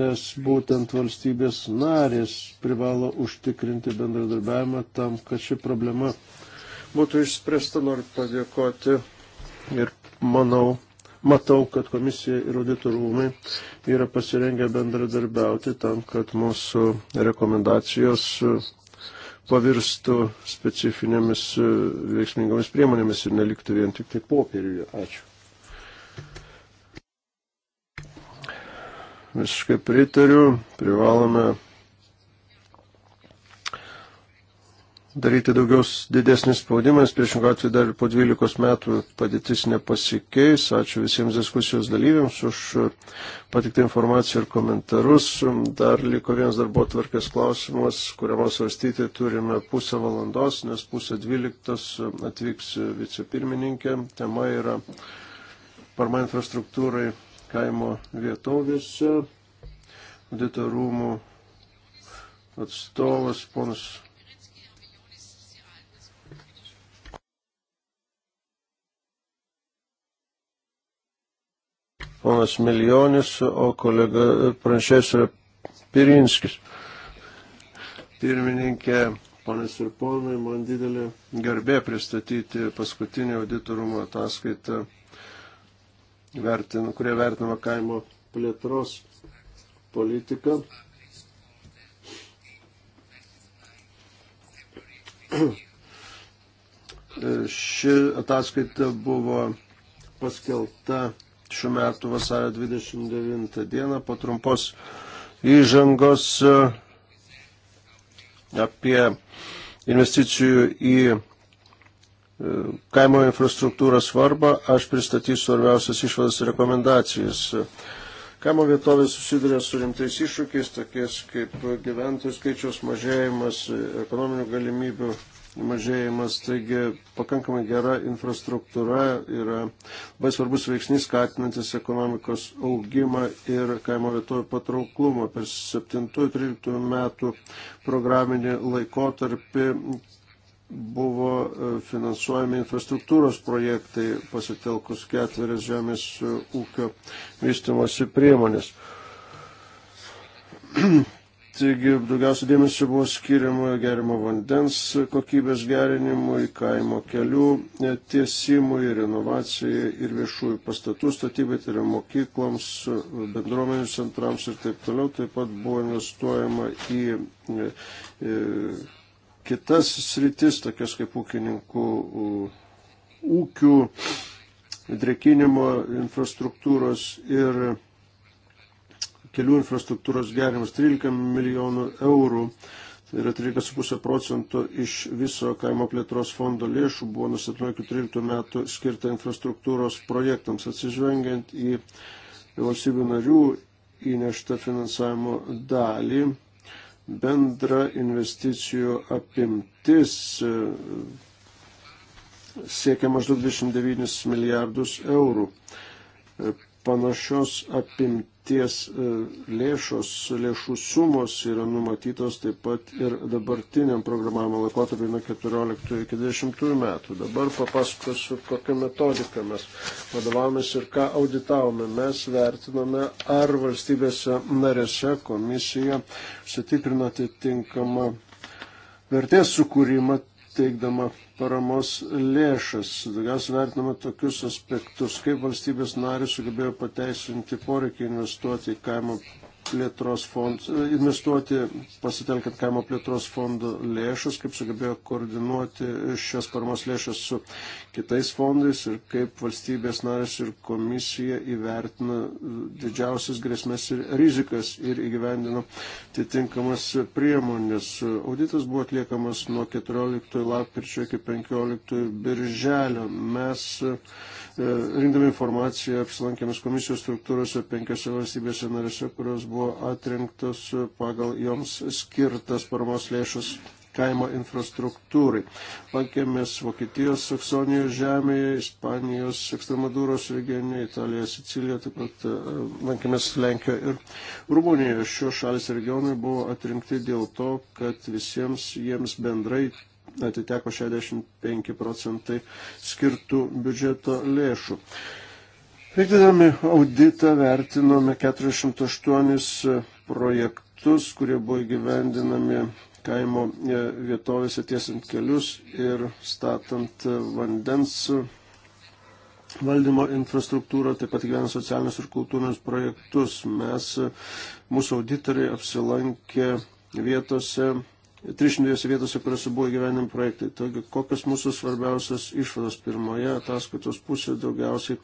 nes būtent valstybės narės privalo užtikrinti bendradarbiavimą tam, kad ši problema būtų išspręsta. Noriu padėkoti ir manau, matau, kad komisija ir auditorumai yra pasirengę bendradarbiauti tam, kad mūsų rekomendacijos pavirstų specifinėmis e, veiksmingomis priemonėmis ir neliktų vien tik tai popieriuje. Ačiū. Visiškai pritariu, privalome daryti daugiaus didesnis spaudimas, priešingų atveju dar po 12 metų padėtis nepasikeis. Ačiū visiems diskusijos dalyviams už e, patiktą informaciją ir komentarus. Dar liko vienas darbo tvarkės klausimas, kuriam svarstyti turime pusę valandos, nes pusę 12 e, atvyks e, vicepirmininkė. Tema yra parma infrastruktūrai kaimo vietovėse. Auditorumų atstovas ponas ponas Miljonis, o kolega pranešėjas yra Pirinskis. Pirmininkė, ponas ir ponai, man didelė garbė pristatyti paskutinį auditorumo ataskaitą, vertin, kurie vertinama kaimo plėtros politika. Ši ataskaita buvo paskelbta šių metų vasario 29 dieną po trumpos įžangos e, apie investicijų į e, kaimo infrastruktūrą svarbą, aš pristatysiu svarbiausias išvadas ir rekomendacijas. Kaimo vietovės susiduria su rimtais iššūkiais, tokiais kaip gyventojų skaičiaus mažėjimas, ekonominių galimybių mažėjimas, taigi pakankamai gera infrastruktūra yra labai svarbus veiksnys skatinantis ekonomikos augimą ir kaimo vietovių patrauklumą. Per 7-13 metų programinį laikotarpį buvo e, finansuojami infrastruktūros projektai pasitelkus ketverias žemės e, ūkio vystimosi priemonės. Taigi daugiausia dėmesio buvo skiriama gerimo vandens kokybės gerinimui, kaimo kelių e, tiesimui, renovacijai ir viešųjų pastatų statybai, tai yra mokykloms, bendruomenių centrams ir taip toliau. Taip pat buvo investuojama į, į e, e, kitas sritis, tokias kaip ūkininkų ūkių, drekinimo infrastruktūros ir kelių infrastruktūros gerinimas 13 milijonų eurų. Tai yra 13,5 procento iš viso kaimo plėtros fondo lėšų buvo nuo 17-13 metų skirta infrastruktūros projektams, atsižvengiant į valstybių narių įneštą finansavimo dalį. Bendra investicijų apimtis e, siekia maždaug 29 milijardus eurų. E, panašios apimtis ties e, lėšos, lėšų sumos yra numatytos taip pat ir dabartiniam programavimo laikotarpiu nuo 14 iki 20 metų. Dabar papasakosiu, kokią metodiką mes vadovavomės ir ką auditavome. Mes vertinome, ar valstybėse narėse komisija sutikrino atitinkamą vertės sukūrimą teikdama paramos lėšas. Daugiausiai vertinama tokius aspektus, kaip valstybės narius sugebėjo pateisinti poreikį investuoti į kaimo plėtros fond, e, investuoti pasitelkiant kaimo plėtros fondų lėšas, kaip sugebėjo koordinuoti šias paramos lėšas su kitais fondais ir kaip valstybės narės ir komisija įvertina didžiausias grėsmės ir rizikas ir įgyvendino atitinkamas priemonės. Auditas buvo atliekamas nuo 14 lapkričio iki 15 birželio. Mes E, rinkdami informaciją apsilankėmės komisijos struktūrose penkiose valstybėse narėse, kurios buvo atrinktos pagal joms skirtas paramos lėšas kaimo infrastruktūrai. Lankėmės Vokietijos, Saksonijos žemėje, Ispanijos, Ekstremadūros regione, Italijoje, Sicilijoje, taip pat e, lankėmės Lenkijoje ir Rumunijoje. Šios šalis regionai buvo atrinkti dėl to, kad visiems jiems bendrai atiteko 65 procentai skirtų biudžeto lėšų. Vykdydami auditą vertinome 408 projektus, kurie buvo įgyvendinami kaimo e, vietovėse tiesant kelius ir statant vandens valdymo infrastruktūrą, taip pat gyvena socialinius ir kultūrinius projektus. Mes, mūsų auditoriai apsilankė vietose 302 vietose, kuriuose buvo gyvenim projektai. Taigi, kokios mūsų svarbiausias išvados pirmoje ataskaitos pusėje daugiausiai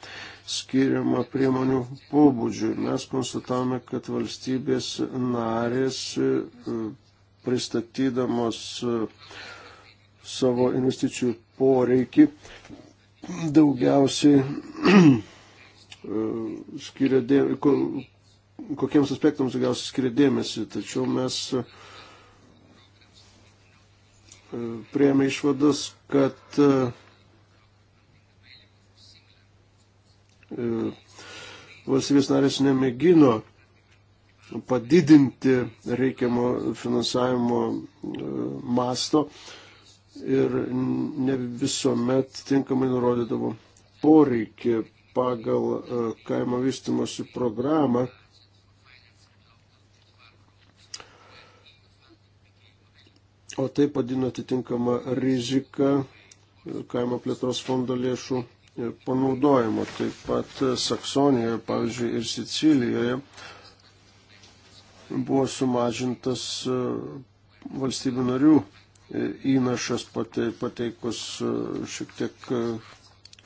skiriama priemonių pobūdžiui. Mes konstatavome, kad valstybės narės e, pristatydamos e, savo investicijų poreikį daugiausiai e, skiria dėmesį, kokiems aspektams daugiausiai skiria dėmesį, tačiau mes E, prieėmė išvadus, kad e, valstybės narės nemėgino padidinti reikiamo finansavimo e, masto ir ne visuomet tinkamai nurodydavo poreikį pagal kaimo vystimosi programą o tai padino atitinkamą riziką kaimo plėtros fondo lėšų panaudojimo. Taip pat Saksonijoje, pavyzdžiui, ir Sicilijoje buvo sumažintas e, valstybių narių e, įnašas pateikus e, šiek tiek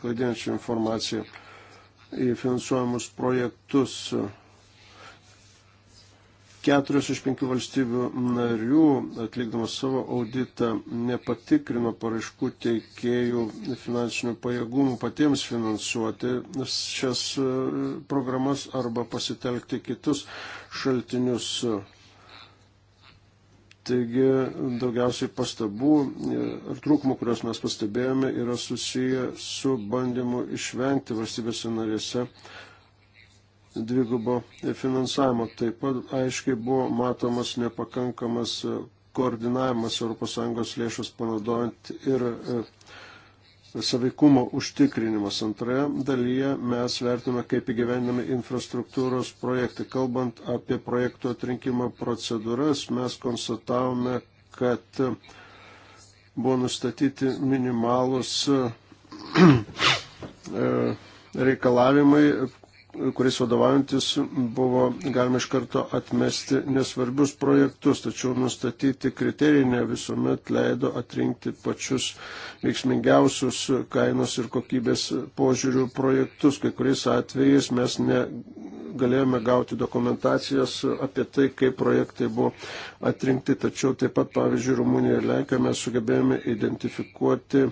klaidinančią informaciją į finansuojamus projektus. Keturios iš penkių valstybių narių, atlikdamas savo auditą, nepatikrino paraiškų teikėjų finansinių pajėgumų patiems finansuoti šias e, programas arba pasitelkti kitus šaltinius. Taigi daugiausiai pastabų e, ar trūkumų, kuriuos mes pastebėjome, yra susiję su bandymu išvengti valstybėse narėse dvigubo finansavimo. Taip pat aiškiai buvo matomas nepakankamas e, koordinavimas ES lėšas panaudojant ir e, saveikumo užtikrinimas. Antroje dalyje mes vertiname, kaip įgyvendame infrastruktūros projektai. Kalbant apie projektų atrinkimo procedūras, mes konstatavome, kad e, buvo nustatyti minimalus reikalavimai, kuriais vadovaujantis buvo galima iš karto atmesti nesvarbius projektus, tačiau nustatyti kriterijai ne visuomet leido atrinkti pačius veiksmingiausius kainos ir kokybės požiūrių projektus. Kai kuriais atvejais mes negalėjome gauti dokumentacijos apie tai, kaip projektai buvo atrinkti, tačiau taip pat, pavyzdžiui, Rumunijoje ir Lenkijoje mes sugebėjome identifikuoti e,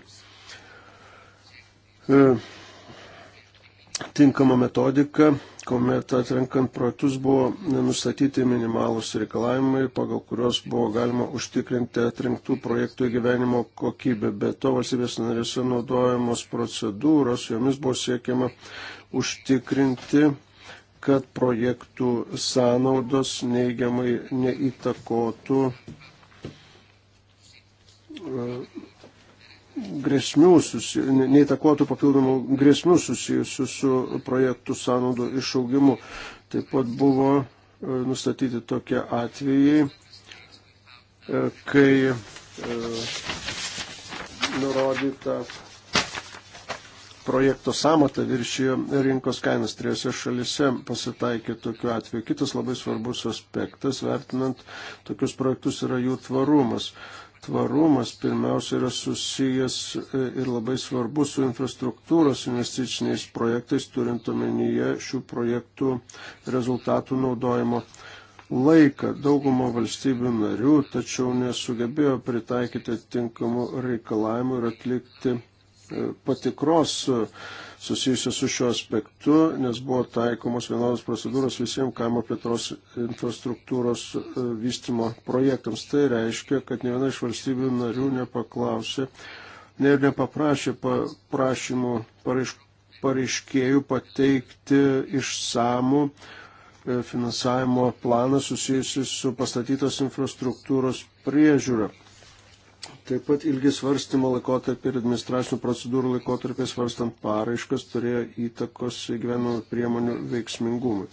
tinkamą metodiką, kuomet atrenkant projektus buvo nustatyti minimalus reikalavimai, pagal kurios buvo galima užtikrinti atrinktų projektų įgyvenimo kokybę. Be to valstybės narėse naudojamos procedūros, jomis buvo siekiama užtikrinti kad projektų sąnaudos neigiamai neįtakotų grėsmių, susi... neįtakotų papildomų grėsmių susijusių su projektų sąnaudų išaugimu. Taip pat buvo e, nustatyti tokie atvejai, e, kai e, nurodyta projekto samata viršijo rinkos kainas trijose šalise pasitaikė tokiu atveju. Kitas labai svarbus aspektas, vertinant tokius projektus, yra jų tvarumas tvarumas pirmiausia yra susijęs e, ir labai svarbus su infrastruktūros investiciniais projektais, turint omenyje šių projektų rezultatų naudojimo laiką daugumą valstybių narių, tačiau nesugebėjo pritaikyti tinkamų reikalavimų ir atlikti e, patikros e, susijusios su šiuo aspektu, nes buvo taikomos vienodos procedūros visiems kaimo plėtros infrastruktūros e, vystimo projektams. Tai reiškia, kad ne viena iš valstybių narių nepaklausė, ne ir nepaprašė prašymų pareiš, pareiškėjų pateikti išsamų e, finansavimo planą susijusi su pastatytos infrastruktūros priežiūra. Taip pat ilgi svarstymo laikotarpį ir administracinių procedūrų laikotarpį svarstant paraiškas turėjo įtakos gyvenimo priemonių veiksmingumui.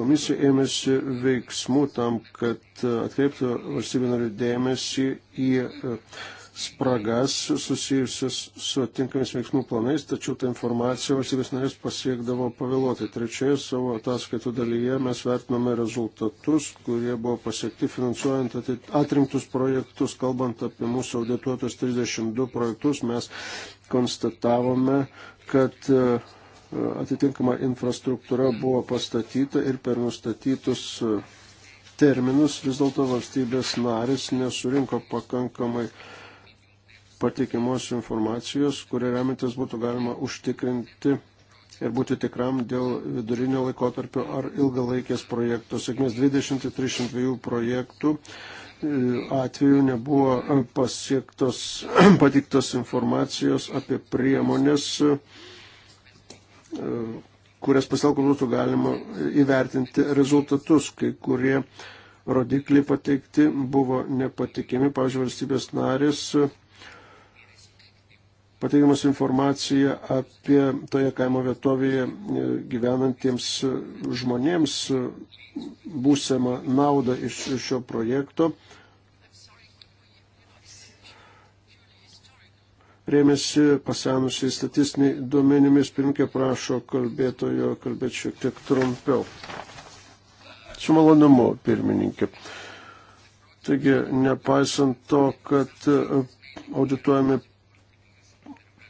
Komisija ėmėsi veiksmų tam, kad atkreiptų valstybių narių dėmesį į uh, spragas susijusius su atinkamais veiksmų planais, tačiau ta informacija valstybės narės pasiekdavo pavėluotai. Trečioje savo ataskaitų dalyje mes vertiname rezultatus, kurie buvo pasiekti finansuojant atrinktus projektus. Kalbant apie mūsų audituotus 32 projektus, mes konstatavome, kad e, atitinkama infrastruktūra buvo pastatyta ir per nustatytus e, terminus vis dėlto valstybės narės nesurinko pakankamai uh, pateikiamos informacijos, kuria remintis būtų galima užtikrinti ir būti tikram dėl vidurinio laikotarpio ar ilgalaikės projektų. Sėkmės 20-32 projektų atveju nebuvo pasiektos, patiktos informacijos apie priemonės, e, kurias pasitelkus būtų galima įvertinti rezultatus, kai kurie rodikliai pateikti buvo nepatikimi, pavyzdžiui, valstybės narės pateikiamas informacija apie toje kaimo vietovėje e, gyvenantiems e, žmonėms e, būsimą naudą iš šio projekto. Rėmėsi pasenusiai statistiniai duomenimis, pirmkė prašo kalbėtojo kalbėti šiek tiek trumpiau. Su malonumu, pirmininkė. Taigi, nepaisant to, kad audituojami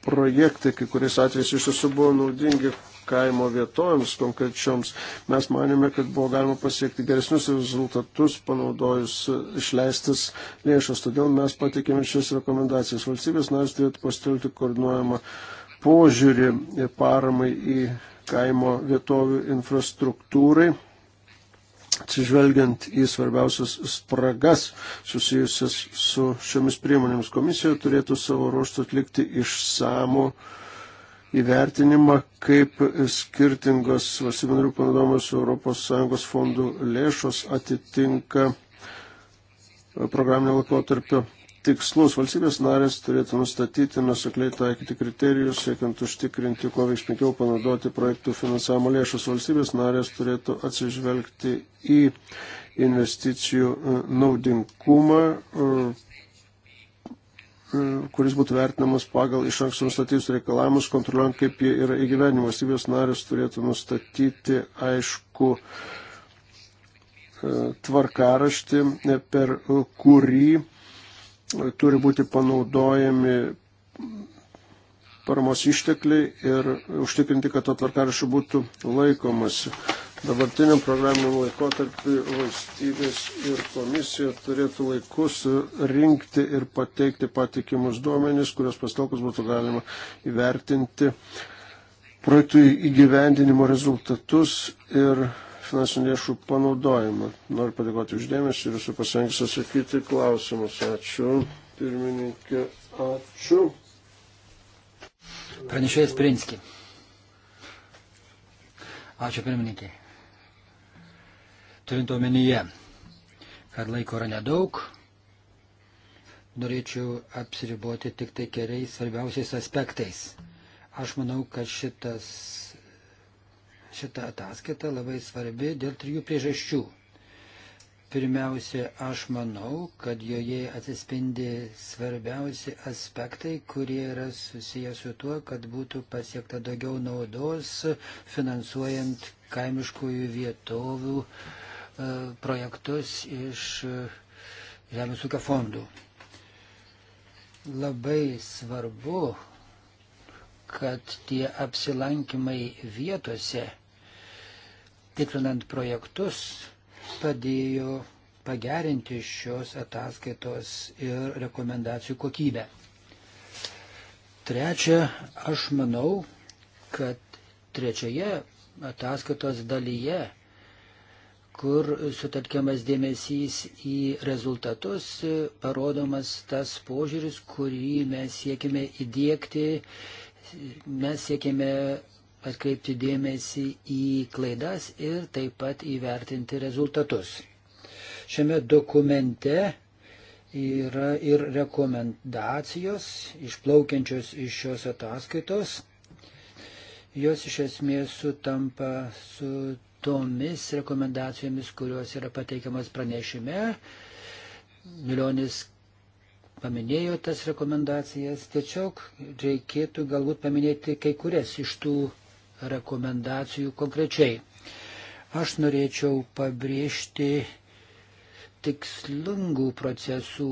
projektai, kai kuriais atvejais iš tiesų buvo naudingi kaimo vietovėms konkrečioms. Mes manėme, kad buvo galima pasiekti geresnius rezultatus, panaudojus išleistas lėšas. Todėl mes patikėme šias rekomendacijas. Valstybės narės turėtų pastelti koordinuojamą požiūrį paramai į kaimo vietovių infrastruktūrai atsižvelgiant į svarbiausias spragas susijusias su šiomis priemonėmis. Komisija turėtų savo ruoštų atlikti išsamų įvertinimą, kaip skirtingos valstybinarių panaudojamos ES fondų lėšos atitinka programinio laikotarpio tikslus. Valstybės narės turėtų nustatyti, nusakliai taikyti kriterijus, siekiant užtikrinti, kuo veiksmingiau panaudoti projektų finansavimo lėšas. Valstybės narės turėtų atsižvelgti į investicijų e, naudinkumą, e, e, kuris būtų vertinamas pagal iš anksto nustatytus reikalavimus, kontroliuojant, kaip jie yra įgyvenimas. Valstybės narės turėtų nustatyti aišku tvarkaraštį, per kurį turi būti panaudojami paramos ištekliai ir užtikrinti, kad to tvarkarašų būtų laikomasi. Dabartiniam programiniam laikotarpiu valstybės ir komisija turėtų laikus rinkti ir pateikti patikimus duomenys, kurios pastokus būtų galima įvertinti projektų įgyvendinimo rezultatus ir finansinių lėšų panaudojimą. Noriu padėkoti uždėmesį ir esu pasirengęs atsakyti klausimus. Ačiū, pirmininkė. Ačiū. Pranešėjas Prinski. Ačiū, pirmininkė. Turint omenyje, kad laiko yra nedaug, norėčiau apsiriboti tik tai keliais svarbiausiais aspektais. Aš manau, kad šitas šita ataskaita labai svarbi dėl trijų priežasčių. Pirmiausia, aš manau, kad joje atsispindi svarbiausi aspektai, kurie yra susiję su tuo, kad būtų pasiekta daugiau naudos finansuojant kaimiškųjų vietovių e, projektus iš e, Žemės ūkio fondų. Labai svarbu kad tie apsilankimai vietose, tikrinant projektus, padėjo pagerinti šios ataskaitos ir rekomendacijų kokybę. Trečia, aš manau, kad trečioje ataskaitos dalyje, kur sutelkiamas dėmesys į rezultatus, parodomas tas požiūris, kurį mes siekime įdėkti mes siekėme atkreipti dėmesį į klaidas ir taip pat įvertinti rezultatus. Šiame dokumente yra ir rekomendacijos išplaukiančios iš šios ataskaitos. Jos iš esmės sutampa su tomis rekomendacijomis, kurios yra pateikiamas pranešime. Milionis paminėjo tas rekomendacijas, tiesiog reikėtų galbūt paminėti kai kurias iš tų rekomendacijų konkrečiai. Aš norėčiau pabrėžti tikslingų procesų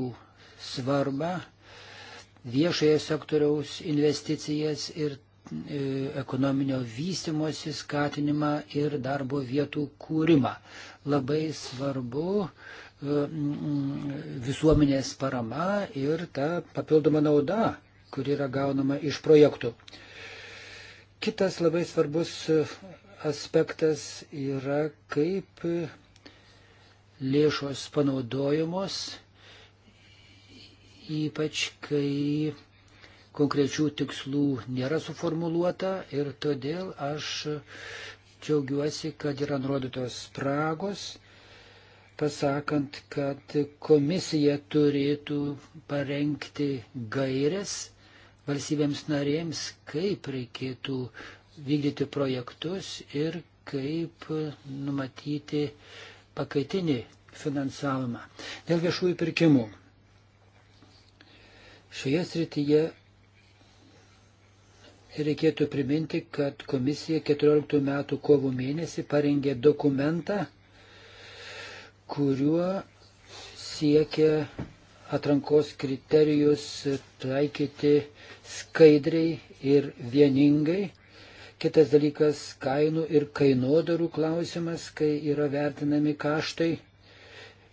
svarbą, viešoje sektoriaus investicijas ir e, ekonominio vystimosi skatinimą ir darbo vietų kūrimą. Labai svarbu uh, E, visuomenės parama ir ta papildoma nauda, kuri yra gaunama iš projektų. Kitas labai svarbus aspektas yra, kaip lėšos panaudojamos, ypač kai konkrečių tikslų nėra suformuluota ir todėl aš džiaugiuosi, kad yra nurodytos spragos pasakant, kad komisija turėtų parengti gairias valstybėms narėms, kaip reikėtų vykdyti projektus ir kaip numatyti pakaitinį finansavimą. Dėl viešųjų pirkimų. Šioje srityje reikėtų priminti, kad komisija 14 metų kovo mėnesį parengė dokumentą kuriuo siekia atrankos kriterijus taikyti skaidriai ir vieningai. Kitas dalykas - kainų ir kainodarų klausimas, kai yra vertinami kaštai.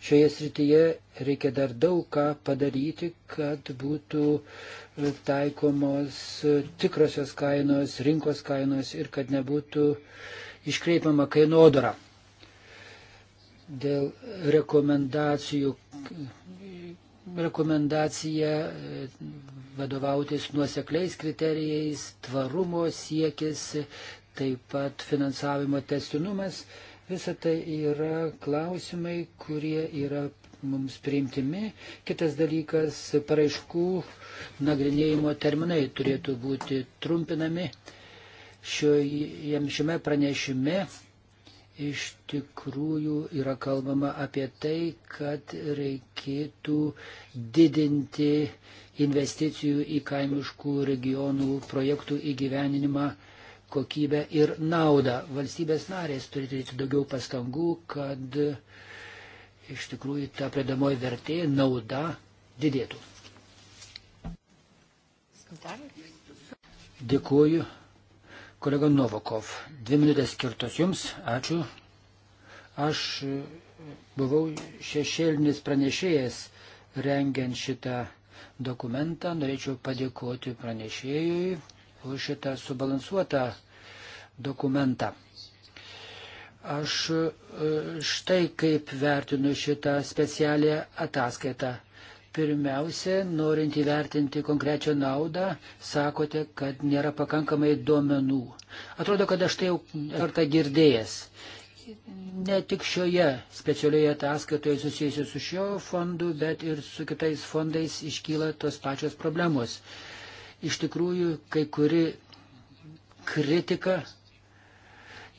Šioje srityje reikia dar daug ką padaryti, kad būtų e, taikomos e, tikrosios kainos, rinkos kainos ir kad nebūtų iškreipiama kainodara dėl rekomendacijų, rekomendacija e, vadovautis nuosekliais kriterijais, tvarumo siekis, taip pat finansavimo testinumas. Visa tai yra klausimai, kurie yra mums priimtimi. Kitas dalykas - paraiškų nagrinėjimo terminai turėtų būti trumpinami. Šioje šiame pranešime iš tikrųjų yra kalbama apie tai, kad reikėtų didinti investicijų į kaimiškų regionų projektų įgyveninimą kokybę ir naudą. Valstybės narės turi turėti daugiau pastangų, kad iš tikrųjų ta pridamoji vertė, nauda didėtų. Dėkuoju. Kolega Novokov, dvi minutės skirtos jums, ačiū. Aš e, buvau šešėlinis pranešėjas rengiant šitą dokumentą. Norėčiau padėkoti pranešėjui už šitą subalansuotą dokumentą. Aš e, štai kaip vertinu šitą specialią ataskaitą. Pirmiausia, norint įvertinti konkrečią naudą, sakote, kad nėra pakankamai duomenų. Atrodo, kad aš tai jau kartą girdėjęs. Ne tik šioje specialioje ataskaitoje susijusiu su šio fondu, bet ir su kitais fondais iškyla tos pačios problemos. Iš tikrųjų, kai kuri kritika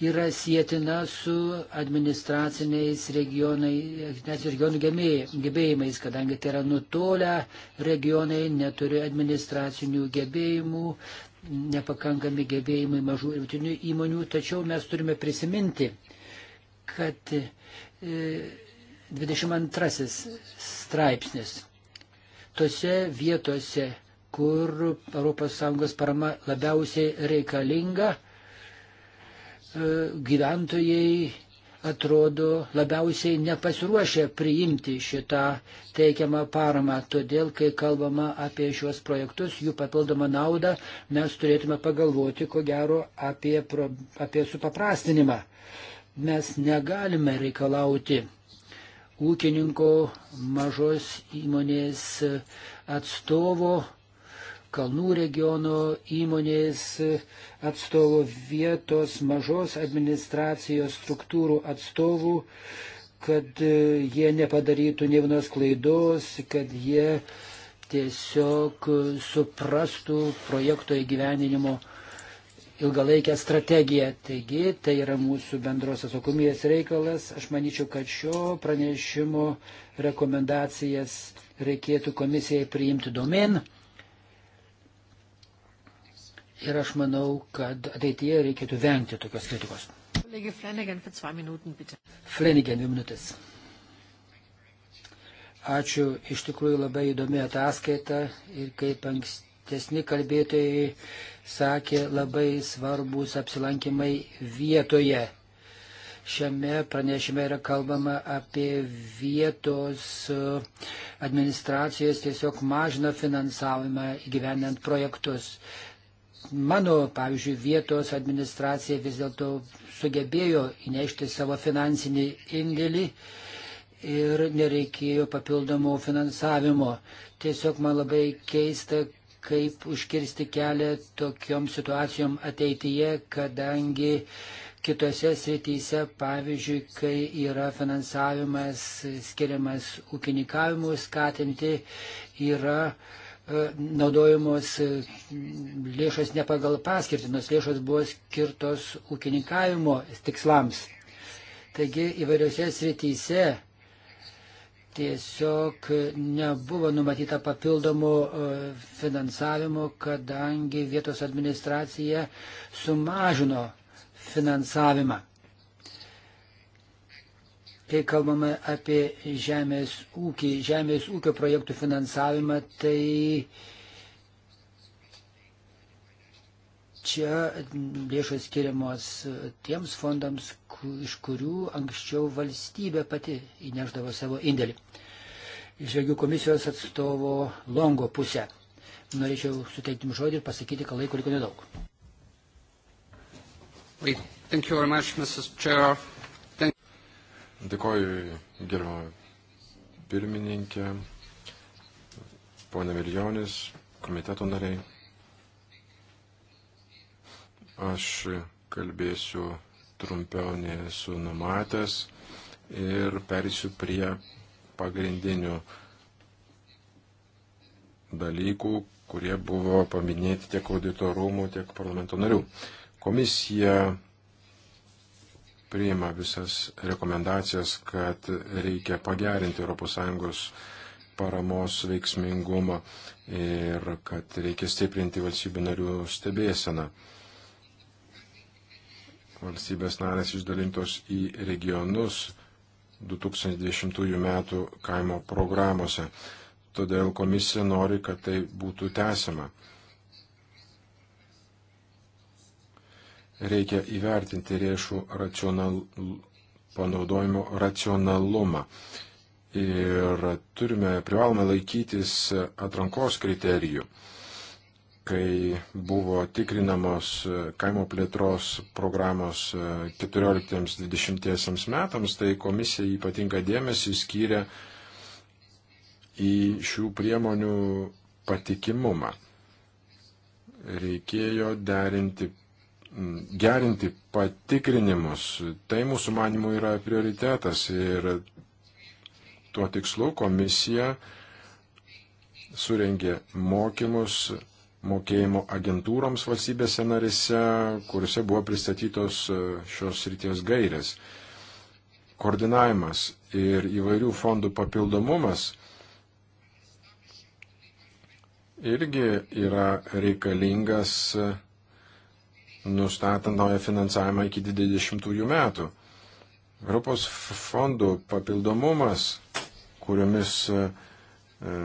yra sėtina su administraciniais regionai, regionų gebėjimais, kadangi tai yra nutolę regionai, neturi administracinių gebėjimų, nepakankami gebėjimai mažų ir vidutinių įmonių, tačiau mes turime prisiminti, kad 22 e, straipsnis tose vietose, kur ES parama labiausiai reikalinga, E, gyventojai atrodo labiausiai nepasiruošę priimti šitą teikiamą paramą. Todėl, kai kalbama apie šiuos projektus, jų papildomą naudą, mes turėtume pagalvoti, ko gero, apie, apie supaprastinimą. Mes negalime reikalauti ūkininko mažos įmonės atstovo kalnų regiono įmonės atstovų, vietos mažos administracijos struktūrų atstovų, kad e, jie nepadarytų ne vienos klaidos, kad jie tiesiog e, suprastų projekto įgyveninimo ilgalaikę strategiją. Taigi tai yra mūsų bendros atsakomybės reikalas. Aš manyčiau, kad šio pranešimo rekomendacijas reikėtų komisijai priimti domen. Ir aš manau, kad ateityje reikėtų vengti tokios kritikos. Flanagan, dvi minutės. Ačiū, iš tikrųjų labai įdomi ataskaita ir kaip ankstesni kalbėtojai sakė, labai svarbus apsilankimai vietoje. Šiame pranešime yra kalbama apie vietos e, administracijos tiesiog mažina finansavimą įgyvenant projektus mano, pavyzdžiui, vietos administracija vis dėlto sugebėjo įnešti savo finansinį indėlį ir nereikėjo papildomo finansavimo. Tiesiog man labai keista, kaip užkirsti kelią tokiom situacijom ateityje, kadangi kitose srityse, pavyzdžiui, kai yra finansavimas skiriamas ūkininkavimui skatinti, yra uh, E, naudojamos e, lėšos ne pagal paskirtį, nors lėšos buvo skirtos ūkininkavimo tikslams. Taigi įvairiose srityse tiesiog nebuvo numatyta papildomų e, finansavimo, kadangi vietos administracija sumažino finansavimą. Kai kalbame apie žemės ūkį, žemės ūkio projektų finansavimą, tai čia lėšos skiriamos tiems fondams, iš kurių anksčiau valstybė pati įneždavo savo indėlį. Žvelgiu komisijos atstovo Longo pusę. Norėčiau suteikti jums žodį ir pasakyti, kad laiko liko nedaug. Thank you very much, Mrs. Chair. Dėkoju, gerbiamą pirmininkę, ponė Viljonis, komiteto nariai. Aš kalbėsiu trumpiau nei esu numatęs ir perėsiu prie pagrindinių dalykų, kurie buvo paminėti tiek audito rūmų, tiek parlamento narių. Komisija priima visas rekomendacijas, kad reikia pagerinti ES paramos veiksmingumą ir kad reikia stiprinti valstybių narių stebėseną. Valstybės narės išdalintos į regionus 2020 m. kaimo programuose. Todėl komisija nori, kad tai būtų tęsima. reikia įvertinti lėšų racional... panaudojimo racionalumą. Ir turime, privalome laikytis atrankos kriterijų. Kai buvo tikrinamos kaimo plėtros programos 14-20 metams, tai komisija ypatinga dėmesį skyrė į šių priemonių patikimumą. Reikėjo derinti gerinti patikrinimus. Tai mūsų manimų yra prioritetas ir tuo tikslu komisija surengė mokymus mokėjimo agentūroms valstybėse narise, kuriuose buvo pristatytos e, šios ryties gairės. Koordinavimas ir įvairių fondų papildomumas irgi yra reikalingas nustatant naują finansavimą iki 20 metų. Europos fondų papildomumas, kuriomis e, e,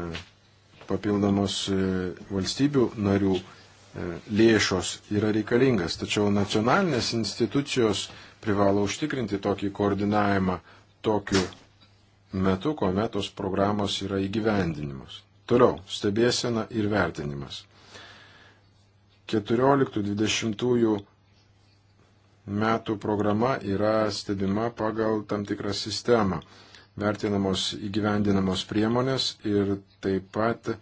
papildomos e, valstybių narių lėšos yra reikalingas, tačiau nacionalinės institucijos privalo užtikrinti tokį koordinavimą tokiu metu, kuomet tos programos yra įgyvendinimas. Toliau, stebėsena ir vertinimas. 14-20 metų programa yra stebima pagal tam tikrą sistemą. Vertinamos įgyvendinamos priemonės ir taip pat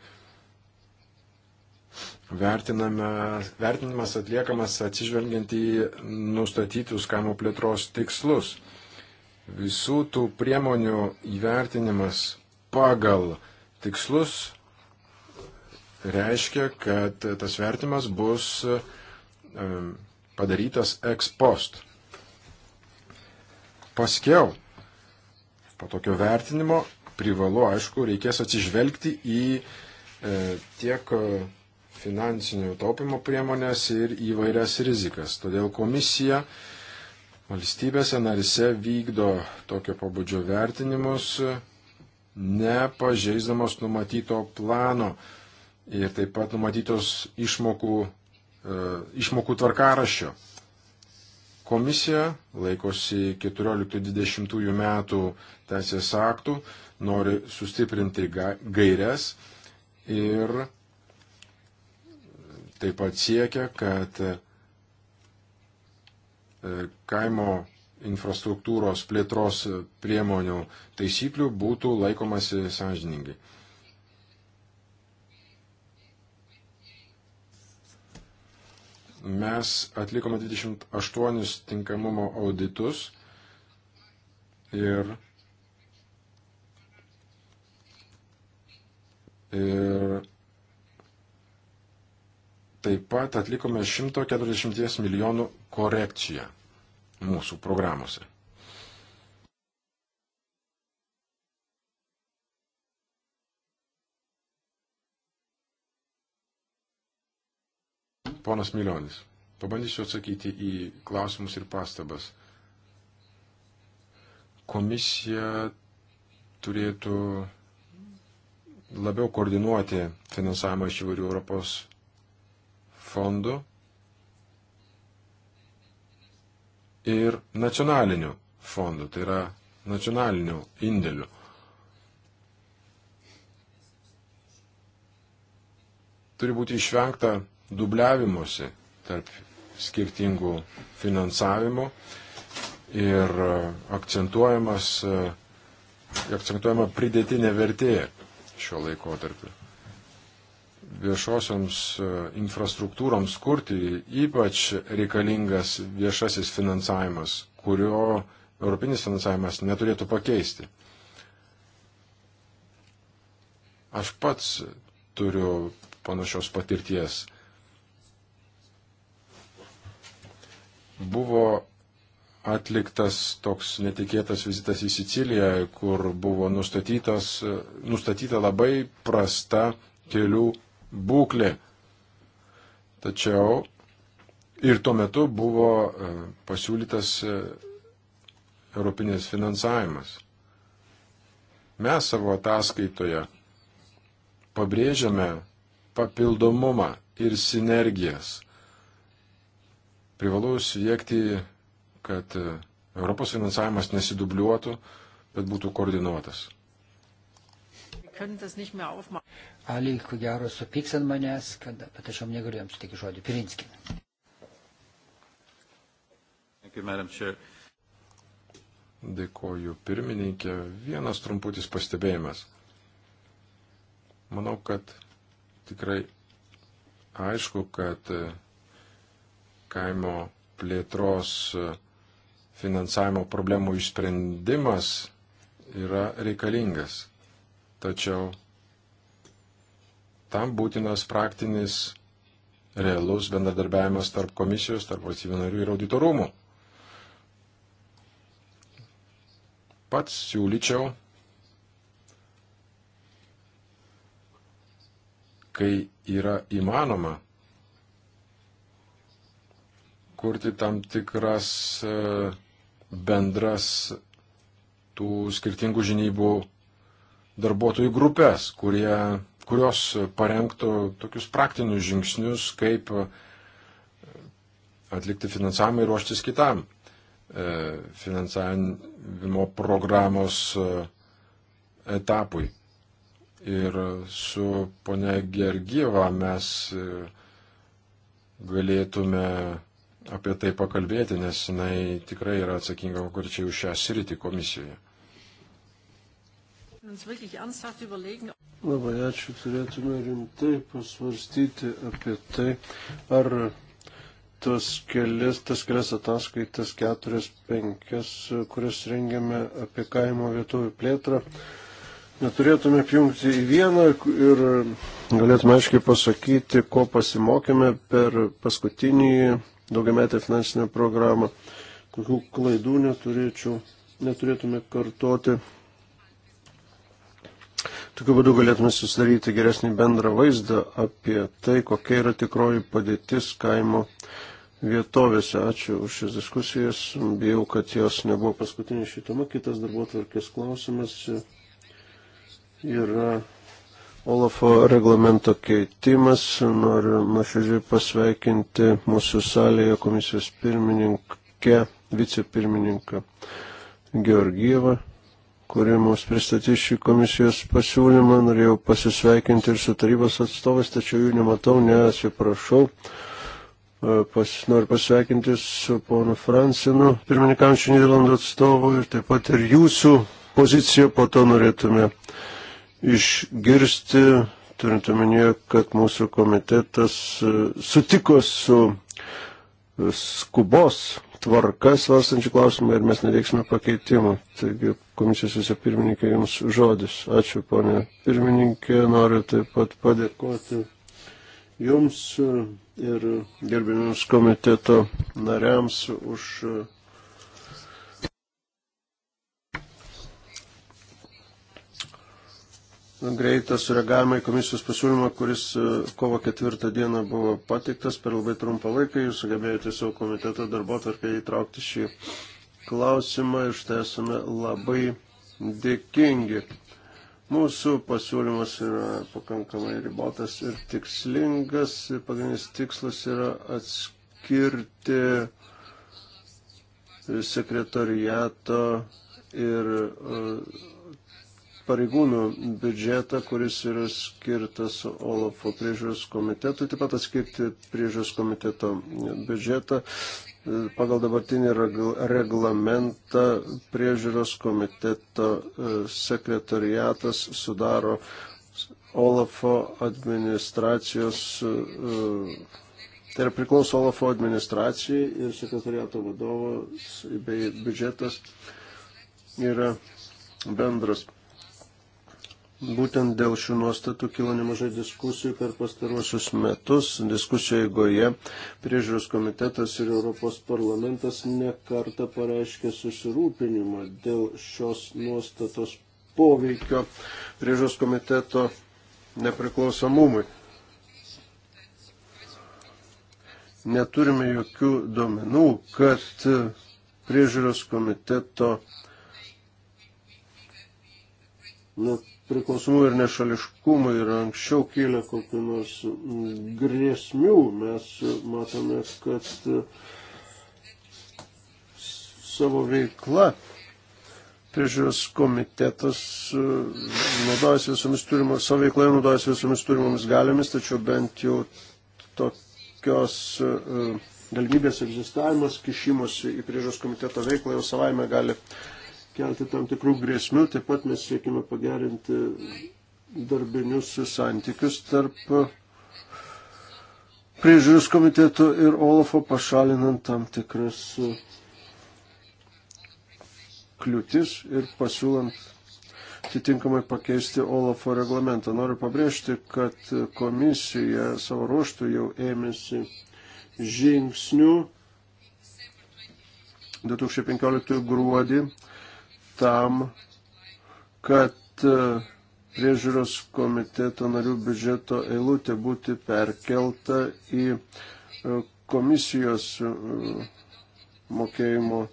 vertinimas atliekamas atsižvelgiant į nustatytus kaimo plėtros tikslus. Visų tų priemonių įvertinimas pagal tikslus reiškia, kad tas vertimas bus e, padarytas ex post. Paskiau, po tokio vertinimo, privalu, aišku, reikės atsižvelgti į e, tiek e, finansinių taupimo priemonės ir įvairias rizikas. Todėl komisija valstybėse narise vykdo tokio pabudžio vertinimus, nepažeisdamos numatyto plano ir taip pat numatytos išmokų, e, išmokų tvarkaraščio. Komisija laikosi 14-20 metų teisės aktų, nori sustiprinti gairias ir taip pat siekia, kad e, kaimo infrastruktūros plėtros priemonių taisyklių būtų laikomasi sąžiningai. Mes atlikome 28 tinkamumo auditus ir, ir taip pat atlikome 140 milijonų korekciją mūsų programuose. ponas Milionis. Pabandysiu atsakyti į klausimus ir pastabas. Komisija turėtų labiau koordinuoti finansavimą iš įvairių Europos fondų ir nacionalinių fondų, tai yra nacionalinių indėlių. Turi būti išvengta dubliavimuose tarp skirtingų finansavimų ir e, akcentuojamas, e, akcentuojama pridėtinė vertė šio laikotarpiu. Viešosioms e, infrastruktūroms kurti ypač reikalingas viešasis finansavimas, kurio europinis finansavimas neturėtų pakeisti. Aš pats turiu panašios patirties Buvo atliktas toks netikėtas vizitas į Siciliją, kur buvo nustatyta labai prasta kelių būklė. Tačiau ir tuo metu buvo e, pasiūlytas e, europinis finansavimas. Mes savo ataskaitoje pabrėžiame papildomumą ir sinergijas Privalu siekti, kad e, Europos finansavimas nesidubliuotų, bet būtų koordinuotas. Ali, ko gero, supyks ant manęs, kad, bet aš jam negaliu jam suteikti žodį. Pirinskin. Dėkoju, pirmininkė. Vienas trumputis pastebėjimas. Manau, kad tikrai aišku, kad e, kaimo plėtros e, finansavimo problemų išsprendimas yra reikalingas. Tačiau tam būtinas praktinis realus bendradarbiavimas tarp komisijos, tarp valstybių narių ir auditorumų. Pats siūlyčiau, kai yra įmanoma, kurti tam tikras e, bendras tų skirtingų žinybų darbuotojų grupės, kurie, kurios parengtų tokius praktinius žingsnius, kaip e, atlikti finansavimą ir ruoštis kitam e, finansavimo programos etapui. Ir su ponia Gergyva mes galėtume apie tai pakalbėti, nes jinai tikrai yra atsakinga konkrečiai už šią sritį komisijoje. Labai ačiū, turėtume rimtai pasvarstyti apie tai, ar tos kelias, tas kelias ataskaitas, keturias, penkias, kurias rengiame apie kaimo vietovių plėtrą, neturėtume apjungti į vieną ir galėtume aiškiai pasakyti, ko pasimokėme per paskutinį daugiametę finansinę programą. Kokių klaidų neturėčiau, neturėtume kartoti. Tokiu būdu galėtume susidaryti geresnį bendrą vaizdą apie tai, kokia yra tikroji padėtis kaimo vietovėse. Ačiū už šias diskusijas. Bijau, kad jos nebuvo paskutinė šitama. Kitas darbo tvarkės klausimas yra. Olafo reglamento keitimas. Noriu nuoširdžiai pasveikinti mūsų salėje komisijos pirmininkę, vicepirmininką Georgievą, kuri mums pristatys šį komisijos pasiūlymą. Norėjau pasisveikinti ir su tarybos atstovas, tačiau jų nematau, neatsiprašau. E, pas, noriu pasveikinti su ponu Francinu, pirmininkančiu Niderlandų atstovu ir taip pat ir jūsų poziciją po to norėtume išgirsti, turint omenyje, kad mūsų komitetas e, sutiko su e, skubos tvarka svarstančių klausimų ir mes neveiksime pakeitimų. Taigi komisijos vicepirmininkė jums žodis. Ačiū, ponė pirmininkė. Noriu taip pat padėkoti jums e, ir gerbėmiams komiteto nariams už greitą sureagavimą į komisijos pasiūlymą, kuris e, kovo ketvirtą dieną buvo pateiktas per labai trumpą laiką. Jūs sugebėjote savo komiteto darbo tvarkai įtraukti šį klausimą ir štai esame labai dėkingi. Mūsų pasiūlymas yra pakankamai ribotas ir tikslingas. Pagrindinis tikslas yra atskirti sekretariato ir uh, pareigūnų biudžetą, kuris yra skirtas Olafo priežiūros komitetui, taip pat atskirti priežiūros komiteto biudžetą. E, pagal dabartinį reglamentą priežiūros komiteto e, sekretariatas sudaro Olafo administracijos, e, tai yra priklauso Olafo administracijai ir sekretariato vadovas bei biudžetas yra bendras. Būtent dėl šių nuostatų kilo nemažai diskusijų per pastaruosius metus. Diskusijų eigoje priežiūros komitetas ir Europos parlamentas nekarta pareiškė susirūpinimą dėl šios nuostatos poveikio priežiūros komiteto nepriklausomumui. Neturime jokių duomenų, kad priežiūros komiteto net nu, priklausomų ir nešališkumų ir anksčiau kėlė kokiu nors grėsmių, mes matome, kad savo veikla priežiūros komitetas naudojasi visomis turimomis, savo veikloje naudojasi visomis turimomis galiomis, tačiau bent jau tokios e, galimybės egzistavimas, kišimus į priežiūros komiteto veiklą jau savaime gali kelti tam tikrų grėsmių, taip pat mes siekime pagerinti darbinius santykius tarp priežiūros komitetų ir Olafo pašalinant tam tikras kliūtis ir pasiūlant atitinkamai pakeisti Olafo reglamentą. Noriu pabrėžti, kad komisija savo ruoštų jau ėmėsi žingsnių 2015 gruodį tam, kad e, priežiūros komiteto narių biudžeto eilutė būti perkelta į e, komisijos e, mokėjimo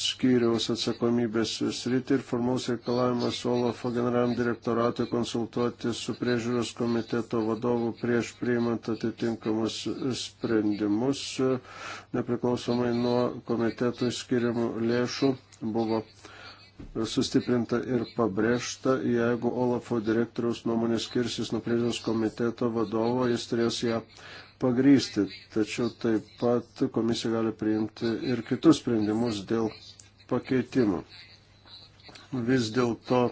skyriaus atsakomybės sritį ir formaus reikalavimas Olafo generaliniam direktoratui konsultuoti su priežiūros komiteto vadovu prieš priimant atitinkamus sprendimus, nepriklausomai nuo komitetų skiriamų lėšų buvo sustiprinta ir pabrėžta, jeigu Olafo direktoriaus nuomonė skirsis nuo priežiūros komiteto vadovo, jis turės ją pagrysti. Tačiau taip pat komisija gali priimti ir kitus sprendimus dėl pakeitimų. Vis dėlto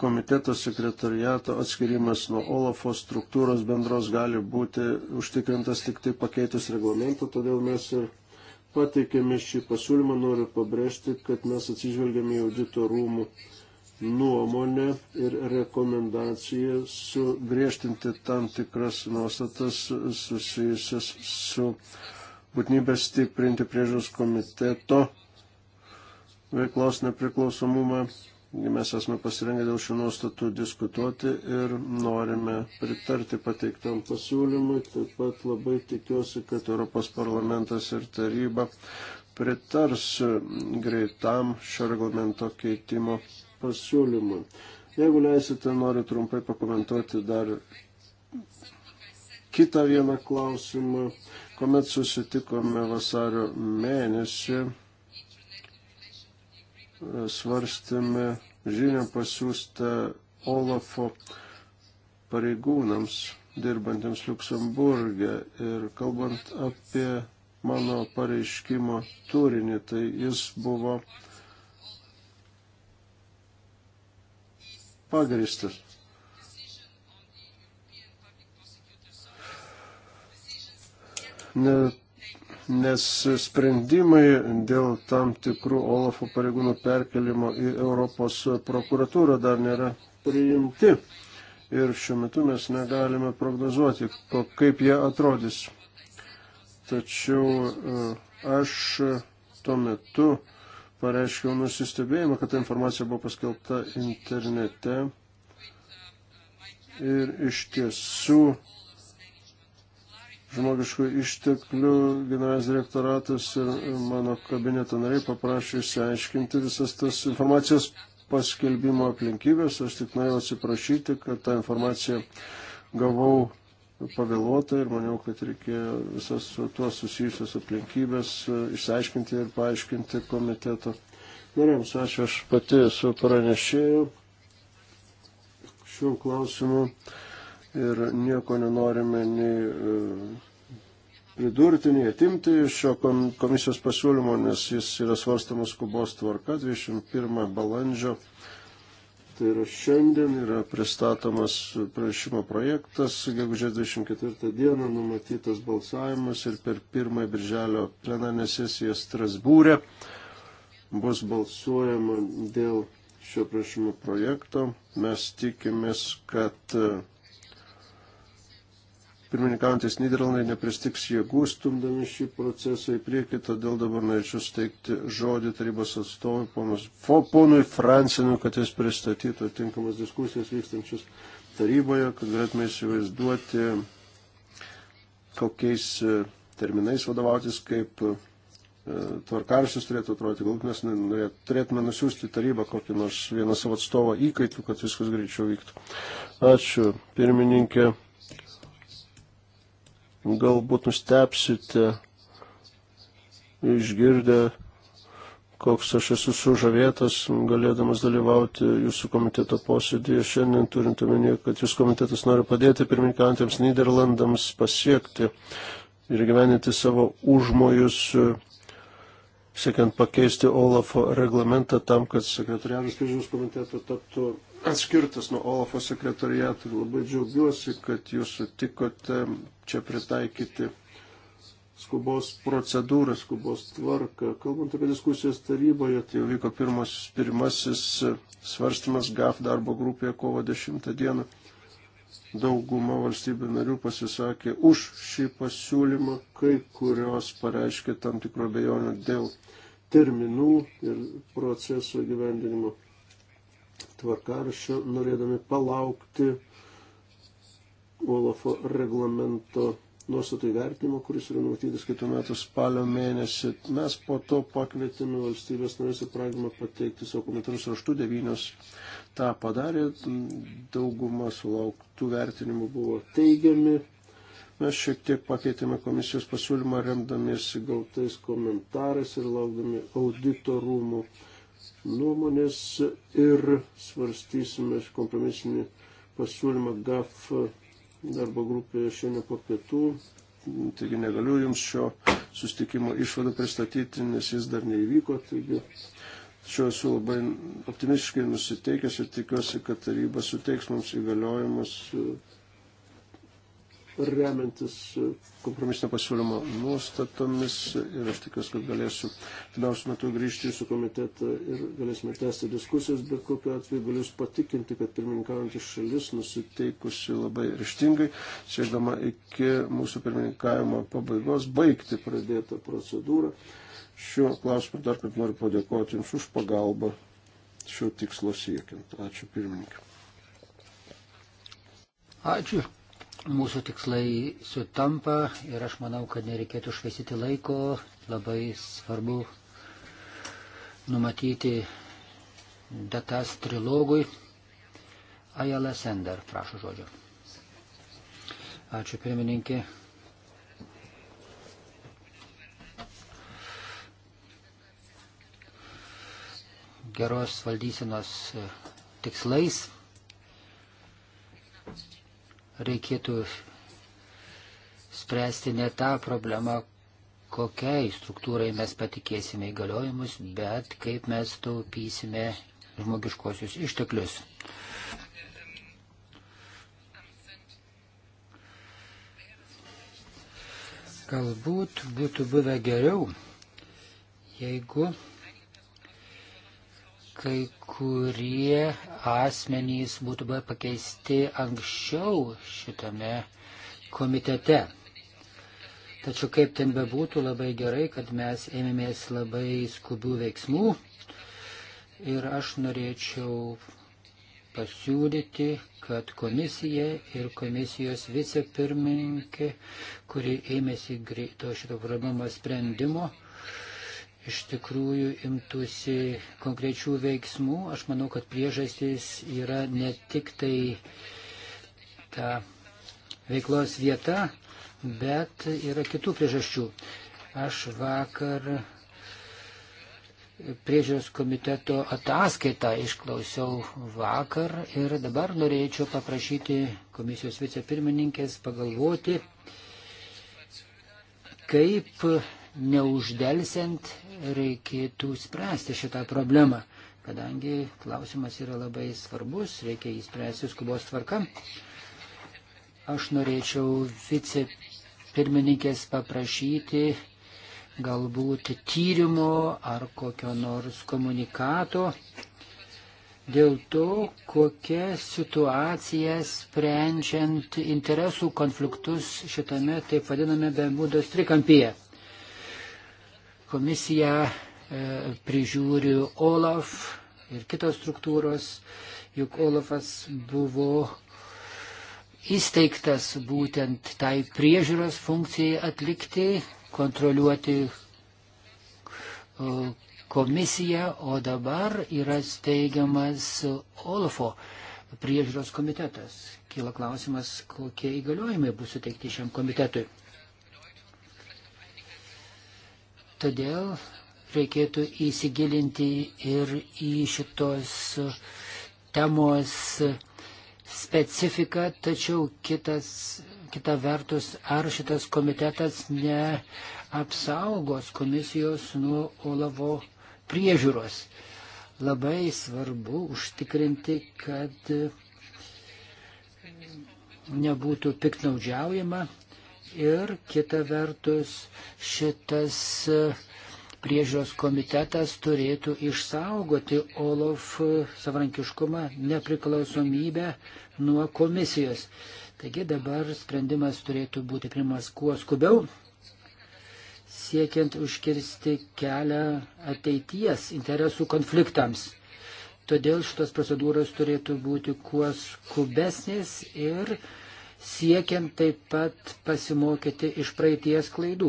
komiteto sekretariato atskirimas nuo Olafo struktūros bendros gali būti užtikrintas tik tai pakeitus reglamentą, todėl mes ir pateikėme šį pasiūlymą, noriu pabrėžti, kad mes atsižvelgėme į audito rūmų nuomonę ir rekomendaciją sugriežtinti tam tikras nuostatas susijusias su būtinybė stiprinti priežiūros komiteto veiklos nepriklausomumą Mes esame pasirengę dėl šių nuostatų diskutuoti ir norime pritarti pateiktam pasiūlymui. Taip pat labai tikiuosi, kad Europos parlamentas ir taryba pritars greitam šio reglamento keitimo pasiūlymui. Jeigu leisite, noriu trumpai pakomentuoti dar kitą vieną klausimą. Komet susitikome vasario mėnesį svarstėme žinią pasiūstą Olafo pareigūnams dirbantiems Luksemburgė ir kalbant apie mano pareiškimo turinį, tai jis buvo pagristas. Net nes sprendimai dėl tam tikrų Olafo pareigūnų perkelimo į Europos prokuratūrą dar nėra priimti. Ir šiuo metu mes negalime prognozuoti, kaip jie atrodys. Tačiau e, aš tuo metu pareiškiau nusistebėjimą, kad ta informacija buvo paskelbta internete. Ir iš tiesų žmogiškų išteklių generalinis direktoratas ir mano kabineto nariai paprašė išsiaiškinti visas tas informacijos paskelbimo aplinkybės. Aš tik norėjau atsiprašyti, kad tą informaciją gavau pavėluotą ir maniau, kad reikėjo visas su tuo susijusios aplinkybės išsiaiškinti ir paaiškinti komiteto nariams. Ačiū, aš pati esu pranešėjau šiuo klausimu ir nieko nenorime nei e, pridurti, nei atimti iš šio komisijos pasiūlymo, nes jis yra svarstamas skubos tvarka 21 balandžio. Tai yra šiandien yra pristatomas pranešimo projektas, gegužės 24 dieną numatytas balsavimas ir per pirmąją birželio plenarinę sesiją Strasbūrė bus balsuojama dėl šio pranešimo projekto. Mes tikimės, kad pirmininkantis Niderlandai nepristiks jėgų stumdami šį procesą į priekį, todėl dabar norėčiau steigti žodį tarybos atstovui ponus, fo, ponui Francinui, kad jis pristatytų tinkamas diskusijas vykstančius taryboje, kad galėtume įsivaizduoti, kokiais e, terminais vadovautis, kaip e, tvarkaršius turėtų atrodyti, galbūt mes turėtume nusiųsti tarybą kokį nors vieną savo atstovą įkaitų, kad viskas greičiau vyktų. Ačiū, pirmininkė. Galbūt nustepsite išgirdę, koks aš esu sužavėtas, galėdamas dalyvauti jūsų komiteto posėdėje. Šiandien turint omenyje, kad jūsų komitetas nori padėti pirmininkantiems Niderlandams pasiekti ir gyveninti savo užmojus siekiant pakeisti Olafo reglamentą tam, kad sekretariatas priežiūros komiteto taptų atskirtas nuo Olafo sekretariato ir labai džiaugiuosi, kad jūs sutikote čia pritaikyti skubos procedūrą, skubos tvarką. Kalbant apie diskusijas taryboje, tai jau vyko pirmas, pirmasis svarstymas GAF darbo grupėje kovo 10 dieną. Dauguma valstybių narių pasisakė už šį pasiūlymą, kai kurios pareiškė tam tikro bejonių dėl terminų ir proceso gyvendinimo tvarkaraščio, norėdami palaukti Olafo reglamento nuostatų įvertinimo, kuris yra numatytas kitų metų spalio mėnesį. Mes po to pakvietėme valstybės narės ir prašymą pateikti savo komentarus raštu, devynios tą padarė, dauguma sulauktų vertinimų buvo teigiami. Mes šiek tiek pakeitėme komisijos pasiūlymą remdamiesi gautais komentarais ir laukdami auditorumų rūmų nuomonės ir svarstysime kompromisinį pasiūlymą GAF darbo grupėje šiandien po pietų. Taigi negaliu jums šio sustikimo išvadų pristatyti, nes jis dar neįvyko. Taigi šiuo esu labai optimistiškai nusiteikęs ir tikiuosi, kad taryba suteiks mums įgaliojimus remiantis e, kompromisinio pasiūlymo nuostatomis ir aš tikiuosi, kad galėsiu finansų metu grįžti į jūsų komitetą ir galėsime tęsti diskusijas, bet kokiu atveju galiu jūs patikinti, kad pirmininkaujantis šalis nusiteikusi labai ryštingai, siekdama iki mūsų pirmininkavimo pabaigos baigti pradėtą procedūrą. Šiuo klausimu dar kartą noriu padėkoti Jums už pagalbą šio tikslo siekiant. Ačiū pirmininkai. Ačiū mūsų tikslai sutampa ir aš manau, kad nereikėtų švaistyti laiko. Labai svarbu numatyti datas trilogui. Ajala Sender, prašau žodžio. Ačiū pirmininkė. Geros valdysenos tikslais reikėtų spręsti ne tą problemą, kokiai struktūrai mes patikėsime įgaliojimus, bet kaip mes taupysime žmogiškosius išteklius. Galbūt būtų buvę geriau, jeigu kai kurie asmenys būtų buvę pakeisti anksčiau šitame komitete. Tačiau kaip ten bebūtų, labai gerai, kad mes ėmėmės labai skubių veiksmų ir aš norėčiau pasiūlyti, kad komisija ir komisijos vicepirmininkė, kuri ėmėsi greito šito problemos sprendimo, iš tikrųjų imtųsi konkrečių veiksmų. Aš manau, kad priežastys yra ne tik tai ta veiklos vieta, bet yra kitų priežasčių. Aš vakar priežiūros komiteto ataskaitą išklausiau vakar ir dabar norėčiau paprašyti komisijos vicepirmininkės pagalvoti, kaip neuždelsiant reikėtų spręsti šitą problemą, kadangi klausimas yra labai svarbus, reikia įspręsti skubos tvarka. Aš norėčiau vicepirmininkės paprašyti galbūt tyrimo ar kokio nors komunikato dėl to, kokia situacija sprendžiant interesų konfliktus šitame taip vadiname Bermudos trikampyje. Komisija e, prižiūri Olaf ir kitos struktūros, juk Olafas buvo įsteigtas būtent tai priežiūros funkcijai atlikti, kontroliuoti komisija, o dabar yra steigiamas Olafo priežiūros komitetas. Kyla klausimas, kokie įgaliojimai bus suteikti šiam komitetui. Todėl reikėtų įsigilinti ir į šitos temos specifiką, tačiau kitas, kita vertus, ar šitas komitetas neapsaugos komisijos nuo Olavo priežiūros. Labai svarbu užtikrinti, kad nebūtų piknaudžiaujama Ir kita vertus, šitas e, priežiūros komitetas turėtų išsaugoti OLAF savarankiškumą, nepriklausomybę nuo komisijos. Taigi dabar sprendimas turėtų būti primas kuo skubiau, siekiant užkirsti kelią ateities interesų konfliktams. Todėl šitas procedūros turėtų būti kuo skubesnės ir siekiant taip pat pasimokyti iš praeities klaidų.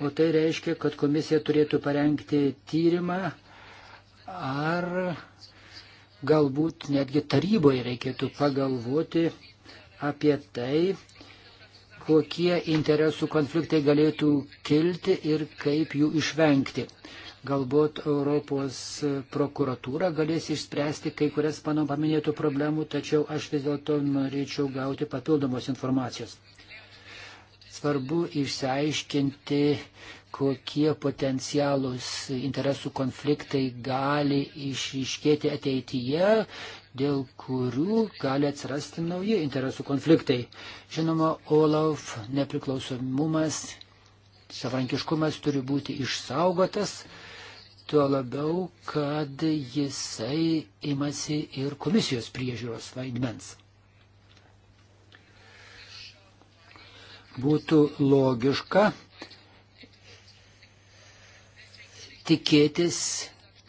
O tai reiškia, kad komisija turėtų parengti tyrimą ar galbūt netgi taryboje reikėtų pagalvoti apie tai, kokie interesų konfliktai galėtų kilti ir kaip jų išvengti. Galbūt Europos prokuratūra galės išspręsti kai kurias mano paminėtų problemų, tačiau aš vis dėlto norėčiau gauti papildomos informacijos. Svarbu išsiaiškinti, kokie potencialūs interesų konfliktai gali išryškėti ateityje, dėl kurių gali atsirasti nauji interesų konfliktai. Žinoma, Olaf nepriklausomumas, savarankiškumas turi būti išsaugotas, tuo labiau, kad jisai imasi ir komisijos priežiūros vaidmens. Būtų logiška tikėtis,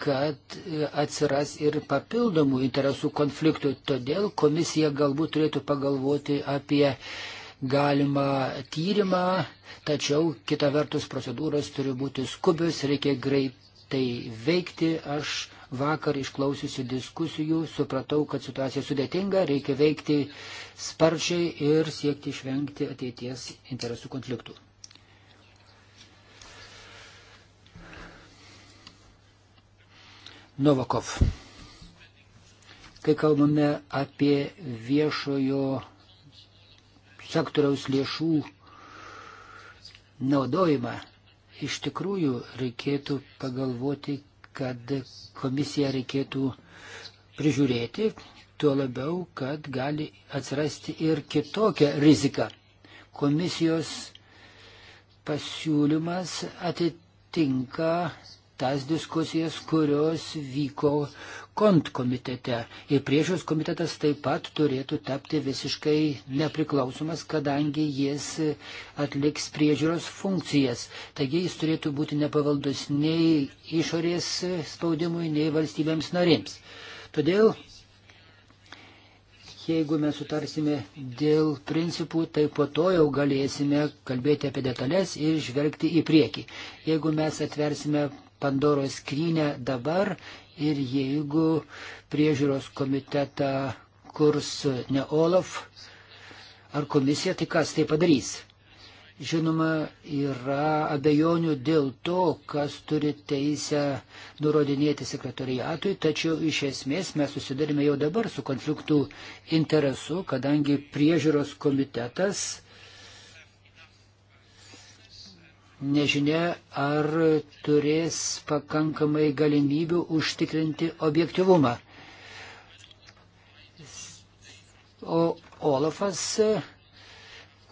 kad atsiras ir papildomų interesų konfliktų. Todėl komisija galbūt turėtų pagalvoti apie galimą tyrimą, tačiau kita vertus procedūros turi būti skubios, reikia greit, tai veikti. Aš vakar išklausiusi diskusijų supratau, kad situacija sudėtinga, reikia veikti sparčiai ir siekti išvengti ateities interesų konfliktų. Novakov. Kai kalbame apie viešojo sektoriaus lėšų naudojimą, iš tikrųjų reikėtų pagalvoti, kad komisiją reikėtų prižiūrėti, tuo labiau, kad gali atsirasti ir kitokia rizika. Komisijos pasiūlymas atitinka tas diskusijas, kurios vyko kont komitete. Ir priežiūros komitetas taip pat turėtų tapti visiškai nepriklausomas, kadangi jis atliks priežiūros funkcijas. Taigi jis turėtų būti nepavaldus nei išorės spaudimui, nei valstybėms narėms. Todėl jeigu mes sutarsime dėl principų, tai po to jau galėsime kalbėti apie detalės ir žvelgti į priekį. Jeigu mes atversime Pandoros skrynę dabar, ir jeigu priežiūros komitetą kurs ne Olaf ar komisija, tai kas tai padarys? Žinoma, yra abejonių dėl to, kas turi teisę nurodinėti sekretariatui, tačiau iš esmės mes susidarime jau dabar su konfliktų interesu, kadangi priežiūros komitetas nežinia, ar turės pakankamai galimybių užtikrinti objektivumą. O Olafas,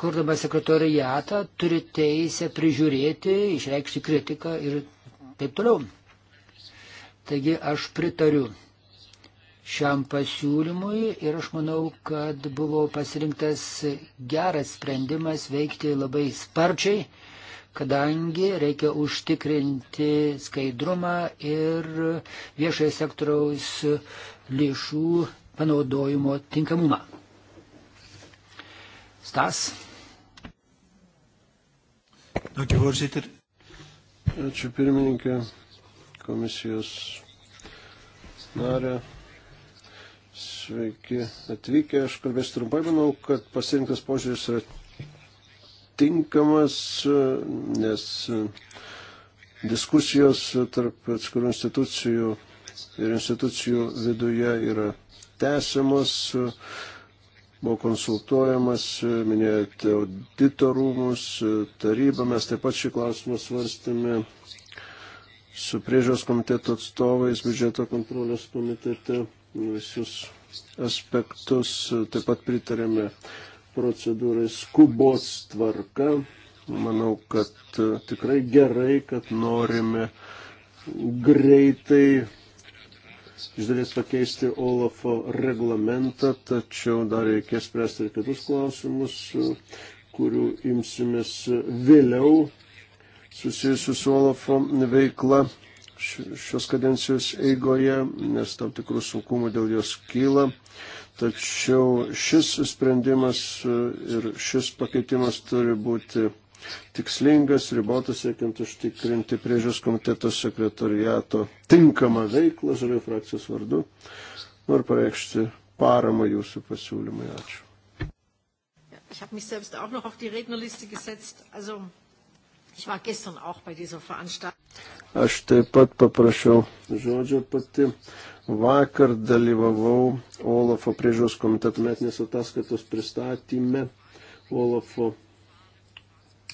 kurdamas sekretorijatą, turi teisę prižiūrėti, išreikšti kritiką ir taip toliau. Taigi aš pritariu šiam pasiūlymui ir aš manau, kad buvo pasirinktas geras sprendimas veikti labai sparčiai kadangi reikia užtikrinti skaidrumą ir viešojo sektoriaus lėšų panaudojimo tinkamumą. Stas. Dankjewel, voorzitter. Ačiū pirmininkė, komisijos narė. Sveiki atvykę. Aš kalbėsiu trumpai, manau, kad pasirinktas požiūris yra tinkamas, nes diskusijos tarp atskirų institucijų ir institucijų viduje yra tęsiamos, buvo konsultuojamas, minėjote auditorumus, tarybą, mes taip pat šį klausimą svarstėme su priežios komiteto atstovais, biudžeto kontrolės komitete visus aspektus, taip pat pritarėme procedūrai skubos tvarka. Manau, kad e, tikrai gerai, kad norime greitai iš dalies pakeisti Olafo reglamentą, tačiau dar reikės spręsti ir kitus klausimus, e, kurių imsimės vėliau susijusiu su Olafo veikla šios kadencijos eigoje, nes tam tikrų sunkumų dėl jos kyla. Tačiau šis sprendimas e, ir šis pakeitimas turi būti tikslingas, ribotas, siekiant užtikrinti priežiūros komiteto sekretariato tinkamą veiklą žalių frakcijos vardu. Noriu pareikšti paramą jūsų pasiūlymui. Ačiū. Ich habe mich selbst auch noch auf die Rednerliste gesetzt. Also ich war gestern auch bei dieser Veranstaltung. Aš taip pat paprašiau žodžio pati. Vakar dalyvavau Olafo priežiūros komiteto metinės ataskaitos pristatyme Olafo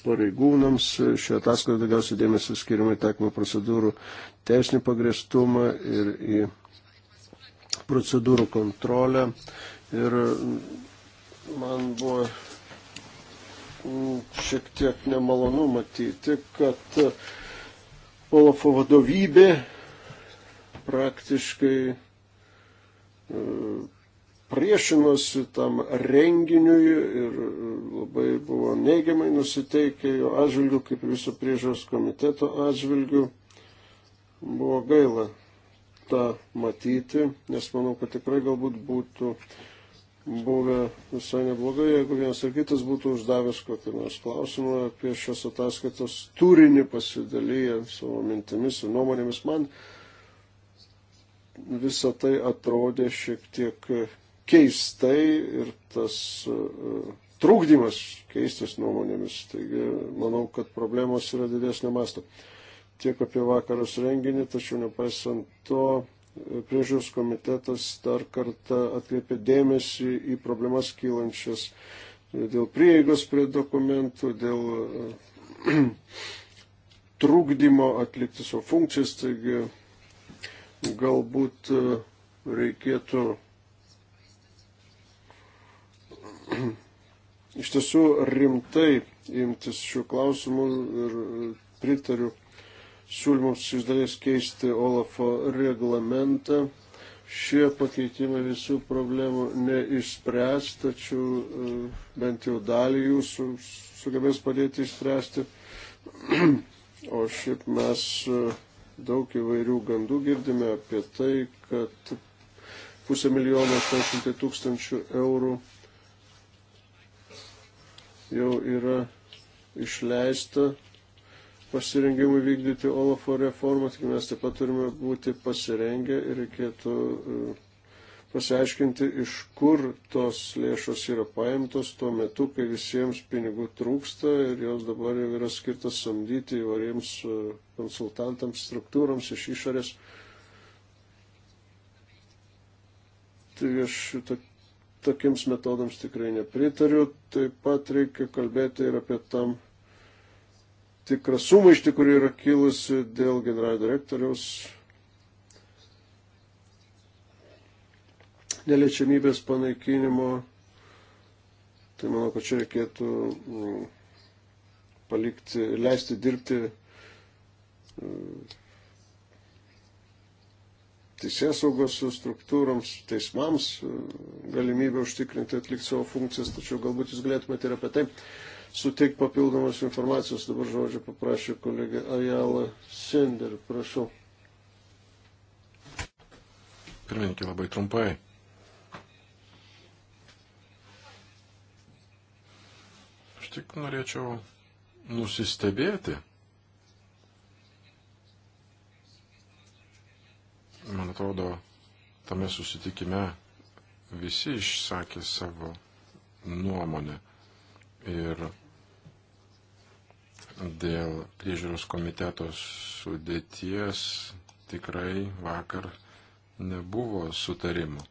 pareigūnams. Šią ataskaitą daugiausiai dėmesio skiriama į taikymo procedūrų teisinį pagrėstumą ir į procedūrų kontrolę. Ir man buvo šiek tiek nemalonu matyti, kad Olafo vadovybė praktiškai e, priešinosi tam renginiui ir labai buvo neigiamai nusiteikę jo atžvilgių, kaip viso priežiūros komiteto atžvilgių. Buvo gaila tą matyti, nes manau, kad tikrai galbūt būtų buvę visai neblogai, jeigu vienas ar kitas būtų uždavęs kokį nors klausimą apie šios ataskaitos turinį pasidalyję savo mintimis ir nuomonėmis man. Uh, visą tai atrodė šiek tiek keistai ir tas e, trūkdymas keistis nuomonėmis. Taigi manau, kad problemos yra didesnio masto. Tiek apie vakarus renginį, tačiau nepaisant to, e, priežiūros komitetas dar kartą atkreipė dėmesį į problemas kylančias e, dėl prieigos prie dokumentų, dėl trūkdymo atlikti savo funkcijas, taigi Galbūt e, reikėtų iš tiesų rimtai imtis šių klausimų ir e, pritariu siūlymams iš dalies keisti Olafo reglamentą. Šie pakeitimai visų problemų neišspręs, tačiau e, bent jau dalį jų su, sugebės padėti išspręsti. O šiaip mes Daug įvairių gandų girdime apie tai, kad pusę milijono 800 tūkstančių eurų jau yra išleista pasirengimui vykdyti Olafo reformą, tik mes taip pat turime būti pasirengę ir reikėtų uh, pasiaiškinti, iš kur tos lėšos yra paimtos tuo metu, kai visiems pinigų trūksta ir jos dabar jau yra skirtas samdyti įvariems e, konsultantams, struktūrams iš išorės. Tai aš to, tokiems metodams tikrai nepritariu. Taip pat reikia kalbėti ir apie tam tikrą sumaištį, kuri yra kilusi dėl generalinio direktoriaus neliečiamybės panaikinimo, tai manau, kad čia reikėtų mm, palikti, leisti dirbti mm, teisėsaugos struktūroms, teismams mm, galimybę užtikrinti atlikti savo funkcijas, tačiau galbūt jūs galėtumėte ir apie tai suteikti papildomos informacijos. Dabar žodžiu paprašė kolegė Ajala Sender, prašau. Pirmininkė, labai trumpai. tik norėčiau nusistebėti. Man atrodo, tame susitikime visi išsakė savo nuomonę. Ir dėl priežiūros komiteto sudėties tikrai vakar nebuvo sutarimų.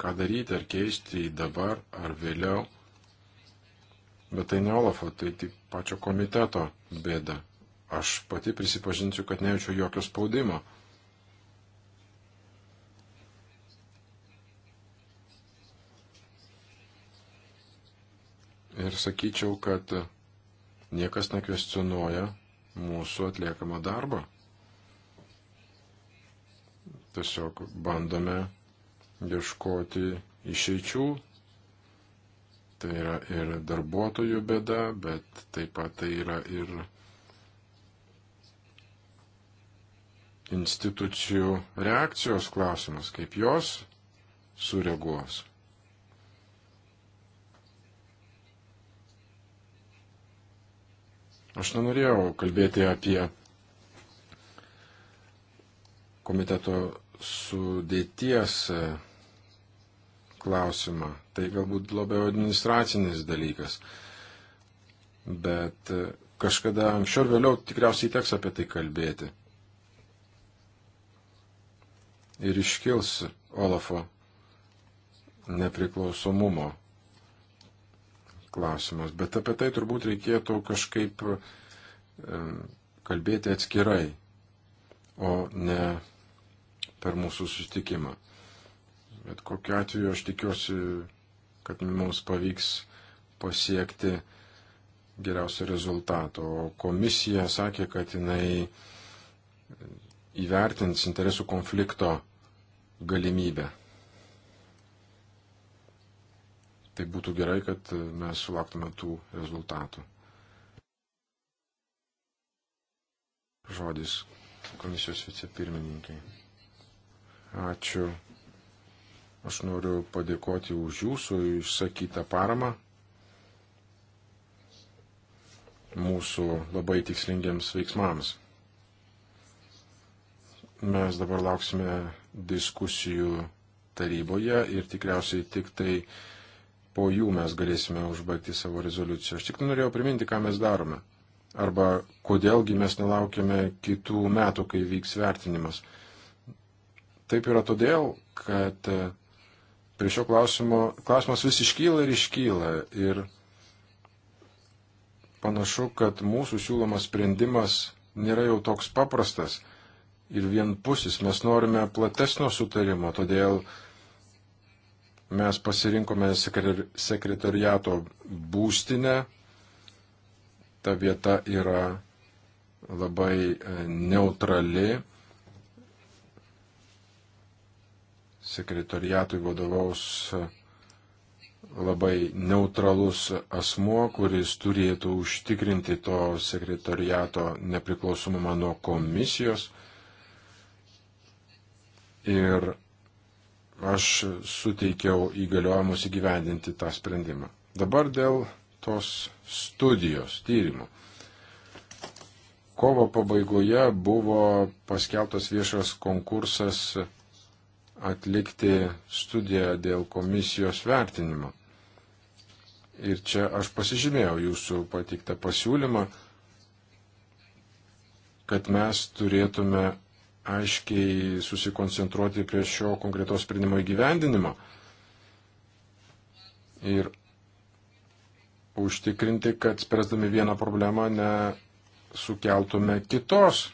Ką daryti, ar keisti dabar, ar vėliau. Bet tai ne Olafo, tai tik pačio komiteto bėda. Aš pati prisipažinsiu, kad nejaučiu jokio spaudimo. Ir sakyčiau, kad niekas nekvestionuoja mūsų atliekamą darbą. Tiesiog bandome ieškoti išeičių Tai yra ir darbuotojų bėda, bet taip pat tai yra ir institucijų reakcijos klausimas, kaip jos sureaguos. Aš nenorėjau kalbėti apie komiteto sudėties klausimą. Tai galbūt labiau administracinis dalykas. Bet e, kažkada anksčiau ir vėliau tikriausiai teks apie tai kalbėti. Ir iškils Olafo nepriklausomumo klausimas. Bet apie tai turbūt reikėtų kažkaip e, kalbėti atskirai, o ne per mūsų sustikimą. Bet kokiu atveju aš tikiuosi, kad mums pavyks pasiekti geriausio rezultato. O komisija sakė, kad jinai įvertins interesų konflikto galimybę. Tai būtų gerai, kad mes sulauktume tų rezultatų. Žodis komisijos vicepirmininkai. Ačiū Aš noriu padėkoti už jūsų išsakytą paramą mūsų labai tikslingiams veiksmams. Mes dabar lauksime diskusijų taryboje ir tikriausiai tik tai po jų mes galėsime užbaigti savo rezoliuciją. Aš tik norėjau priminti, ką mes darome. Arba kodėlgi mes nelaukime kitų metų, kai vyks vertinimas. Taip yra todėl, kad prie šio klausimo, klausimas vis iškyla ir iškyla. Ir panašu, kad mūsų siūlomas sprendimas nėra jau toks paprastas ir vienpusis. Mes norime platesnio sutarimo, todėl mes pasirinkome sekretariato būstinę. Ta vieta yra labai e, neutrali, sekretariatui vadovaus labai neutralus asmuo, kuris turėtų užtikrinti to sekretariato nepriklausomumą nuo komisijos. Ir aš suteikiau įgaliojimus įgyvendinti tą sprendimą. Dabar dėl tos studijos tyrimų. Kovo pabaigoje buvo paskelbtas viešas konkursas atlikti studiją dėl komisijos vertinimo. Ir čia aš pasižymėjau jūsų patiktą pasiūlymą, kad mes turėtume aiškiai susikoncentruoti prie šio konkretos sprendimo įgyvendinimo ir užtikrinti, kad spręsdami vieną problemą nesukeltume kitos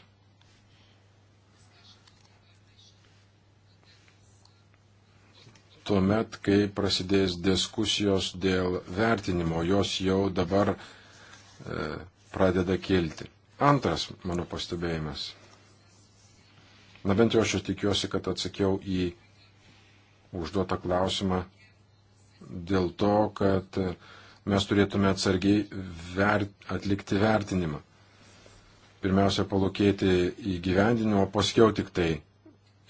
tuomet, kai prasidės diskusijos dėl vertinimo, jos jau dabar e, pradeda kilti. Antras mano pastebėjimas. Na bent jau aš jau tikiuosi, kad atsakiau į užduotą klausimą dėl to, kad mes turėtume atsargiai vert, atlikti vertinimą. Pirmiausia, palūkėti įgyvendinimo, paskiau tik tai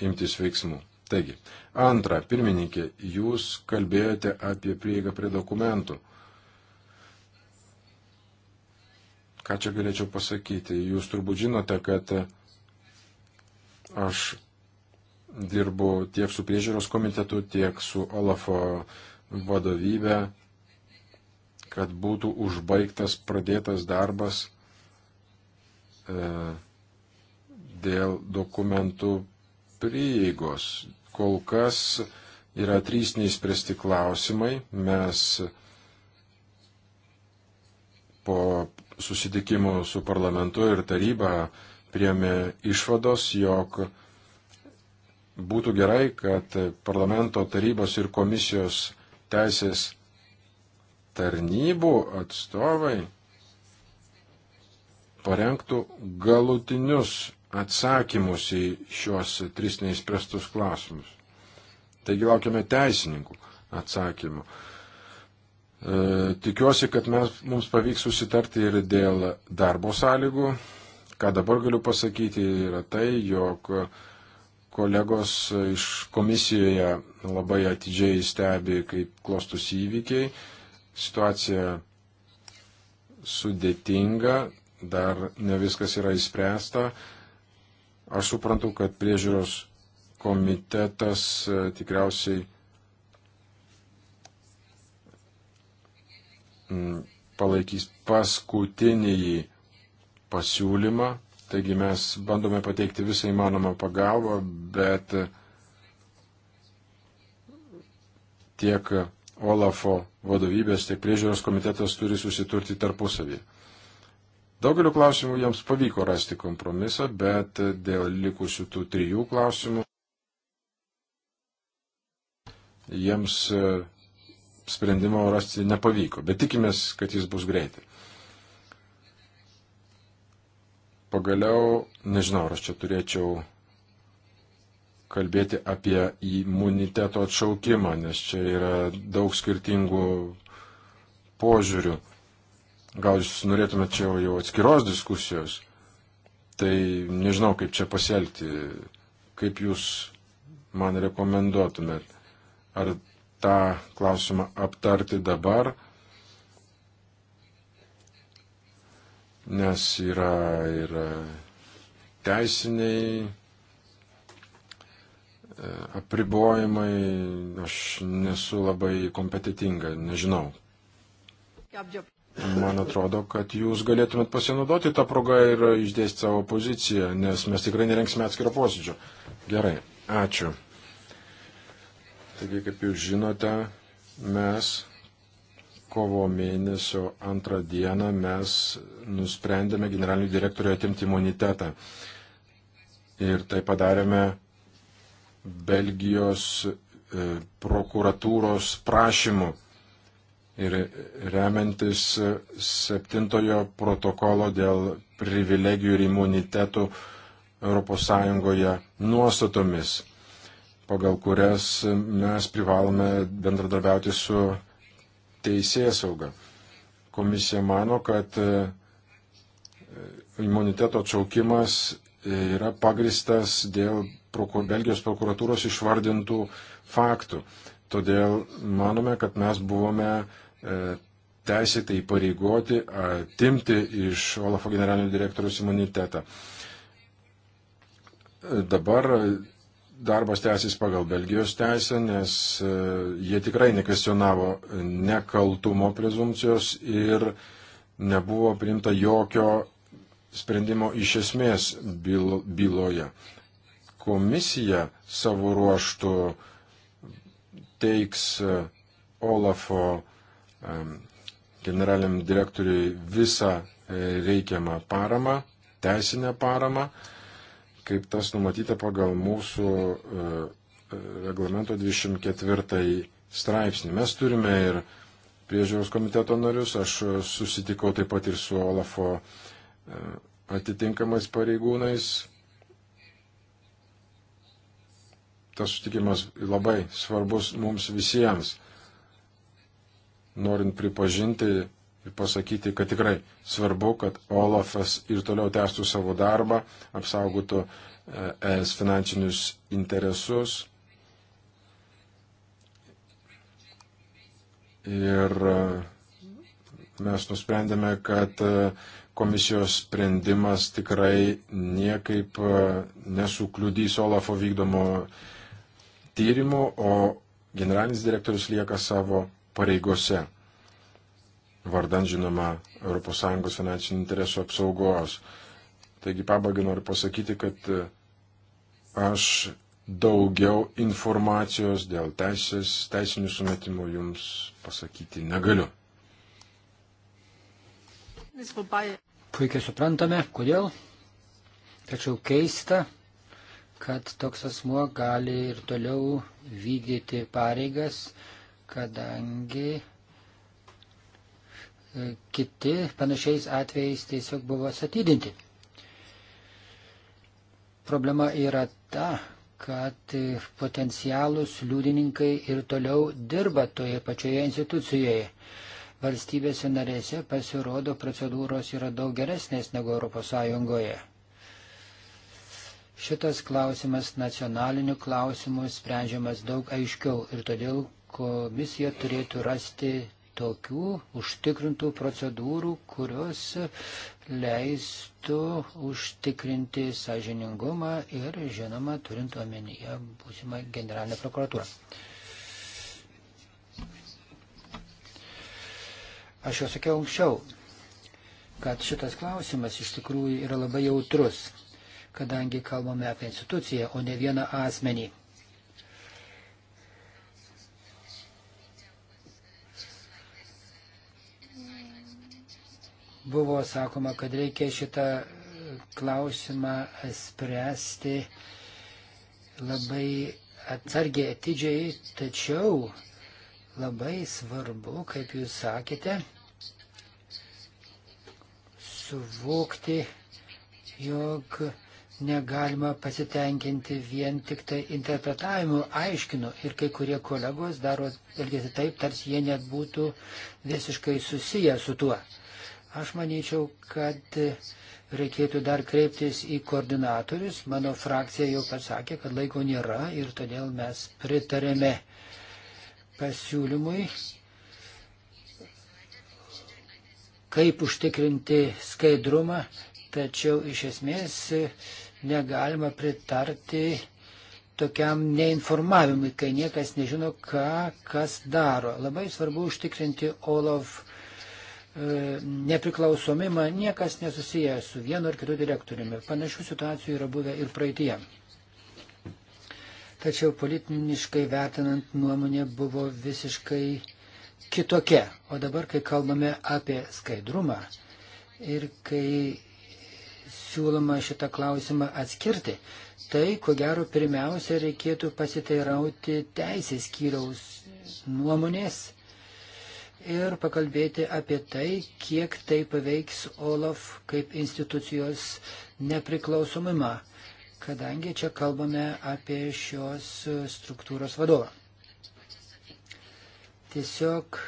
imtis veiksmų. Taigi, antra, pirmininkė, jūs kalbėjote apie prieigą prie dokumentų. Ką čia galėčiau pasakyti? Jūs turbūt žinote, kad aš dirbu tiek su priežiūros komitetu, tiek su Olafo vadovybė, kad būtų užbaigtas pradėtas darbas e, dėl dokumentų prieigos, Kol kas yra trys neįspręsti klausimai. Mes po susitikimų su parlamentu ir taryba priemė išvados, jog būtų gerai, kad parlamento tarybos ir komisijos teisės tarnybų atstovai parengtų galutinius atsakymus į šios tris neįspręstus klausimus. Taigi laukiame teisininkų atsakymų. E, tikiuosi, kad mes, mums pavyks susitarti ir dėl darbo sąlygų. Ką dabar galiu pasakyti yra tai, jog kolegos iš komisijoje labai atidžiai stebi, kaip klostus įvykiai. Situacija sudėtinga, dar ne viskas yra įspręsta. E, Aš suprantu, kad priežiūros komitetas e, tikriausiai palaikys paskutinį pasiūlymą, taigi mes bandome pateikti visą įmanomą pagalbą, bet tiek Olafo vadovybės, tiek priežiūros komitetas turi susiturti tarpusavį. Daugeliu klausimų jiems pavyko rasti kompromisą, bet dėl likusių tų trijų klausimų jiems e, sprendimo rasti nepavyko, bet tikimės, kad jis bus greitai. Pagaliau, nežinau, ar aš čia turėčiau kalbėti apie imuniteto atšaukimą, nes čia yra daug skirtingų požiūrių. Gal jūs norėtumėte čia jau atskiros diskusijos, tai nežinau, kaip čia pasielgti, kaip jūs man rekomenduotumėt. Ar tą klausimą aptarti dabar, nes yra ir e, teisiniai e, apribojimai, aš nesu labai kompetitinga, nežinau. Jab, jab. Man atrodo, kad jūs galėtumėt pasinaudoti tą progą ir išdėsti savo poziciją, nes mes tikrai nerenksime atskiro posėdžio. Gerai, ačiū. Taigi, kaip jūs žinote, mes kovo mėnesio antrą dieną mes nusprendėme generalinių direktorių atimti imunitetą. Ir tai padarėme Belgijos e, prokuratūros prašymu ir remiantis septintojo protokolo dėl privilegijų ir imunitetų ES nuostatomis, pagal kurias mes privalome bendradarbiauti su teisėsauga. Komisija mano, kad e, imuniteto atšaukimas yra pagristas dėl prokur Belgijos prokuratūros išvardintų faktų. Todėl manome, kad mes buvome E, teisėtai pareigoti atimti iš Olafo generalinio direktoriaus imunitetą. E, dabar darbas tęsis pagal Belgijos teisę, nes e, jie tikrai nekvestionavo nekaltumo prezumcijos ir nebuvo priimta jokio sprendimo iš esmės byloje. Komisija savo ruoštų teiks Olafo generaliniam direktoriui visą e, reikiamą paramą, teisinę paramą, kaip tas numatyta pagal mūsų e, e, reglamento 24 straipsnį. Mes turime ir priežiūros komiteto narius, aš susitikau taip pat ir su Olafo atitinkamais pareigūnais. Tas sutikimas labai svarbus mums visiems norint pripažinti ir pasakyti, kad tikrai svarbu, kad Olafas ir toliau tęstų savo darbą, apsaugotų e, es finansinius interesus. Ir e, mes nusprendėme, kad e, komisijos sprendimas tikrai niekaip nesukliudys Olafo vykdomo tyrimo, o generalinis direktorius lieka savo pareigose, vardant žinoma ES finansinių interesų apsaugos. Taigi pabaigai noriu pasakyti, kad e, aš daugiau informacijos dėl teisės, teisinių sumetimų jums pasakyti negaliu. Puikiai suprantame, kodėl. Tačiau keista, kad toks asmuo gali ir toliau vykdyti pareigas, kadangi e, kiti panašiais atvejais tiesiog buvo atstatydinti. Problema yra ta, kad e, potencialūs liudininkai ir toliau dirba toje pačioje institucijoje. Valstybėse narėse pasirodo procedūros yra daug geresnės negu ES. Šitas klausimas nacionaliniu klausimu sprendžiamas daug aiškiau ir todėl komisija turėtų rasti tokių užtikrintų procedūrų, kurios leistų užtikrinti sąžiningumą ir, žinoma, turint omenyje būsimą generalinę prokuratūrą. Aš jau sakiau anksčiau, kad šitas klausimas iš tikrųjų yra labai jautrus, kadangi kalbame apie instituciją, o ne vieną asmenį. buvo sakoma, kad reikia šitą klausimą spręsti labai atsargiai, atidžiai, tačiau labai svarbu, kaip jūs sakėte, suvokti, jog negalima pasitenkinti vien tik tai interpretavimu, aiškinu, ir kai kurie kolegos daro elgesi taip, tarsi jie nebūtų visiškai susiję su tuo. Aš manyčiau, kad reikėtų dar kreiptis į koordinatorius. Mano frakcija jau pasakė, kad laiko nėra ir todėl mes pritarėme pasiūlymui, kaip užtikrinti skaidrumą, tačiau iš esmės negalima pritarti tokiam neinformavimui, kai niekas nežino, ką kas daro. Labai svarbu užtikrinti Olaf E, nepriklausomimą, niekas nesusiję su vienu ar kitu direktoriumi. Panašių situacijų yra buvę ir praeitie. Tačiau politiniškai vertinant nuomonė buvo visiškai kitokia. O dabar, kai kalbame apie skaidrumą ir kai siūloma šitą klausimą atskirti, tai, ko gero, pirmiausia reikėtų pasiteirauti teisės kyraus nuomonės ir pakalbėti apie tai, kiek tai paveiks OLAF kaip institucijos nepriklausomumą, kadangi čia kalbame apie šios struktūros vadovą. Tiesiog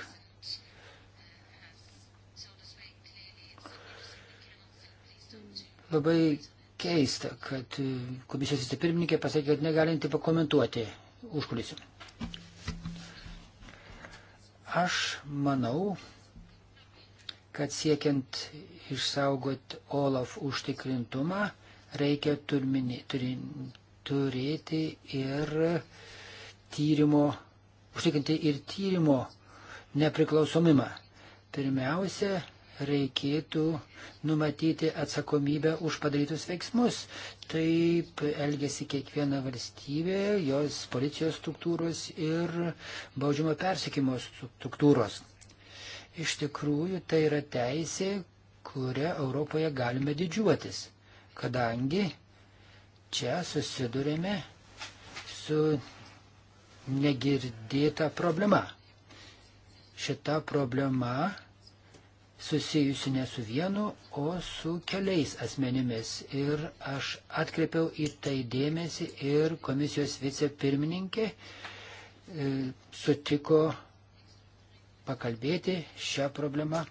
labai keista, kad komisijos įsipirmininkė pasakė, kad negalinti pakomentuoti užkulisių. Aš manau, kad siekiant išsaugoti Olaf užtikrintumą, reikia turmini, turin, turėti ir tyrimo, užtikrinti ir tyrimo nepriklausomimą. Pirmiausia, reikėtų numatyti atsakomybę už padarytus veiksmus. Taip elgesi kiekviena valstybė, jos policijos struktūros ir baudžiamo persikimo struktūros. Iš tikrųjų, tai yra teisė, kurią Europoje galime didžiuotis, kadangi čia susidurėme su negirdėta problema. Šita problema susijusi ne su vienu, o su keliais asmenimis. Ir aš atkreipiau į tai dėmesį ir komisijos vicepirmininkė e, sutiko pakalbėti šią problemą.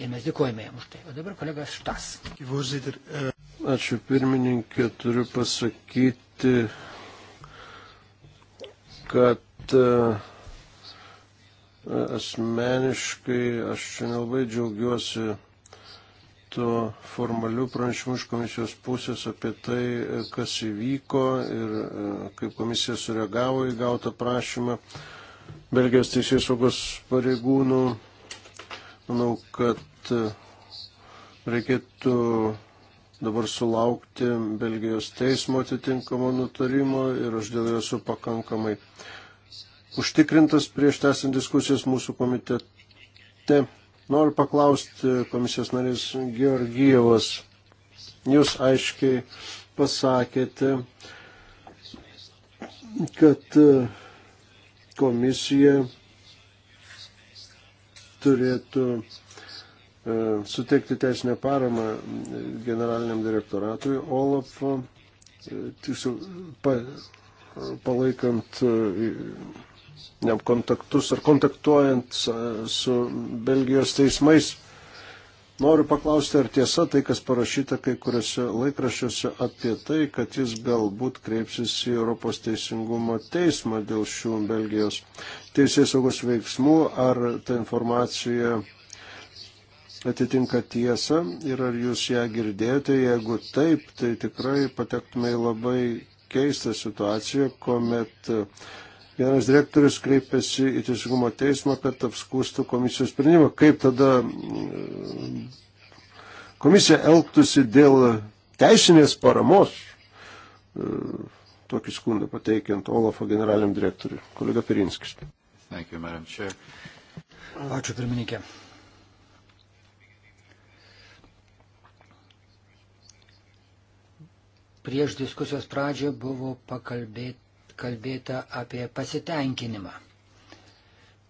Ir mes dėkojame jam už tai. O dabar kolegas Štas. Ačiū pirmininkė, turiu pasakyti, kad uh, Asmeniškai aš čia nelabai džiaugiuosi tuo formaliu pranešimu iš komisijos pusės apie tai, kas įvyko ir e, kaip komisija sureagavo į gautą prašymą Belgijos teisės saugos pareigūnų. Manau, kad e, reikėtų dabar sulaukti Belgijos teismo atitinkamo nutarimo ir aš dėl jo esu pakankamai užtikrintas prieš tęsiant diskusijas mūsų komitete. Noriu paklausti komisijos narys Georgijovas. Jūs aiškiai pasakėte, kad e, komisija turėtų e, suteikti teisinę paramą generaliniam direktoratui Olaf, e, tiksliau, pa, palaikant kontaktus ar kontaktuojant su Belgijos teismais. Noriu paklausti, ar tiesa tai, kas parašyta kai kuriuose laikraščiuose apie tai, kad jis galbūt kreipsis į Europos teisingumo teismą dėl šių Belgijos teisės saugos veiksmų, ar ta informacija atitinka tiesą ir ar jūs ją girdėjote, jeigu taip, tai tikrai patektume į labai keistą situaciją, kuomet Vienas direktorius kreipėsi į Teisingumo teismą, kad apskūstų komisijos sprendimą. Kaip tada e, komisija elgtųsi dėl teisinės paramos e, tokį skundą pateikiant Olafo generaliniam direktoriui. Kolega Pirinskis. Thank you, Madam Chair. Ačiū, pirmininkė. Prieš diskusijos pradžią buvo pakalbėti kalbėta apie pasitenkinimą.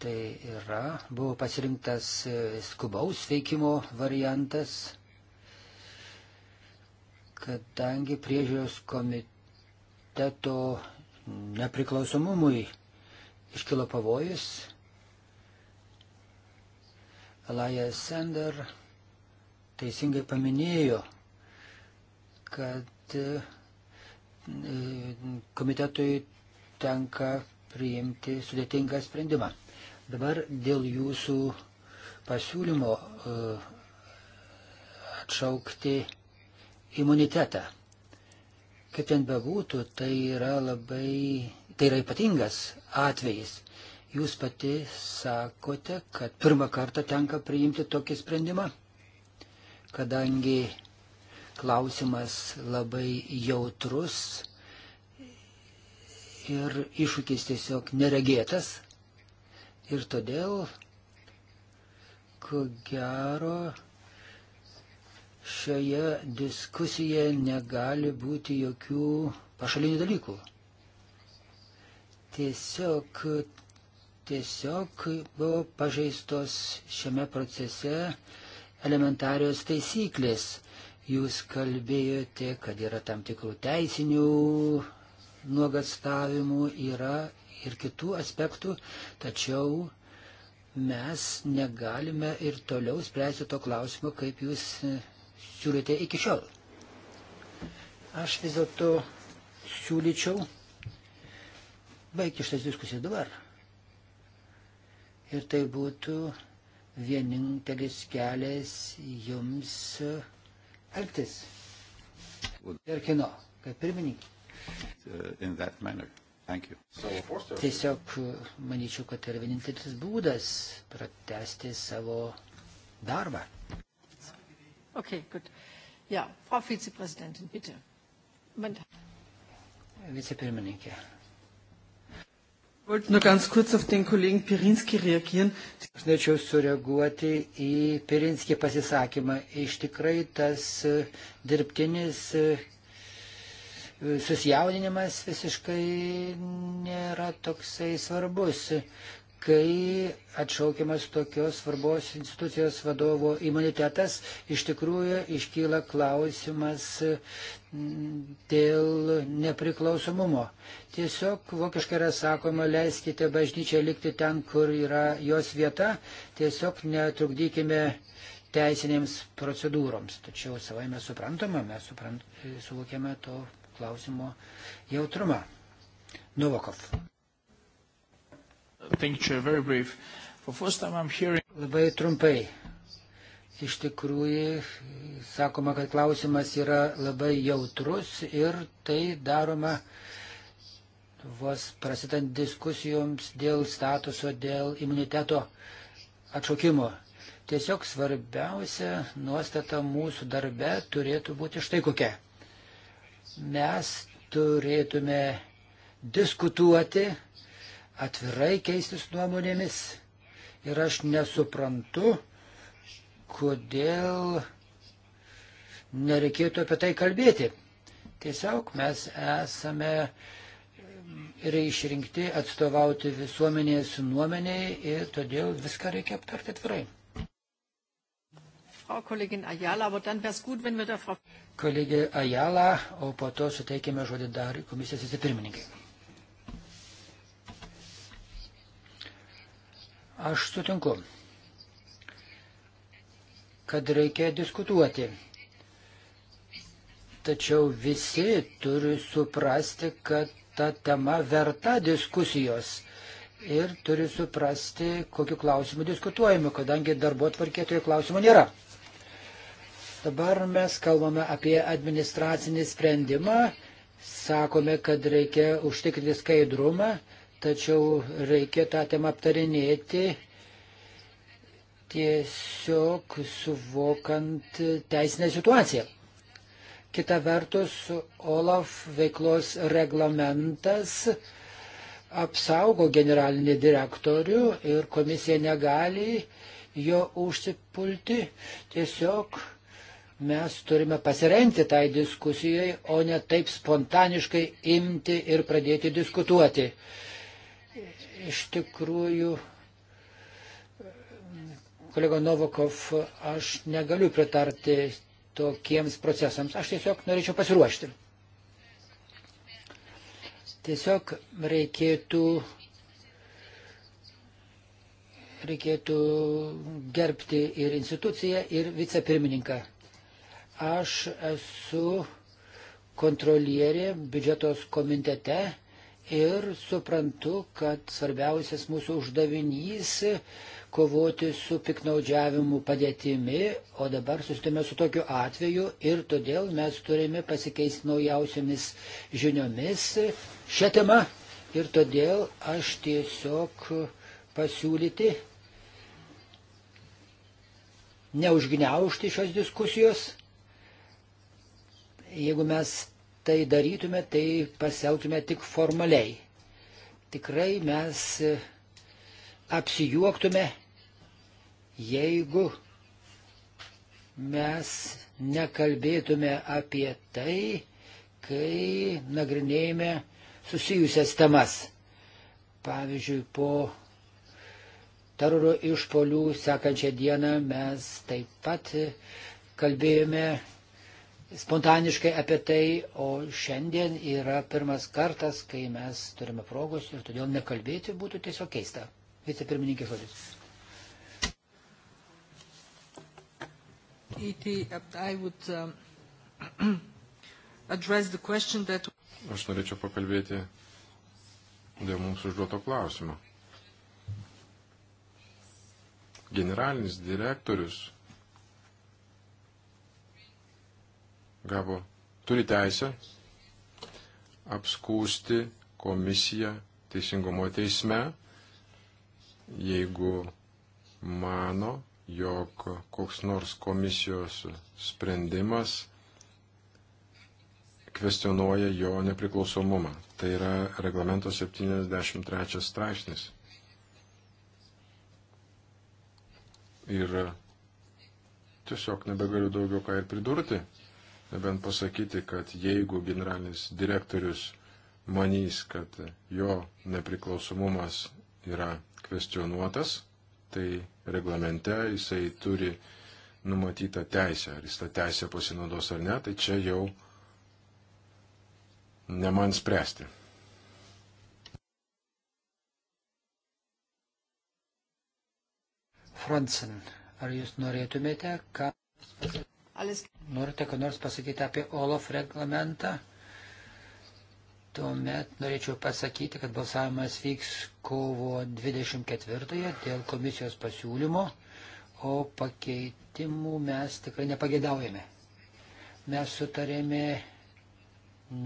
Tai yra, buvo pasirinktas e, skubaus veikimo variantas, kadangi priežiūros komiteto nepriklausomumui iškilo pavojus. Alaja Sender teisingai paminėjo, kad e, komitetui tenka priimti sudėtingą sprendimą. Dabar dėl jūsų pasiūlymo e, atšaukti imunitetą. Kaip ten bebūtų, tai yra labai, tai yra ypatingas atvejis. Jūs pati sakote, kad pirmą kartą tenka priimti tokį sprendimą, kadangi Klausimas labai jautrus ir iššūkis tiesiog neregėtas. Ir todėl, ko gero, šioje diskusijoje negali būti jokių pašalinių dalykų. Tiesiog, tiesiog buvo pažeistos šiame procese elementarios taisyklės. Jūs kalbėjote, kad yra tam tikrų teisinių nuogastavimų, yra ir kitų aspektų, tačiau mes negalime ir toliau spręsti to klausimo, kaip jūs siūlėte iki šiol. Aš vis dėlto siūlyčiau baigti šitas diskusijas dabar. Ir tai būtų vienintelis kelias jums elgtis. Ir kino, kaip pirmininkė. Uh, Tiesiog uh, manyčiau, kad tai yra vienintelis būdas pratesti savo darbą. Okay, gut. Ja, Frau Vizepräsidentin, bitte. Man... Vicepirmininkė. Aš norėčiau sureaguoti į Pirinskį pasisakymą. Iš tikrai tas e, dirbtinis e, susijaudinimas visiškai nėra toksai svarbus kai atšaukiamas tokios svarbos institucijos vadovo imunitetas, iš tikrųjų iškyla klausimas mm, dėl nepriklausomumo. Tiesiog vokiškai yra sakoma, leiskite bažnyčią likti ten, kur yra jos vieta, tiesiog netrukdykime teisinėms procedūroms. Tačiau savai mes suprantame, mes suprant, suvokiame to klausimo jautrumą. Novakov. Labai trumpai. Iš tikrųjų, sakoma, kad klausimas yra labai jautrus ir tai daroma vos prasidant diskusijoms dėl statuso, dėl imuniteto atšaukimo. Tiesiog svarbiausia nuostata mūsų darbe turėtų būti štai kokia. Mes turėtume diskutuoti atvirai keistis nuomonėmis ir aš nesuprantu, kodėl nereikėtų apie tai kalbėti. Tiesiog mes esame ir išrinkti atstovauti visuomenės nuomeniai ir todėl viską reikia aptarti atvirai. Kolegė Ajala, o po to suteikime žodį dar komisijos įsipirmininkai. Aš sutinku, kad reikia diskutuoti. Tačiau visi turi suprasti, kad ta tema verta diskusijos ir turi suprasti, kokiu klausimu diskutuojame, kadangi darbo tvarkėtojų klausimų nėra. Dabar mes kalbame apie administracinį sprendimą, sakome, kad reikia užtikrinti skaidrumą, tačiau reikia tą temą aptarinėti tiesiog suvokant teisinę situaciją. Kita vertus, Olaf veiklos reglamentas apsaugo generalinį direktorių ir komisija negali jo užsipulti. Tiesiog mes turime pasirenti tai diskusijai, o ne taip spontaniškai imti ir pradėti diskutuoti iš tikrųjų, kolega Novokov, aš negaliu pritarti tokiems procesams. Aš tiesiog norėčiau pasiruošti. Tiesiog reikėtų, reikėtų gerbti ir instituciją, ir vicepirmininką. Aš esu kontrolierė biudžetos komitete ir suprantu, kad svarbiausias mūsų uždavinys kovoti su piknaudžiavimu padėtimi, o dabar susitėme su tokiu atveju ir todėl mes turime pasikeisti naujausiamis žiniomis šią temą ir todėl aš tiesiog pasiūlyti neužgniaužti šios diskusijos. Jeigu mes tai darytume, tai pasielgtume tik formaliai. Tikrai mes e, apsijuoktume, jeigu mes nekalbėtume apie tai, kai nagrinėjame susijusias temas. Pavyzdžiui, po teroro išpolių sekančią dieną mes taip pat e, kalbėjome spontaniškai apie tai, o šiandien yra pirmas kartas, kai mes turime progos ir todėl nekalbėti būtų tiesiog keista. Vicepirmininkė žodis. Um, Aš norėčiau pakalbėti dėl mums užduoto klausimo. Generalinis direktorius gavo, turi teisę apskūsti komisiją teisingumo teisme, jeigu mano, jog koks nors komisijos sprendimas kvestionuoja jo nepriklausomumą. Tai yra reglamento 73 straipsnis. Ir tiesiog nebegaliu daugiau ką ir pridurti bent pasakyti, kad jeigu generalinis direktorius manys, kad jo nepriklausomumas yra kvestionuotas, tai reglamente jisai turi numatytą teisę. Ar jis tą teisę pasinaudos ar ne, tai čia jau ne man spręsti. Fransen, ar jūs norėtumėte, ką pasakyti? Norite, kad nors pasakyti apie OLOF reglamentą? Tuomet norėčiau pasakyti, kad balsavimas vyks kovo 24-ąją dėl komisijos pasiūlymo, o pakeitimų mes tikrai nepagėdaujame. Mes sutarėme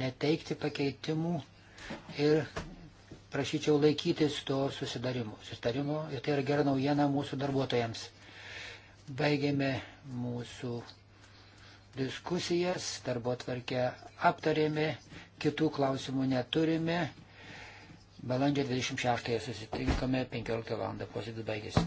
neteikti pakeitimų ir prašyčiau laikytis to susidarimo. Susidarimo ir tai yra gera naujiena mūsų darbuotojams. Baigėme mūsų diskusijas, darbo tvarkę aptarėme, kitų klausimų neturime. Balandžio 26 susitinkame, 15 val. posėdis baigėsi.